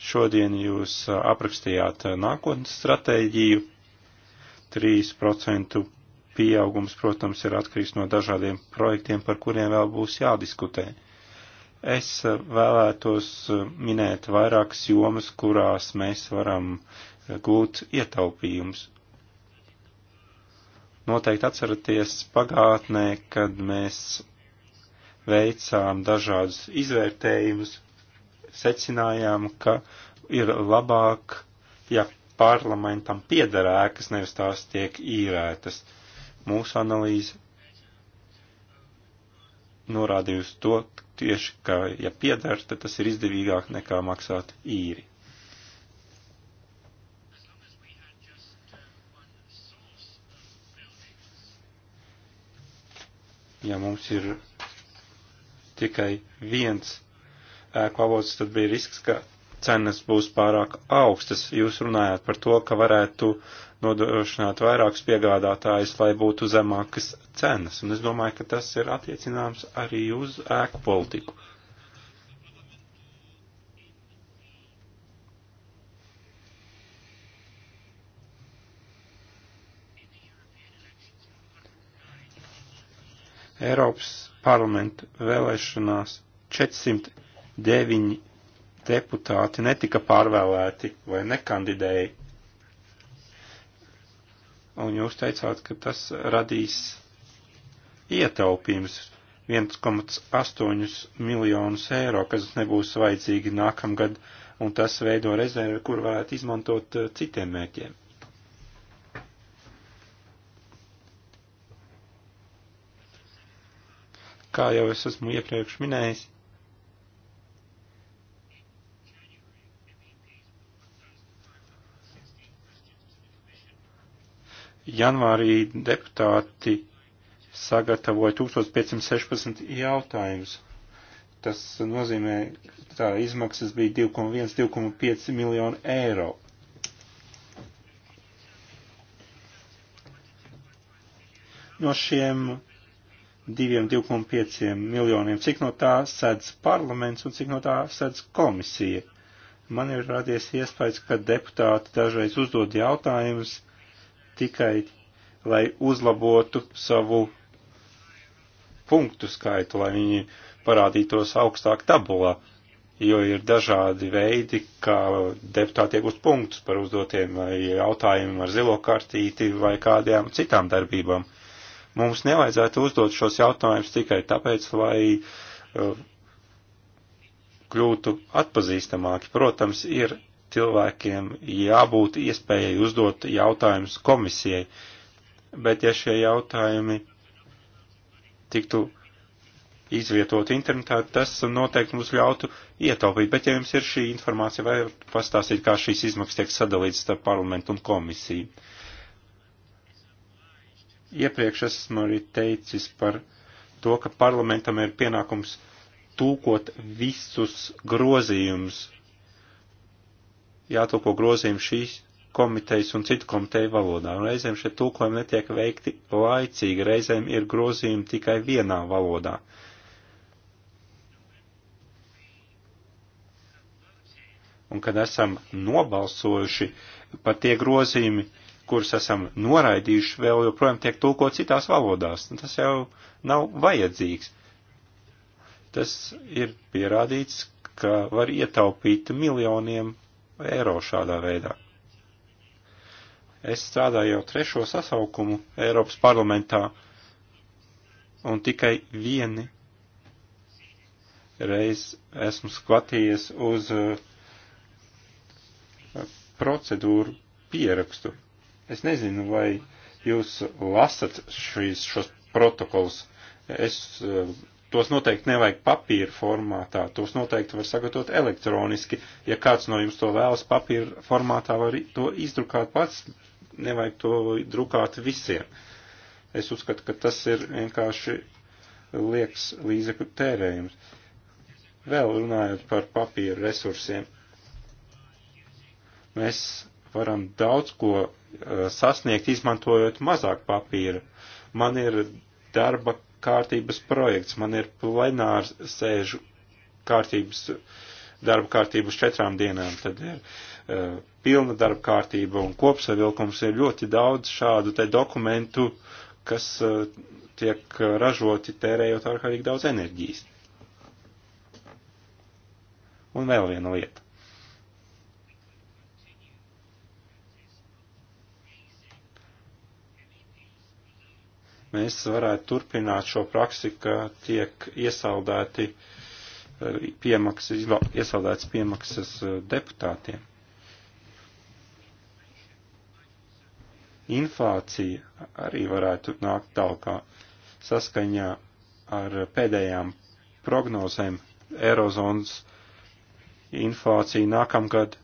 Šodien jūs uh, aprakstījāt uh, nākotnes stratēģiju 3% pieaugums, protams, ir atkarīgs no dažādiem projektiem, par kuriem vēl būs jādiskutē. Es eh, vēlētos eh, minēt vairākas jomas, kurās mēs varam eh, gūt ietaupījumus. Noteikti atceraties pagātnē, kad mēs veicām dažādus izvērtējumus, secinājām, ka ir labāk, ja parlamentam piederēkas, nevis tās tiek īrētas. Uh, Mūsu analīze norādījusi to tieši, ka ja piedar, tad tas ir izdevīgāk nekā maksāt īri. Ja mums ir tikai viens ēku avots, tad bija risks, ka cenas būs pārāk augstas. Jūs runājāt par to, ka varētu nodrošināt vairākus piegādātājus, lai būtu zemākas cenas. Un es domāju, ka tas ir attiecināms arī uz ēku politiku. Eiropas parlamenta vēlēšanās 409 deputāti netika pārvēlēti vai nekandidēja un jūs teicāt, ka tas radīs ietaupījums 1,8 miljonus eiro, kas nebūs vajadzīgi nākamgad, un tas veido rezervi, kur varētu izmantot eh, citiem mērķiem. Kā jau es esmu iepriekš minējis, janvārī deputāti sagatavoja 1516 jautājumus. Tas nozīmē, tā izmaksas bija 2,1-2,5 miljonu eiro. No šiem 2,5 miljoniem, cik no tā sēdz parlaments un cik no tā sēdz komisija? Man ir radies iespējas, ka deputāti dažreiz uzdod jautājumus, tikai, lai uzlabotu savu punktu skaitu, lai viņi parādītos augstāk tabulā, jo ir dažādi veidi, kā deputāti iegūst punktus par uzdotiem vai jautājumiem ar zilo kartīti vai kādām citām darbībām. Mums nevajadzētu uzdot šos jautājumus tikai tāpēc, lai uh, kļūtu atpazīstamāki. Protams, ir cilvēkiem jābūt iespējai uzdot jautājumus komisijai. Bet ja šie jautājumi tiktu izvietot internetā, tas noteikti mums ļautu ietaupīt. Bet ja jums ir šī informācija, vai pastāstīt, kā šīs izmaksas tiek sadalītas starp parlamentu un komisiju? Iepriekš esmu arī teicis par to, ka parlamentam ir pienākums tūkot visus grozījumus jātulko grozījumi šīs komitejas un citu komiteju valodā, un reizēm šie tulkojumi netiek veikti laicīgi, reizēm ir grozījumi tikai vienā valodā. Un kad esam nobalsojuši par tie grozījumi, kurus esam noraidījuši, vēl joprojām tiek tulkot citās valodās. Un tas jau nav vajadzīgs. Tas ir pierādīts, ka var ietaupīt miljoniem eiro šādā veidā. Es strādāju jau trešo sasaukumu Eiropas parlamentā un tikai vieni reiz esmu skatījies uz uh, procedūru pierakstu. Es nezinu, vai jūs lasat šīs, šos protokols. Es uh, tos noteikti nevajag papīra formātā, tos noteikti var sagatavot elektroniski. Ja kāds no jums to vēlas papīra formātā, var to izdrukāt pats, nevajag to drukāt visiem. Es uzskatu, ka tas ir vienkārši liekas līdzekļu tērējums. Vēl runājot par papīra resursiem, mēs varam daudz ko uh, sasniegt, izmantojot mazāk papīra. Man ir darba kārtības projekts. Man ir plenārs sēžu kārtības, darba kārtību uz četrām dienām. Tad ir uh, pilna darba kārtība un kopsavilkums ir ļoti daudz šādu te dokumentu, kas uh, tiek ražoti tērējot ārkārtīgi daudz enerģijas. Un vēl viena lieta. mēs varētu turpināt šo praksi, ka tiek iesaldēti eh, piemaksas, iesaldēts piemaksas eh, deputātiem. Inflācija arī varētu nākt tālākā saskaņā ar pēdējām prognozēm Eirozonas inflācija nākamgad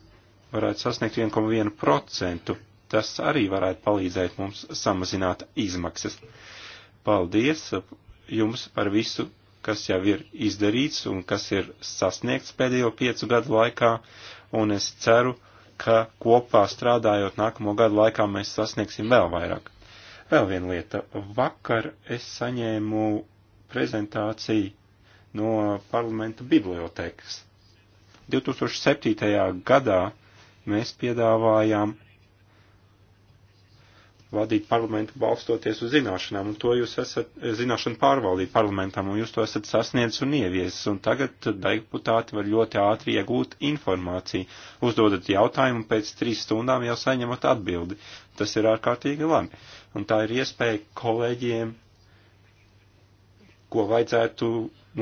varētu sasniegt 1,1%. Tas arī varētu palīdzēt mums samazināt izmaksas. Paldies jums par visu, kas jau ir izdarīts un kas ir sasniegts pēdējo piecu gadu laikā, un es ceru, ka kopā strādājot nākamo gadu laikā mēs sasniegsim vēl vairāk. Vēl viena lieta. Vakar es saņēmu prezentāciju no parlamenta bibliotekas. 2007. gadā mēs piedāvājām vadīt parlamentu balstoties uz zināšanām, un to jūs esat, zināšanu pārvaldīt parlamentam, un jūs to esat sasniedzis un ieviesis, un tagad deputāti var ļoti ātri iegūt informāciju, uzdodat jautājumu, pēc trīs stundām jau saņemat atbildi. Tas ir ārkārtīgi labi, un tā ir iespēja kolēģiem, ko vajadzētu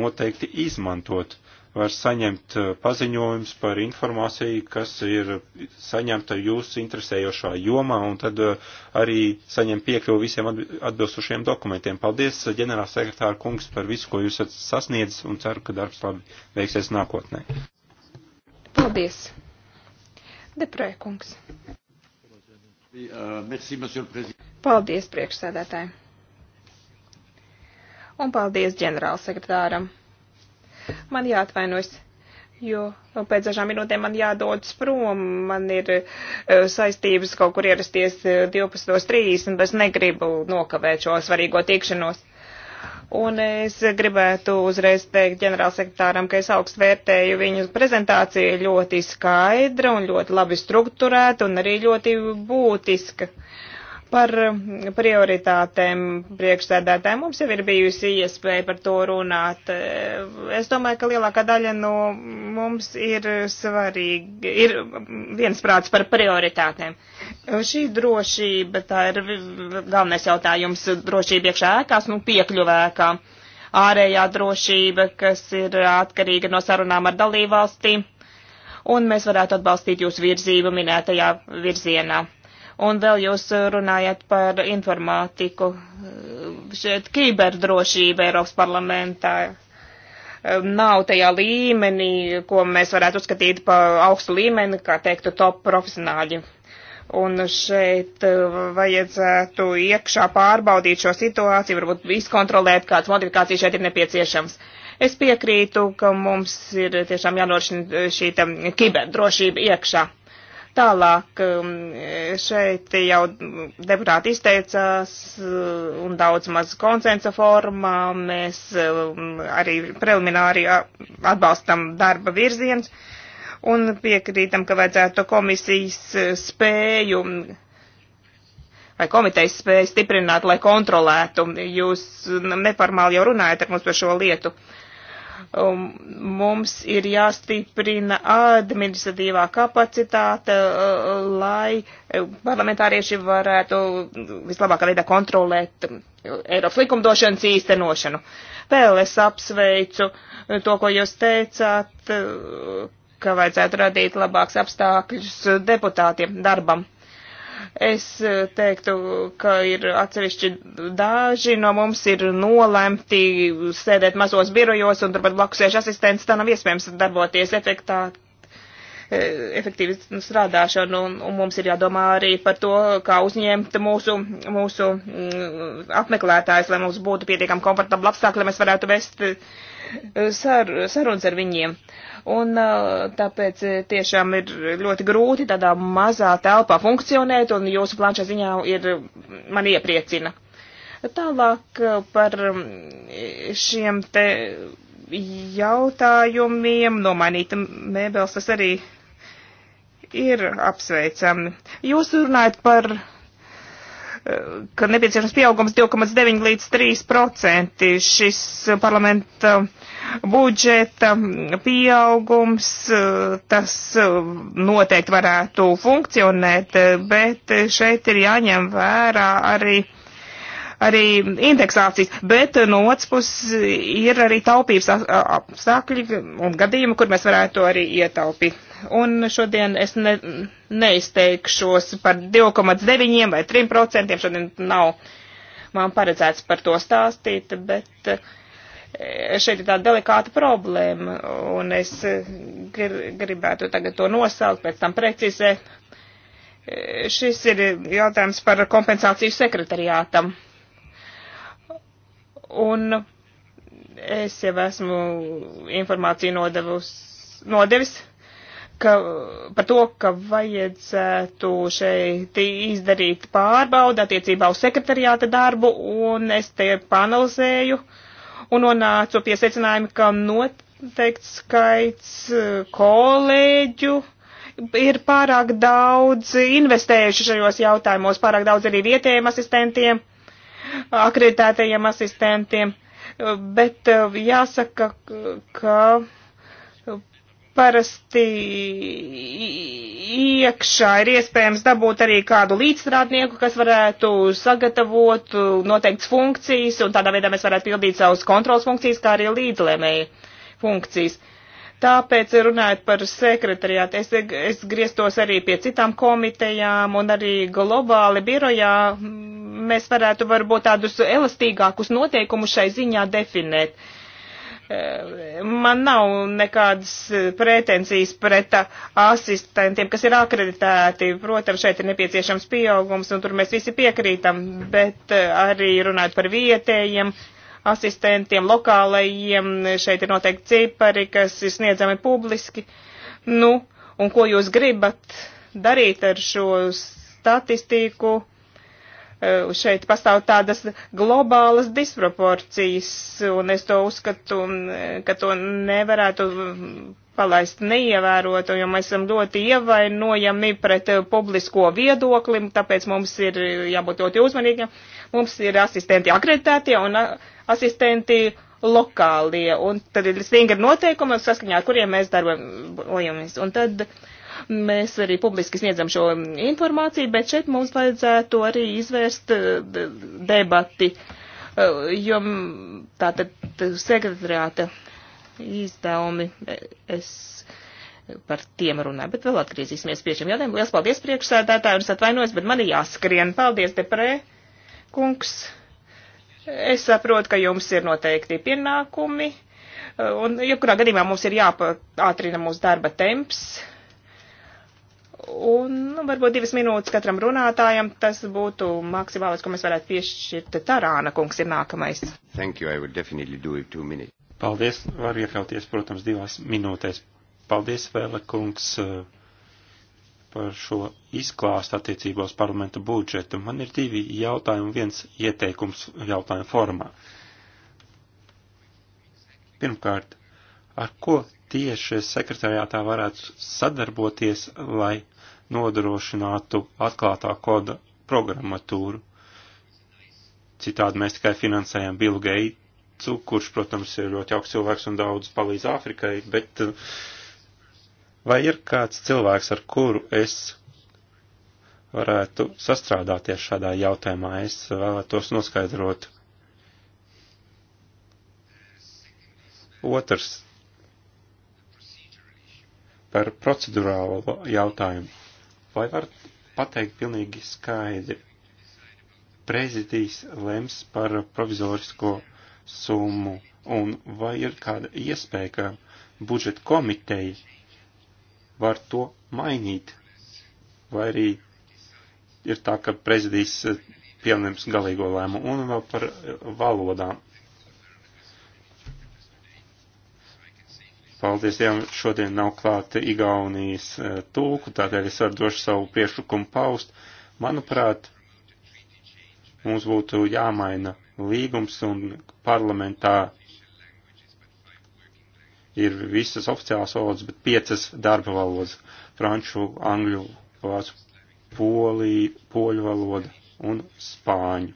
noteikti izmantot var saņemt uh, paziņojums par informāciju, kas ir saņemta jūsu interesējošā jomā, un tad uh, arī saņem piekļuvu visiem atbilstošiem dokumentiem. Paldies, uh, ģenerālsekretāra kungs, par visu, ko jūs esat sasniedzis, un ceru, ka darbs labi veiksies nākotnē. Paldies. Deprē kungs. Euh, paldies priekšsēdētājiem. Un paldies ģenerālsekretāram. Man jāatvainojas, jo pēc dažām minūtēm man jādodas prom. Man ir uh, saistības kaut kur ierasties 12.30, eh, bet es negribu nokavēt šo svarīgo tikšanos. Un es gribētu uzreiz teikt ģenerālsekretāram, ka es augstu vērtēju viņu prezentāciju ļoti skaidra un ļoti labi strukturēta un arī ļoti būtiska. Par um, prioritātēm priekšsēdētājiem mums jau ir bijusi iespēja par to runāt. Eh, es domāju, ka lielākā daļa no mums ir svarīgi, ir viensprāts par prioritātēm. Šī drošība, tā ir galvenais jautājums, drošība iekšā ēkās, nu piekļuvēkā. Ārējā drošība, kas ir atkarīga no sarunām ar dalībvalstīm, un mēs varētu atbalstīt jūsu virzību minētajā virzienā Un vēl jūs eh, runājat par informātiku. Eh, šeit kiberdrošība Eiropas parlamentā eh, nav tajā līmenī, ko mēs varētu uzskatīt par augstu līmeni, kā teiktu top profesionāļi. Un šeit vajadzētu iekšā pārbaudīt šo situāciju, varbūt izkontrolēt, kādas modifikācijas šeit ir nepieciešams. Es piekrītu, ka mums ir tiešām jānodrošina šī kiberdrošība iekšā. Tālāk um, šeit jau deputāti izteicās uh, un daudz maz konsensa formā. Mēs um, arī prelimināri atbalstam darba virziens un piekrītam, ka vajadzētu komisijas spēju vai komitejas spēju stiprināt, lai kontrolētu. Jūs neformāli jau runājat ar mums par šo lietu. Uh, Um, mums ir jāstiprina administratīvā kapacitāte, uh, lai uh, parlamentārieši varētu vislabākā veidā kontrolēt um, Eiropas likumdošanas īstenošanu. Vēl es apsveicu uh, to, ko jūs teicāt, ka vajadzētu radīt labāks apstākļus deputātiem darbam. Es e, teiktu, ka ir atsevišķi daži no mums ir nolemti sēdēt mazos birojos un turpat blakus sēž asistents, tā nav iespējams darboties efektā, e, efektīvi strādāšanu, un, un mums ir jādomā arī par to, kā uzņemt mūsu, mūsu mm, apmeklētājs, lai mums būtu pietiekami komfortabli apstākļi, lai mēs varētu vest uh, sar, sarunas ar viņiem. Un tāpēc tiešām ir ļoti grūti tādā mazā telpā funkcionēt, un jūsu planšā ziņā ir, man iepriecina. Tālāk par šiem te jautājumiem nomainīta mēbeles, tas arī ir apsveicami. Jūs runājat par ka nepieciešams pieaugums 2,9 līdz 3%. Šis parlamenta budžeta pieaugums, tas noteikti varētu funkcionēt, bet šeit ir jāņem vērā arī arī indeksācijas, bet no otras puses ir arī taupības apstākļi un gadījumi, kur mēs varētu arī ietaupīt un šodien es ne, neizteikšos par 2,9 vai 3 procentiem, šodien nav man paredzēts par to stāstīt, bet eh, šeit ir tāda delikāta problēma, un es eh, grib, gribētu tagad to nosaukt, pēc tam precizēt. Eh, šis ir jautājums par kompensāciju sekretariātam. Un es jau esmu informāciju nodevus, nodevis ka, par to, ka vajadzētu šeit izdarīt pārbaudu attiecībā uz sekretariāta darbu, un es te panalizēju un nonācu pie secinājuma, ka noteikts skaits eh, kolēģu ir pārāk daudz investējuši šajos jautājumos, pārāk daudz arī vietējiem asistentiem, akreditētajiem asistentiem, eh, bet eh, jāsaka, ka parasti iekšā ir iespējams dabūt arī kādu līdzstrādnieku, kas varētu sagatavot uh, noteikts funkcijas, un tādā veidā mēs varētu pildīt savus kontrols funkcijas, kā arī līdzlēmēji funkcijas. Tāpēc, runājot par sekretariātu, es, es grieztos arī pie citām komitejām un arī globāli birojā. Mēs varētu varbūt tādus elastīgākus noteikumus šai ziņā definēt. Uh, Eh, man nav nekādas eh, pretensijas pret eh, asistentiem, kas ir akreditēti. Protams, šeit ir nepieciešams pieaugums, un tur mēs visi piekrītam, bet arī runāt par vietējiem asistentiem, lokālajiem, šeit ir noteikti cipari, kas ir sniedzami publiski. Nu, un ko jūs gribat darīt ar šo statistiku? Eh, šeit pastāv tādas globālas disproporcijas, un es to uzskatu, eh, ka to nevarētu palaist neievērotu, jo mēs esam ļoti ievainojami pret eh, publisko viedokli, tāpēc mums ir jābūt ļoti uzmanīgiem. Mums ir asistenti akreditētie un asistenti lokālie, un tad ir stingri noteikumi, saskaņā ar kuriem mēs darbojamies. Un tad uh, Mēs arī publiski sniedzam šo informāciju, bet šeit mums vajadzētu arī izvērst eh, debati, eh, jo tātad eh, sekretariāta izdevumi es par tiem runāju, bet vēl atgriezīsimies pie šiem jautājumiem. Lielas paldies priekšsēdētāji un es atvainojos, bet man ir jāskrien. Paldies, Deprē, kungs. Es saprotu, ka jums ir noteikti pienākumi, un jebkurā gadījumā mums ir jāpātrina mūsu darba temps. Un nu, varbūt divas minūtes katram runātājam, tas būtu maksimālais, ko mēs varētu piešķirt. Tarāna kungs ir nākamais. Thank you, I would definitely do it two minutes. Paldies, var iekļauties, protams, divās minūtēs. Paldies, Vēle kungs, par šo izklāstu attiecībā uz parlamentu budžetu. Man ir divi jautājumi, viens ieteikums jautājumu formā. Pirmkārt, ar ko tieši sekretariātā varētu sadarboties, lai nodrošinātu atklātā koda programmatūru. Citādi mēs tikai finansējam Bill Gatesu, kurš, protams, ir ļoti jauks cilvēks un daudz palīdz Āfrikai, bet eh, vai ir kāds cilvēks, ar kuru es varētu sastrādāties šādā jautājumā? Es vēlētos noskaidrot. Otrs par procedurālo jautājumu Vai var pateikt pilnīgi skaidri? Prezidijs lems par provizorisko summu un vai ir kāda iespēja, ka budžeta komiteja var to mainīt? Vai arī ir tā, ka prezidijs pieņems galīgo lēmumu un vēl par valodām? Paldies, ja šodien nav klāta Igaunijas e, tulku, tādēļ es varu došu savu priešlikumu paust. Manuprāt, mums būtu jāmaina līgums un parlamentā ir visas oficiālās valodas, bet piecas darba valodas - franču, angļu, vācu, polī, poļu valoda un spāņu,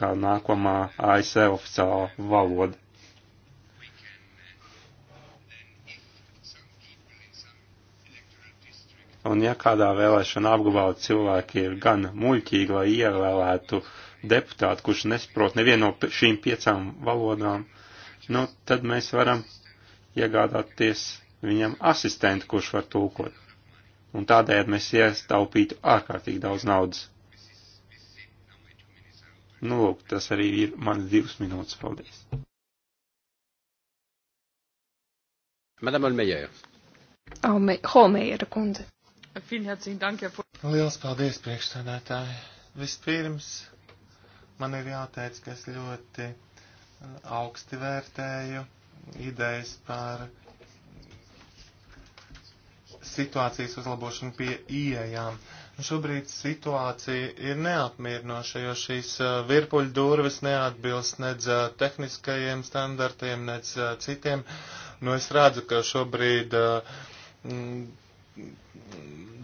kā nākamā ASV e oficiālā valoda. Un ja kādā vēlēšana apgabalā cilvēki ir gan muļķīgi, lai ievēlētu deputātu, kurš nesaprot nevienu no šīm piecām valodām, nu, tad mēs varam iegādāties viņam asistentu, kurš var tulkot. Un tādējādi mēs iestaupītu ārkārtīgi daudz naudas. Nu, lūk, tas arī ir mans divas minūtes. Paldies. Madame Olmejer. Holmeira kundze. Liels paldies, priekšsēdētāji. Vispirms man ir jāteic, ka es ļoti uh, augsti vērtēju idejas par situācijas uzlabošanu pie ieejām. Šobrīd situācija ir neapmierinoša, jo šīs uh, virpuļu durvis neatbilst nedz uh, tehniskajiem standartiem, nedz citiem. Nu, es redzu, ka šobrīd m,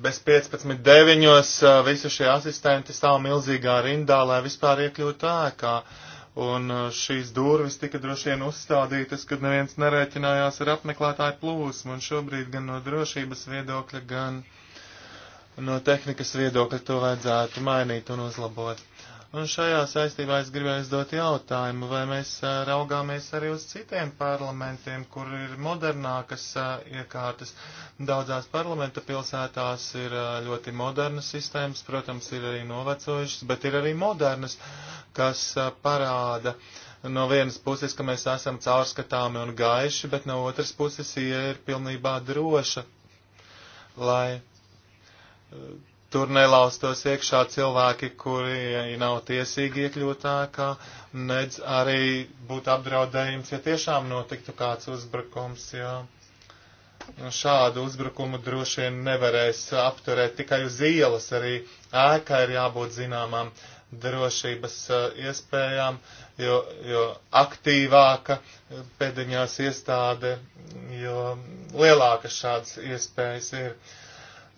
bez 15.9. visi šie asistenti stāv milzīgā rindā, lai vispār iekļūtu ēkā. Un šīs durvis tika droši vien uzstādītas, kad neviens nerēķinājās ar apmeklētāju plūsmu, un šobrīd gan no drošības viedokļa, gan no tehnikas viedokļa to vajadzētu mainīt un uzlabot. Un šajā saistībā es gribēju uzdot jautājumu, vai mēs raugāmies arī uz citiem parlamentiem, kur ir modernākas iekārtas. Daudzās parlamenta pilsētās ir ļoti modernas sistēmas, protams, ir arī novecojušas, bet ir arī modernas, kas parāda. No vienas puses, ka mēs esam caurskatāmi un gaiši, bet no otras puses, ja ir pilnībā droša, lai tur nelaustos iekšā cilvēki, kuri nav tiesīgi iekļūt ēkā, nedz arī būtu apdraudējums, ja tiešām notiktu kāds uzbrukums, jā. Un šādu uzbrukumu droši vien nevarēs apturēt tikai uz ielas, arī ēkā ir jābūt zināmām drošības iespējām, jo, jo aktīvāka pēdiņās iestāde, jo lielākas šādas iespējas ir. Uh,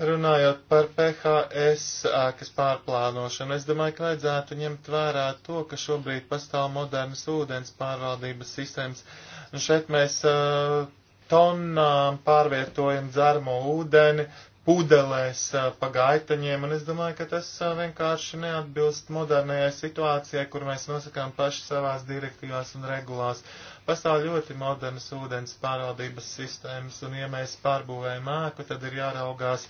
Runājot par PHS ēkas pārplānošanu, es domāju, ka vajadzētu ņemt vērā to, ka šobrīd pastāv modernas ūdens pārvaldības sistēmas. Un šeit mēs uh, tonnām pārvietojam dzermo ūdeni, pudelēs pa gaitaņiem, un es domāju, ka tas vienkārši neatbilst modernajai situācijai, kur mēs nosakām paši savās direktīvās un regulās. Pastāv ļoti modernas ūdens pārvaldības sistēmas, un ja mēs pārbūvējam ēku, tad ir jāraugās,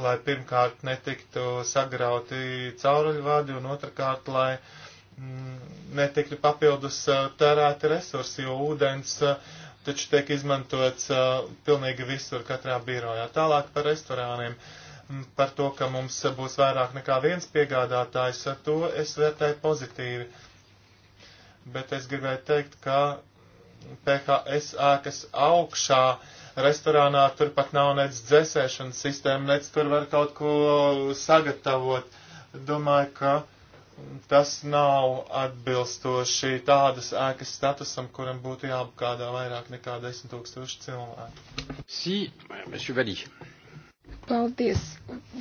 lai pirmkārt netiktu sagrauti cauruļvadi, un otrkārt, lai mm, netiktu papildus tērēti resursi, jo ūdens uh, taču tiek izmantots uh, pilnīgi visur katrā birojā. Tālāk par restorāniem, mm, par to, ka mums būs vairāk nekā viens piegādātājs, to es vērtēju pozitīvi. Bet es gribēju teikt, ka PHS ēkas augšā restorānā tur pat nav nec dzēsēšanas sistēma, nec tur var kaut ko sagatavot. Domāju, ka tas nav atbilstoši tādas ēkas statusam, kuram būtu jāapkādā vairāk nekā 10 tūkstoši cilvēku. Sī, monsieur Valī. Paldies,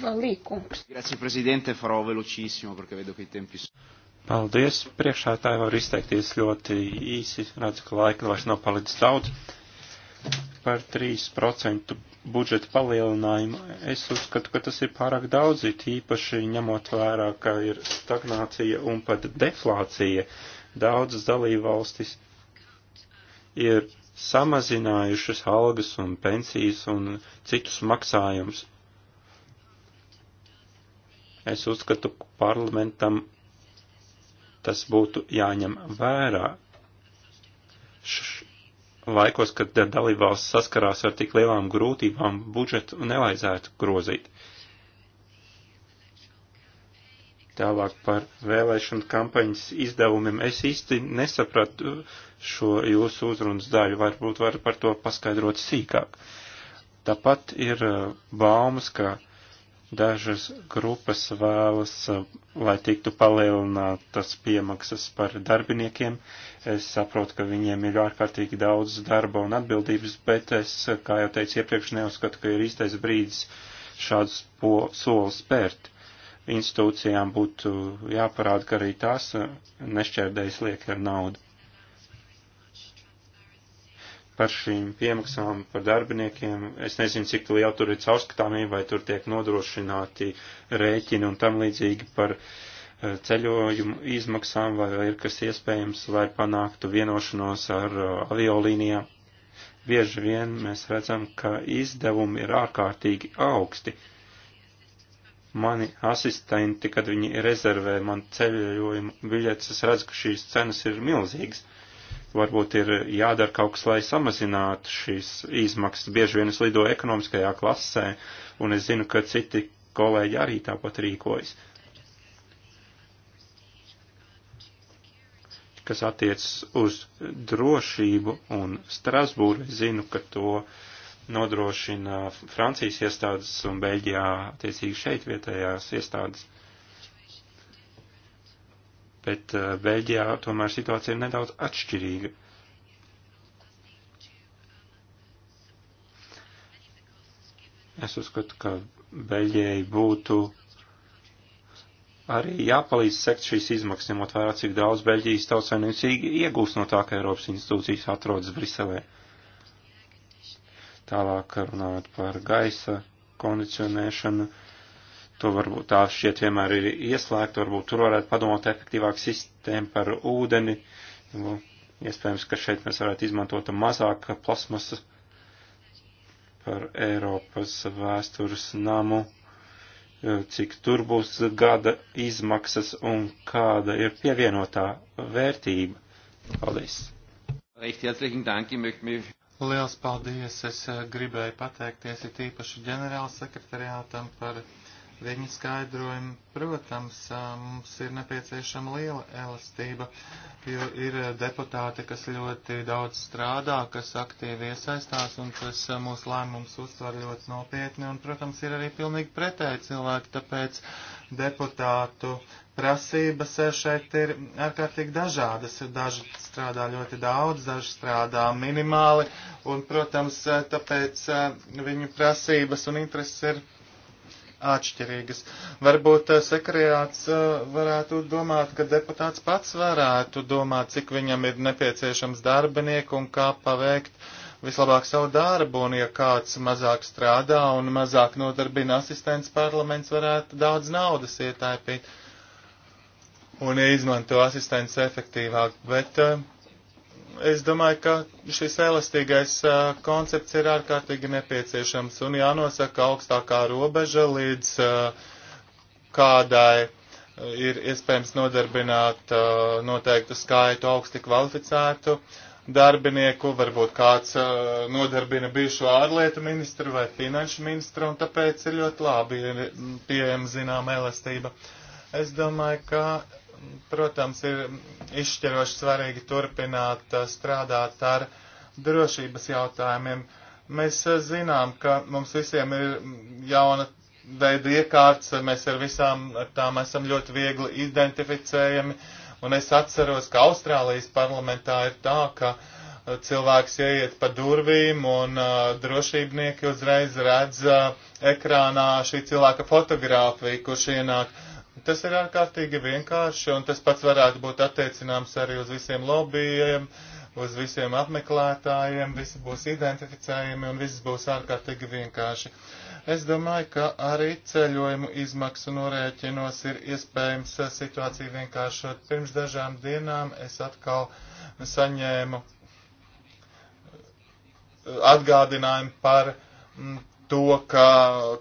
Valī, kungs. Grazie, prezidente, farò velocissimo, perché vedo che i tempi sono. Paldies, priekšētāji var izteikties ļoti īsi, redzu, ka laika vairs nav palicis daudz. Par 3% budžeta palielinājumu, es uzskatu, ka tas ir pārāk daudz, it īpaši ņemot vērā, ka ir stagnācija un pat deflācija. Daudzas dalībvalstis ir samazinājušas algas un pensijas un citus maksājumus. Es uzskatu, ka parlamentam tas būtu jāņem vērā. Š laikos, kad dalībvalsts saskarās ar tik lielām grūtībām, budžetu nevajadzētu grozīt. Tālāk par vēlēšanu kampaņas izdevumiem. Es īsti nesapratu šo jūsu uzrunas daļu, varbūt var par to paskaidrot sīkāk. Tāpat ir eh, baumas, ka Dažas grupas vēlas, lai tiktu palielinātas piemaksas par darbiniekiem. Es saprotu, ka viņiem ir ārkārtīgi daudz darba un atbildības, bet es, kā jau teicu iepriekš, neuzskatu, ka ir īstais brīdis šādus soli spērt. Institūcijām būtu jāparāda, ka arī tās nešķērdējas liek ar naudu par šīm piemaksām, par darbiniekiem. Es nezinu, cik liela tur ir caurskatāmība, vai tur tiek nodrošināti rēķini un tam līdzīgi par eh, ceļojumu izmaksām, vai, vai ir kas iespējams, lai panāktu vienošanos ar eh, aviolīnijām. Bieži vien mēs redzam, ka izdevumi ir ārkārtīgi augsti. Mani asistenti, kad viņi rezervē man ceļojumu biļetes, es redzu, ka šīs cenas ir milzīgas. Uh, varbūt ir jādara kaut kas, lai samazinātu šīs izmaksas. Bieži vien es lidoju ekonomiskajā klasē, un es zinu, ka citi kolēģi arī tāpat rīkojas. Kas attiecas uz drošību un Strasbūru, es zinu, ka to nodrošina Francijas iestādes un Beļģijā, attiecīgi šeit vietējās iestādes. Uh, bet eh, Beļģijā tomēr situācija ir nedaudz atšķirīga. Es uzskatu, ka Beļģijai būtu arī jāpalīdz sekt šīs izmaksas, ņemot vērā, cik daudz Beļģijas tautsainiecīgi iegūst no tā, ka Eiropas institūcijas atrodas Briselē. Tālāk runājot par gaisa kondicionēšanu, uh, to varbūt tā šķiet vienmēr ir ieslēgta, varbūt tur varētu padomāt efektīvāk sistēmu par ūdeni. Nu, iespējams, ka šeit mēs varētu izmantot mazāk plasmasas par Eiropas vēstures namu cik tur būs gada izmaksas un kāda ir pievienotā vērtība. Paldies! Liels paldies! Es eh, gribēju pateikties it īpaši ģenerālsekretariātam par viņa skaidrojumu. Protams, mums ir nepieciešama liela elastība, jo ir deputāti, kas ļoti daudz strādā, kas aktīvi iesaistās un kas mūsu lēmums uztver ļoti nopietni. Un, protams, ir arī pilnīgi pretēji cilvēki, tāpēc deputātu prasības šeit ir ārkārtīgi dažādas. Daži strādā ļoti daudz, daži strādā minimāli, un, protams, tāpēc viņu prasības un intereses ir atšķirīgas. Varbūt eh, sekretariāts eh, varētu domāt, ka deputāts pats varētu domāt, cik viņam ir nepieciešams darbinieku un kā paveikt vislabāk savu darbu, un ja kāds mazāk strādā un mazāk nodarbina asistents, parlaments varētu daudz naudas ietaipīt un izmanto asistents efektīvāk. Bet, uh, es domāju, ka šis elastīgais uh, koncepts ir ārkārtīgi nepieciešams un jānosaka augstākā robeža, līdz uh, kādai ir iespējams nodarbināt uh, noteiktu skaitu augsti kvalificētu darbinieku, varbūt kāds nodarbina bijušo ārlietu ministru vai finanšu ministru, un tāpēc ir ļoti labi pieejama zinām elastība. Es domāju, ka protams, ir izšķiroši svarīgi turpināt eh, strādāt ar drošības jautājumiem. Mēs eh, zinām, ka mums visiem ir mm, jauna veida iekārts, mēs ar visām ar tām esam ļoti viegli identificējami, un es atceros, ka Austrālijas parlamentā ir tā, ka eh, cilvēks ieiet pa durvīm, un uh, drošībnieki uzreiz redz uh, ekrānā šī cilvēka fotogrāfiju, kurš ienāk. Uh, Tas ir ārkārtīgi vienkārši, un tas pats varētu būt attiecināms arī uz visiem lobbyiem, uz visiem apmeklētājiem, visi būs identificējami un viss būs ārkārtīgi vienkārši. Es domāju, ka arī ceļojumu izmaksu norēķinos ir iespējams situāciju vienkāršot. Pirms dažām dienām es atkal saņēmu atgādinājumu par mm, to, ka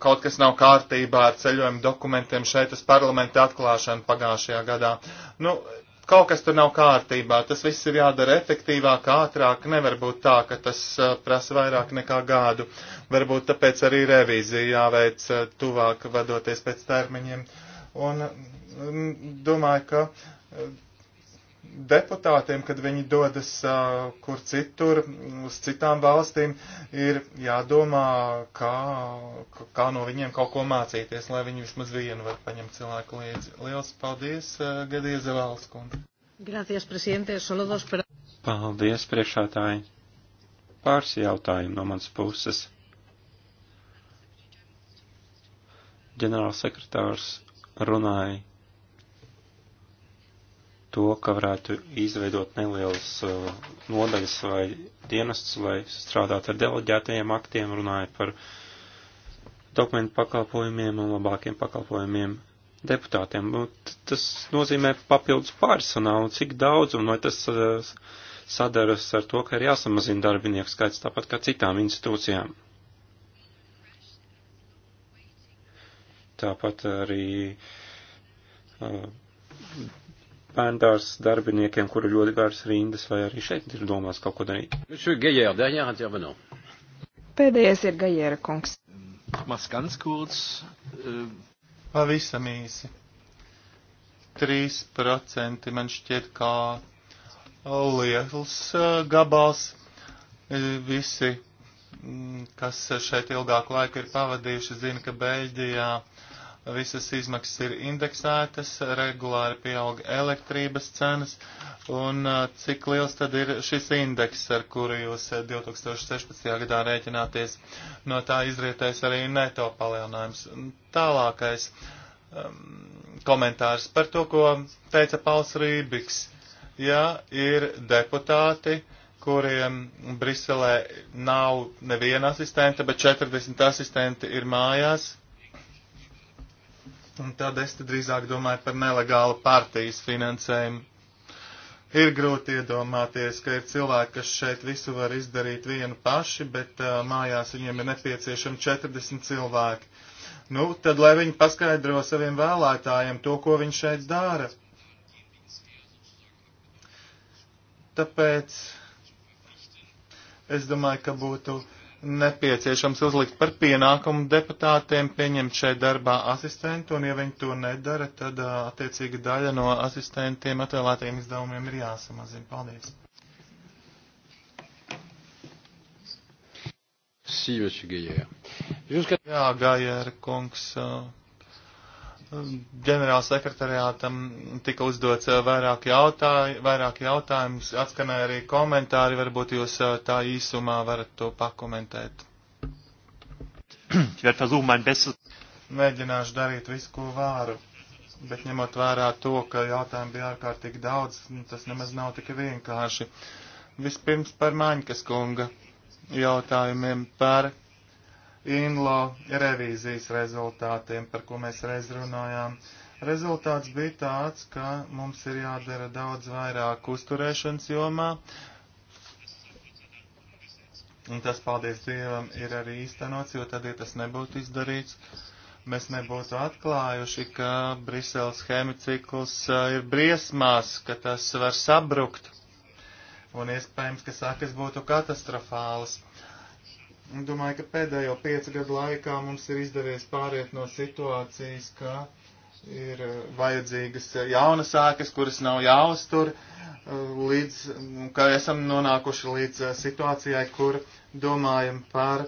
kaut kas nav kārtībā ar ceļojumu dokumentiem šeit uz parlamentu atklāšanu pagājušajā gadā. Nu, kaut kas tur nav kārtībā, tas viss ir jādara efektīvāk, ātrāk, nevar būt tā, ka tas uh, prasa vairāk nekā gādu. Varbūt tāpēc arī revīzija jāveic uh, tuvāk vadoties pēc termiņiem. Un mm, domāju, ka uh, deputātiem, kad viņi dodas uh, kur citur, uz citām valstīm, ir jādomā, kā, kā no viņiem kaut ko mācīties, lai viņi vismaz vienu var paņemt cilvēku līdzi. Liels paldies, uh, Gadieza Valskundze. Gracias, presidente. Solo dos per... Paldies, priekšētāji. Pāris jautājumu no manas puses. Ģenerālsekretārs runāja to, ka varētu izveidot nelielas uh, nodaļas vai dienestus, lai strādātu ar deleģētajiem aktiem, runāja par dokumentu pakalpojumiem un labākiem pakalpojumiem deputātiem. Nu, tas nozīmē papildus personālu, cik daudz un vai tas uh, sadaras ar to, ka ir jāsamazina darbinieku skaits tāpat kā citām institūcijām. Tāpat arī uh, bērndārs darbiniekiem, kur ir ļoti garas rindas, vai arī šeit ir domās kaut ko darīt? Pēdējais ir Gajēra kungs. Maskans kurds. Eh, Pavisam īsi. 3% man šķiet kā liels eh, gabals. Eh, visi, mm, kas šeit ilgāku laiku ir pavadījuši, zina, ka Beļģijā uh, visas izmaksas ir indeksētas, regulāri pieauga elektrības cenas, un cik liels tad ir šis indeks, ar kuru jūs 2016. gadā rēķināties, no tā izrietēs arī neto palielinājums. Tālākais um, komentārs par to, ko teica Pauls Rībiks. Ja ir deputāti, kuriem Briselē nav neviena asistenta, bet 40 asistenti ir mājās, Un tad es te drīzāk domāju par nelegālu partijas finansējumu. Ir grūti iedomāties, ka ir cilvēki, kas šeit visu var izdarīt vienu paši, bet uh, mājās viņiem ir nepieciešami 40 cilvēki. Nu, tad lai viņi paskaidro saviem vēlētājiem to, ko viņi šeit dara. Tāpēc es domāju, ka būtu nepieciešams uzlikt par pienākumu deputātiem pieņemt šeit darbā asistentu, un ja viņi to nedara, tad attiecīga daļa no asistentiem atvēlētajiem izdevumiem ir jāsamazina. Paldies! Sīveši Gajēra. Jūs, ka... Jā, Gajēra kungs, ģenerāla sekretariātam tika uzdots eh, vairāk, jautāj, vairāk jautājums, atskanēja arī komentāri, varbūt jūs eh, tā īsumā varat to pakomentēt. Mēģināšu darīt visu, ko varu, bet ņemot vērā to, ka jautājumu bija ārkārtīgi daudz, nu, tas nemaz nav tik vienkārši. Vispirms par Maņkas kunga jautājumiem par INLO revīzijas rezultātiem, par ko mēs reiz runājām. Rezultāts bija tāds, ka mums ir jādara daudz vairāk uzturēšanas jomā, un tas, paldies Dievam, ir arī īstenots, jo tad, ja tas nebūtu izdarīts, mēs nebūtu atklājuši, ka Briseles hemicikls eh, ir briesmās, ka tas var sabrukt, un iespējams, ka sakas būtu katastrofālas. Domāju, ka pēdējo piecu gadu laikā mums ir izdevies pāriet no situācijas, ka ir eh, vajadzīgas eh, jaunas sēkas, kuras nav jāuztur, eh, līdz, ka esam nonākuši līdz situācijai, kur domājam par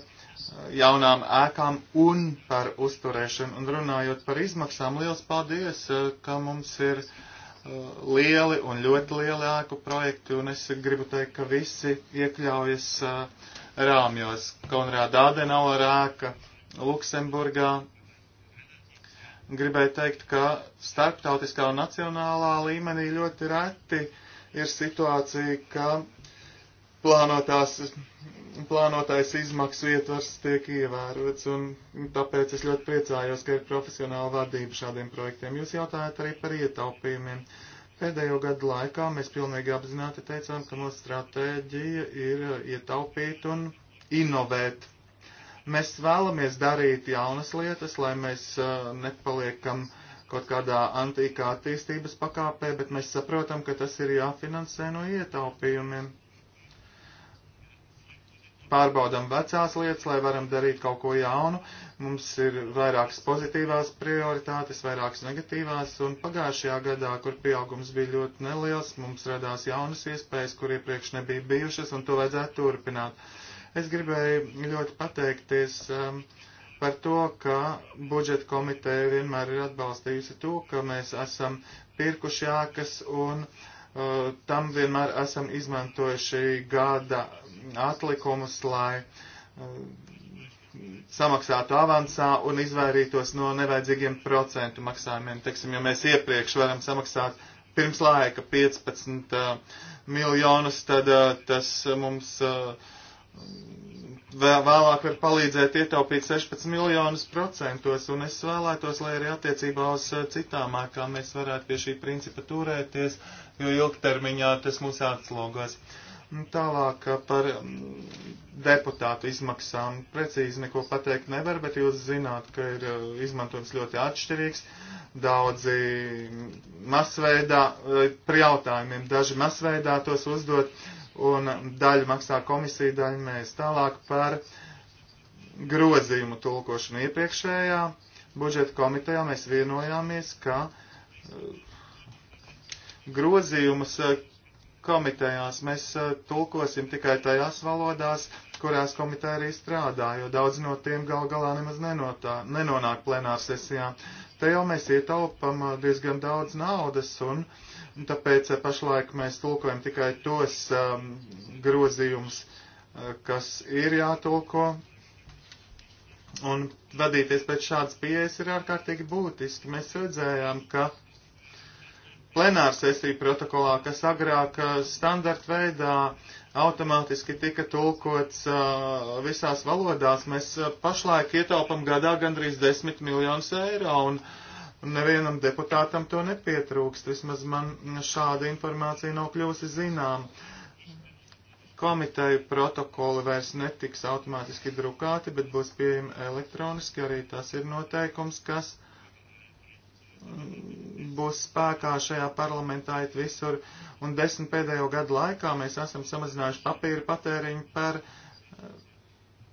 jaunām ēkām un par uzturēšanu. Un runājot par izmaksām, liels paldies, ka mums ir lieli un ļoti lieli ēku projekti, un es gribu teikt, ka visi iekļaujas uh, rāmjos. Konrāda Adenauer rāka Luksemburgā. Gribēju teikt, ka starptautiskā un nacionālā līmenī ļoti reti ir situācija, ka plānotās, plānotais izmaksu ietvars tiek ievērots, un tāpēc es ļoti priecājos, ka ir profesionāla vadība šādiem projektiem. Jūs jautājat arī par ietaupījumiem. Uh, Pēdējo gadu laikā mēs pilnīgi apzināti teicām, ka mūsu stratēģija ir uh, ietaupīt un inovēt. Mēs vēlamies darīt jaunas lietas, lai mēs uh, nepaliekam kaut kādā antīkā attīstības pakāpē, bet mēs saprotam, ka tas ir jāfinansē no ietaupījumiem pārbaudam vecās lietas, lai varam darīt kaut ko jaunu. Mums ir vairākas pozitīvās prioritātes, vairākas negatīvās, un pagājušajā gadā, kur pieaugums bija ļoti neliels, mums radās jaunas iespējas, kur iepriekš nebija bijušas, un to vajadzētu turpināt. Es gribēju ļoti pateikties um, par to, ka budžeta komiteja vienmēr ir atbalstījusi to, ka mēs esam pirkuši ēkas un uh, Uh, tam vienmēr esam izmantojuši gada atlikumus, lai uh, samaksātu avansā un izvairītos no nevajadzīgiem procentu maksājumiem. Teiksim, ja mēs iepriekš varam samaksāt pirms laika 15 uh, miljonus, tad uh, tas mums uh, vēlāk var palīdzēt ietaupīt 16 miljonus procentos, un es vēlētos, lai arī attiecībā uz uh, citām ārkām mēs varētu pie šī principa turēties, jo ilgtermiņā tas mūs atslogos. Tālāk par deputātu izmaksām precīzi neko pateikt nevar, bet jūs zināt, ka ir izmantojums ļoti atšķirīgs. Daudzi masveidā, par jautājumiem daži masveidā tos uzdot, un daļu maksā komisija, daļu mēs. Tālāk par grozījumu tulkošanu iepriekšējā budžeta komitejā mēs vienojāmies, ka grozījumus eh, komitejās. Mēs eh, tulkosim tikai tajās valodās, kurās komiteja arī strādā, jo daudz no tiem gal galā nemaz nenotā, nenonāk plenārsesijā. Te jau mēs ietaupam eh, diezgan daudz naudas un tāpēc pašlaik mēs tulkojam tikai tos um, grozījumus, kas ir jātulko. Un vadīties pēc šādas pieejas ir ārkārtīgi būtiski. Mēs redzējām, ka uh, plenārsesiju protokolā, kas agrāk uh, standarta veidā automātiski tika tulkots uh, visās valodās. Mēs uh, pašlaik ietaupam gadā gandrīz 10 miljonus eiro un nevienam deputātam to nepietrūkst. Vismaz man šāda informācija nav kļūsi zinām. Komiteju protokoli vairs netiks automātiski drukāti, bet būs pieejami elektroniski. Arī tas ir noteikums, kas uh, būs spēkā šajā parlamentā it visur, un desmit pēdējo gadu laikā mēs esam samazinājuši papīra patēriņu par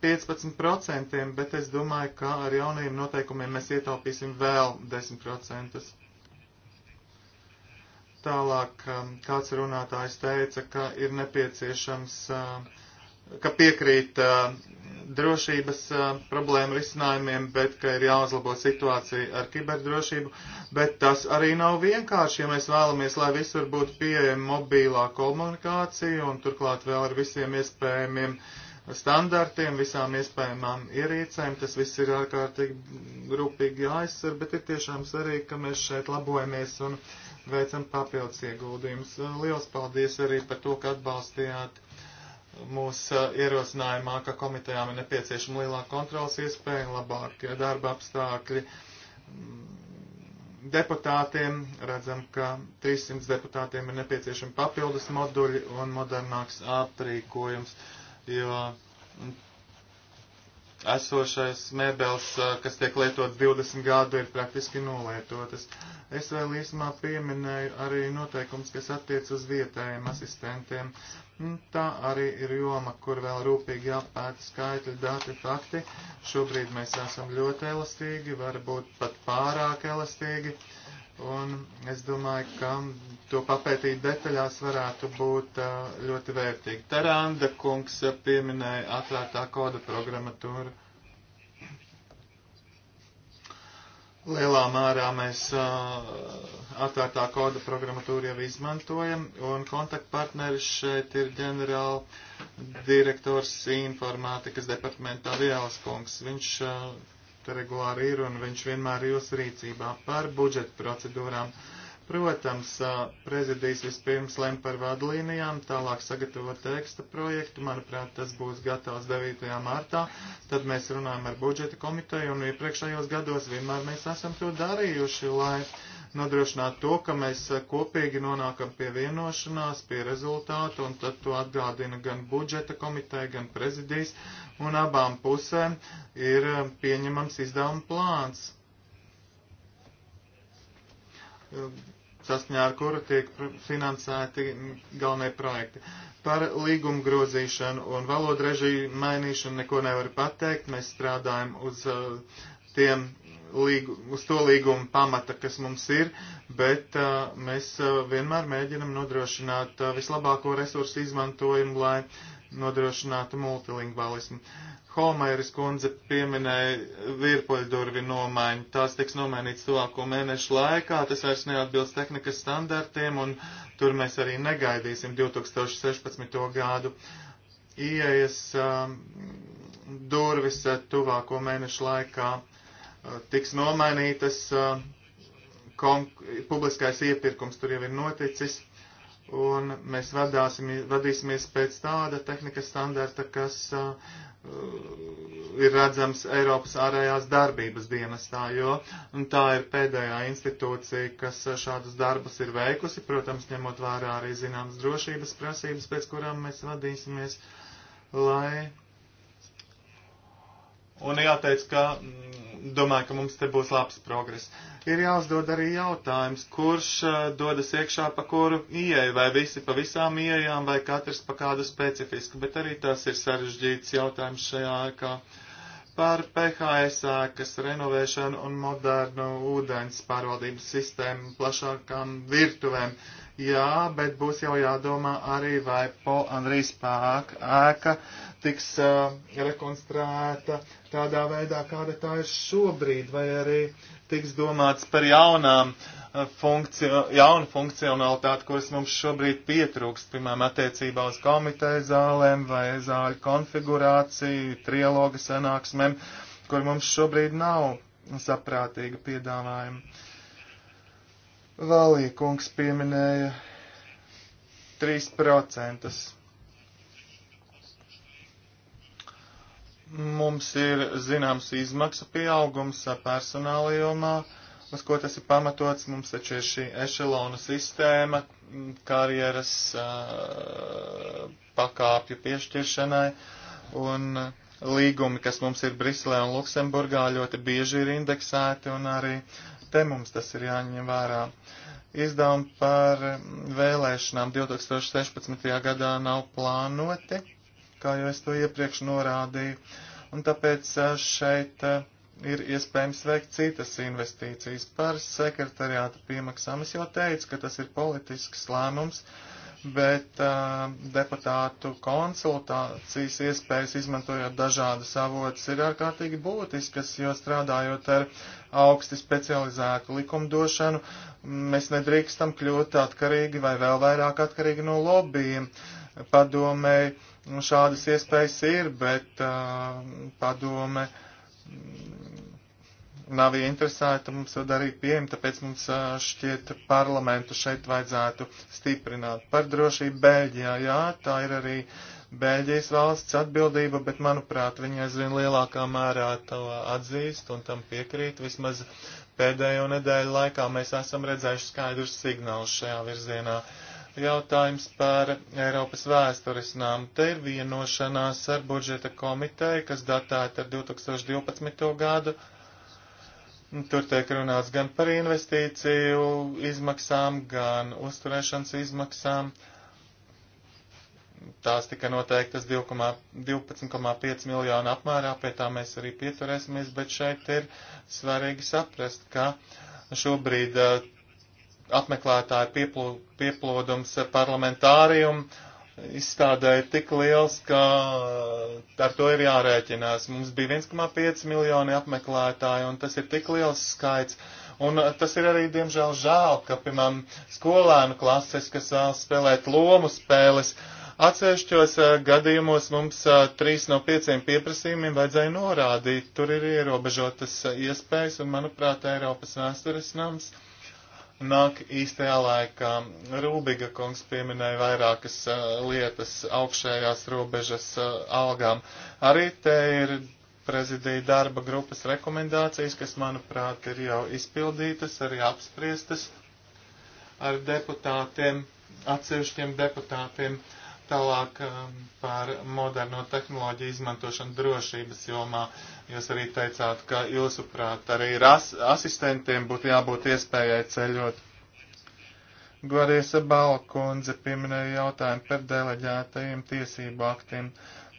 15%, eh, bet es domāju, ka ar jaunajiem noteikumiem mēs ietaupīsim vēl 10%. Tālāk eh, kāds runātājs teica, ka ir nepieciešams uh, ka piekrīt uh, drošības uh, problēmu risinājumiem, bet ka ir jāuzlabo situācija ar kiberdrošību. Bet tas arī nav vienkārši, ja mēs vēlamies, lai visur būtu pieejama mobilā komunikācija un turklāt vēl ar visiem iespējamiem standartiem, visām iespējamām ierīcēm. Tas viss ir ārkārtīgi rūpīgi jāaizsver, bet ir tiešām svarīgi, ka mēs šeit labojamies un veicam papildus ieguldījumus. Liels paldies arī par to, ka atbalstījāt mūsu uh, ierosinājumā, ka komitejām ir nepieciešama lielāka kontrolas iespēja, labākie darba apstākļi. Mm, deputātiem redzam, ka 300 deputātiem ir nepieciešami papildus moduļi un modernāks aprīkojums, jo mm, esošais mēbels, uh, kas tiek lietots 20 gadu, ir praktiski nolietotas. Es vēl īsumā pieminēju arī noteikums, kas attiec uz vietējiem asistentiem. Nu, tā arī ir joma, kur vēl rūpīgi jāpēta skaitļi, dati, fakti. Šobrīd mēs esam ļoti elastīgi, varbūt pat pārāk elastīgi. Un es domāju, ka to papētīt detaļās varētu būt ļoti vērtīgi. Taranda kungs pieminēja atvērtā koda programmatūru. Lielā mērā mēs uh, atvērtā koda programmatūru jau izmantojam, un kontaktpartneris šeit ir ģenerāla direktors informātikas departamentā Vielas kungs. Viņš uh, te regulāri ir, un viņš vienmēr ir jūsu rīcībā par budžeta procedūrām. Uh, Protams, prezidijs vispirms lem par vadlīnijām, tālāk sagatavo teksta projektu, manuprāt, tas būs gatavs 9. martā, tad mēs runājam ar budžeta komiteju un iepriekšējos gados vienmēr mēs esam to darījuši, lai nodrošinātu to, ka mēs kopīgi nonākam pie vienošanās, pie rezultātu un tad to atgādina gan budžeta komiteja, gan prezidijs un abām pusēm ir pieņemams izdevuma plāns saskaņā ar kuru tiek finansēti galvenie projekti. Par līgumu grozīšanu un valodu režiju mainīšanu neko nevar pateikt. Mēs strādājam uz uh, tiem līgu, uz to līgumu pamata, kas mums ir, bet uh, mēs uh, vienmēr mēģinam nodrošināt uh, vislabāko resursu izmantojumu, lai nodrošinātu multilingvālismu. Holmēras kundze pieminēja virpuļdurvi nomaiņu. Tās tiks nomainīts tuvāko mēnešu laikā, tas vairs neatbilst tehnikas standartiem, un tur mēs arī negaidīsim 2016. gadu. Ieejas um, durvis uh, tuvāko mēnešu laikā uh, tiks nomainītas, um, publiskais iepirkums tur jau ir noticis. Uh, un mēs vadīsimies pēc tāda tehnikas standarta, kas uh, ir redzams Eiropas ārējās darbības dienestā, jo tā ir pēdējā institūcija, kas šādus darbus ir veikusi, protams, ņemot vērā arī zināmas drošības prasības, pēc kurām mēs vadīsimies, lai. Un jāteic, ka domāju, ka mums te būs labs progress. Ir jāuzdod arī jautājums, kurš uh, dodas iekšā pa kuru ieeju, vai visi pa visām ieejām, vai katrs pa kādu specifisku, bet arī tas ir sarežģīts jautājums šajā ēkā par PHS ēkas renovēšanu un modernu ūdens pārvaldības sistēmu plašākām virtuvēm. Jā, bet būs jau jādomā arī, vai Po Andrīs Pāk ēka tiks uh, rekonstruēta tādā veidā, kāda tā ir šobrīd, vai arī tiks domāts par jaunām uh, funkcio, jaunu funkcionalitāti, kuras mums šobrīd pietrūkst, piemēram, attiecībā uz komiteju zālēm vai zāļu konfigurāciju, trialoga sanāksmēm, kur mums šobrīd nav saprātīga piedāvājuma. Valīkungs pieminēja 3%. Mums ir zināms izmaksu pieaugums personāla jomā, uz ko tas ir pamatots. Mums taču ir šī ešelona sistēma karjeras uh, pakāpju piešķiršanai. Un, uh, līgumi, kas mums ir Briselē un Luksemburgā, ļoti bieži ir indeksēti, un arī te mums tas ir jāņem vērā. Izdevumi par vēlēšanām 2016. gadā nav plānoti, kā jau es to iepriekš norādīju. Un tāpēc eh, šeit eh, ir iespējams veikt citas investīcijas. Par sekretariāta piemaksām es jau teicu, ka tas ir politisks lēmums, bet uh, deputātu konsultācijas iespējas izmantojot dažādas avotas ir ārkārtīgi būtiskas, jo strādājot ar augsti specializētu likumdošanu, mēs nedrīkstam kļūt atkarīgi vai vēl vairāk atkarīgi no lobbyiem. Padomēji, Nu, šādas iespējas ir, bet uh, padome mm, nav interesēta mums to darīt pieejam, tāpēc mums uh, šķiet parlamentu šeit vajadzētu stiprināt. Par drošību Bēļģijā, jā, tā ir arī Bēļģijas valsts atbildība, bet manuprāt, viņi aizvien lielākā mērā to atzīst un tam piekrīt. Vismaz pēdējo nedēļu laikā mēs esam redzējuši skaidrus signālus šajā virzienā. Uh, jautājums par Eiropas vēsturisnām. Te ir vienošanās ar budžeta komiteju, kas datēta ar 2012. gadu. Tur tiek runāts gan par investīciju izmaksām, gan uzturēšanas izmaksām. Tās tika noteiktas 12,5 miljonu apmērā, pie tā mēs arī pieturēsimies, bet šeit ir svarīgi saprast, ka šobrīd apmeklētāju pieplū, pieplūdums parlamentārijumu izstādē ir tik liels, ka uh, ar to ir jārēķinās. Mums bija 1,5 miljoni apmeklētāju, un tas ir tik liels skaits. Un uh, tas ir arī, diemžēl, žēl, ka, piemēram, skolēnu klases, kas vēl spēlēt lomu spēles, atsevišķos uh, gadījumos mums trīs no pieciem pieprasījumiem vajadzēja norādīt. Tur ir ierobežotas iespējas, un, manuprāt, Eiropas vēstures nams nāk īstajā laikā. Rūbiga kungs pieminēja vairākas uh, lietas augšējās robežas uh, algām. Arī te ir prezidija darba grupas rekomendācijas, kas, manuprāt, ir jau izpildītas, arī apspriestas ar deputātiem, atsevišķiem deputātiem. Uh, Tālāk um, par moderno tehnoloģiju izmantošanu drošības jomā. Jūs arī teicāt, ka jūsuprāt arī ras, asistentiem būtu jābūt iespējai ceļot. Gorisa Balkundze pieminēja jautājumu par deleģētajiem tiesību aktiem.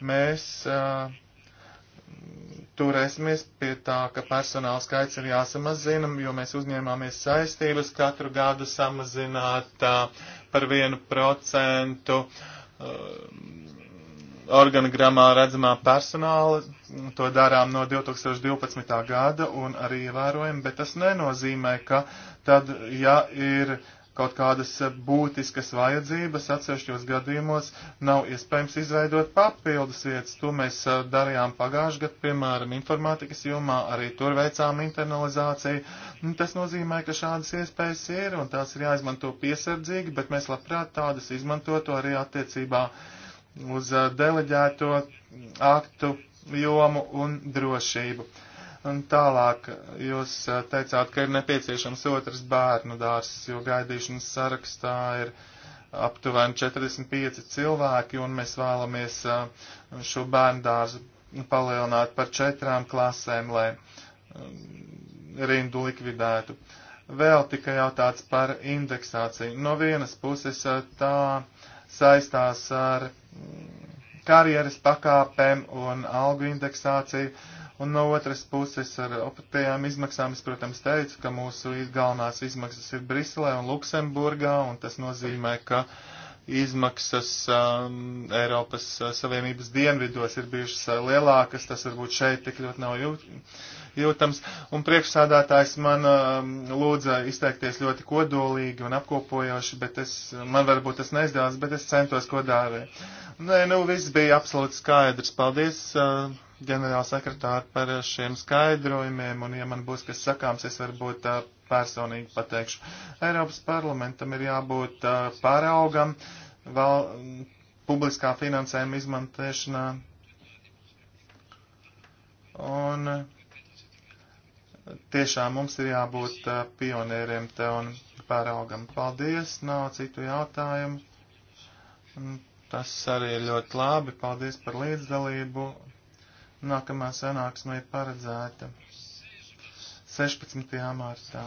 Mēs uh, turēsimies pie tā, ka personāla skaits ir jāsamazina, jo mēs uzņēmāmies saistības katru gadu samazināt uh, par vienu procentu uh, Uh, organogramā redzamā personāla, to darām no 2012. gada un arī ievērojam, bet tas nenozīmē, ka tad, ja ir kaut kādas eh, būtiskas vajadzības, atsevišķos gadījumos nav iespējams izveidot papildus vietas. To mēs eh, darījām pagājušajā gadā, piemēram, informātikas jomā, arī tur veicām internalizāciju. Nu, tas nozīmē, ka šādas iespējas ir un tās ir jāizmanto piesardzīgi, bet mēs labprāt tādas izmantotu arī attiecībā uz eh, deleģēto aktu jomu un drošību. Un tālāk jūs eh, teicāt, ka ir nepieciešams otrs bērnu dārsts, jo gaidīšanas sarakstā ir aptuveni 45 cilvēki, un mēs vēlamies eh, šo bērnu dārzu palielināt par četrām klasēm, lai eh, rindu likvidētu. Vēl tikai jautāts par indeksāciju. No vienas puses tā saistās ar mm, karjeras pakāpēm un algu indeksāciju Un no otras puses ar opatējām izmaksām es, protams, teicu, ka mūsu galvenās izmaksas ir Briselē un Luksemburgā, un tas nozīmē, ka izmaksas um, Eiropas uh, Savienības dienvidos ir bijušas uh, lielākas, tas varbūt šeit tik ļoti nav jūt, jūtams. Un priekšsādātājs man um, lūdza izteikties ļoti kodolīgi un apkopojoši, bet es, man varbūt tas neizdevās, bet es centos, ko dārēju. Nē, nu viss bija absolūti skaidrs. Paldies. Uh, ģenerālsekretāru par šiem skaidrojumiem, un ja man būs kas sakāms, es varbūt tā personīgi pateikšu. Eiropas parlamentam ir jābūt pāraugam val, publiskā finansējuma izmantēšanā. Un tiešām mums ir jābūt pionieriem te un pāraugam. Paldies, nav citu jautājumu. Tas arī ir ļoti labi. Paldies par līdzdalību. Nākamā sanāksme ir paredzēta 16. martā.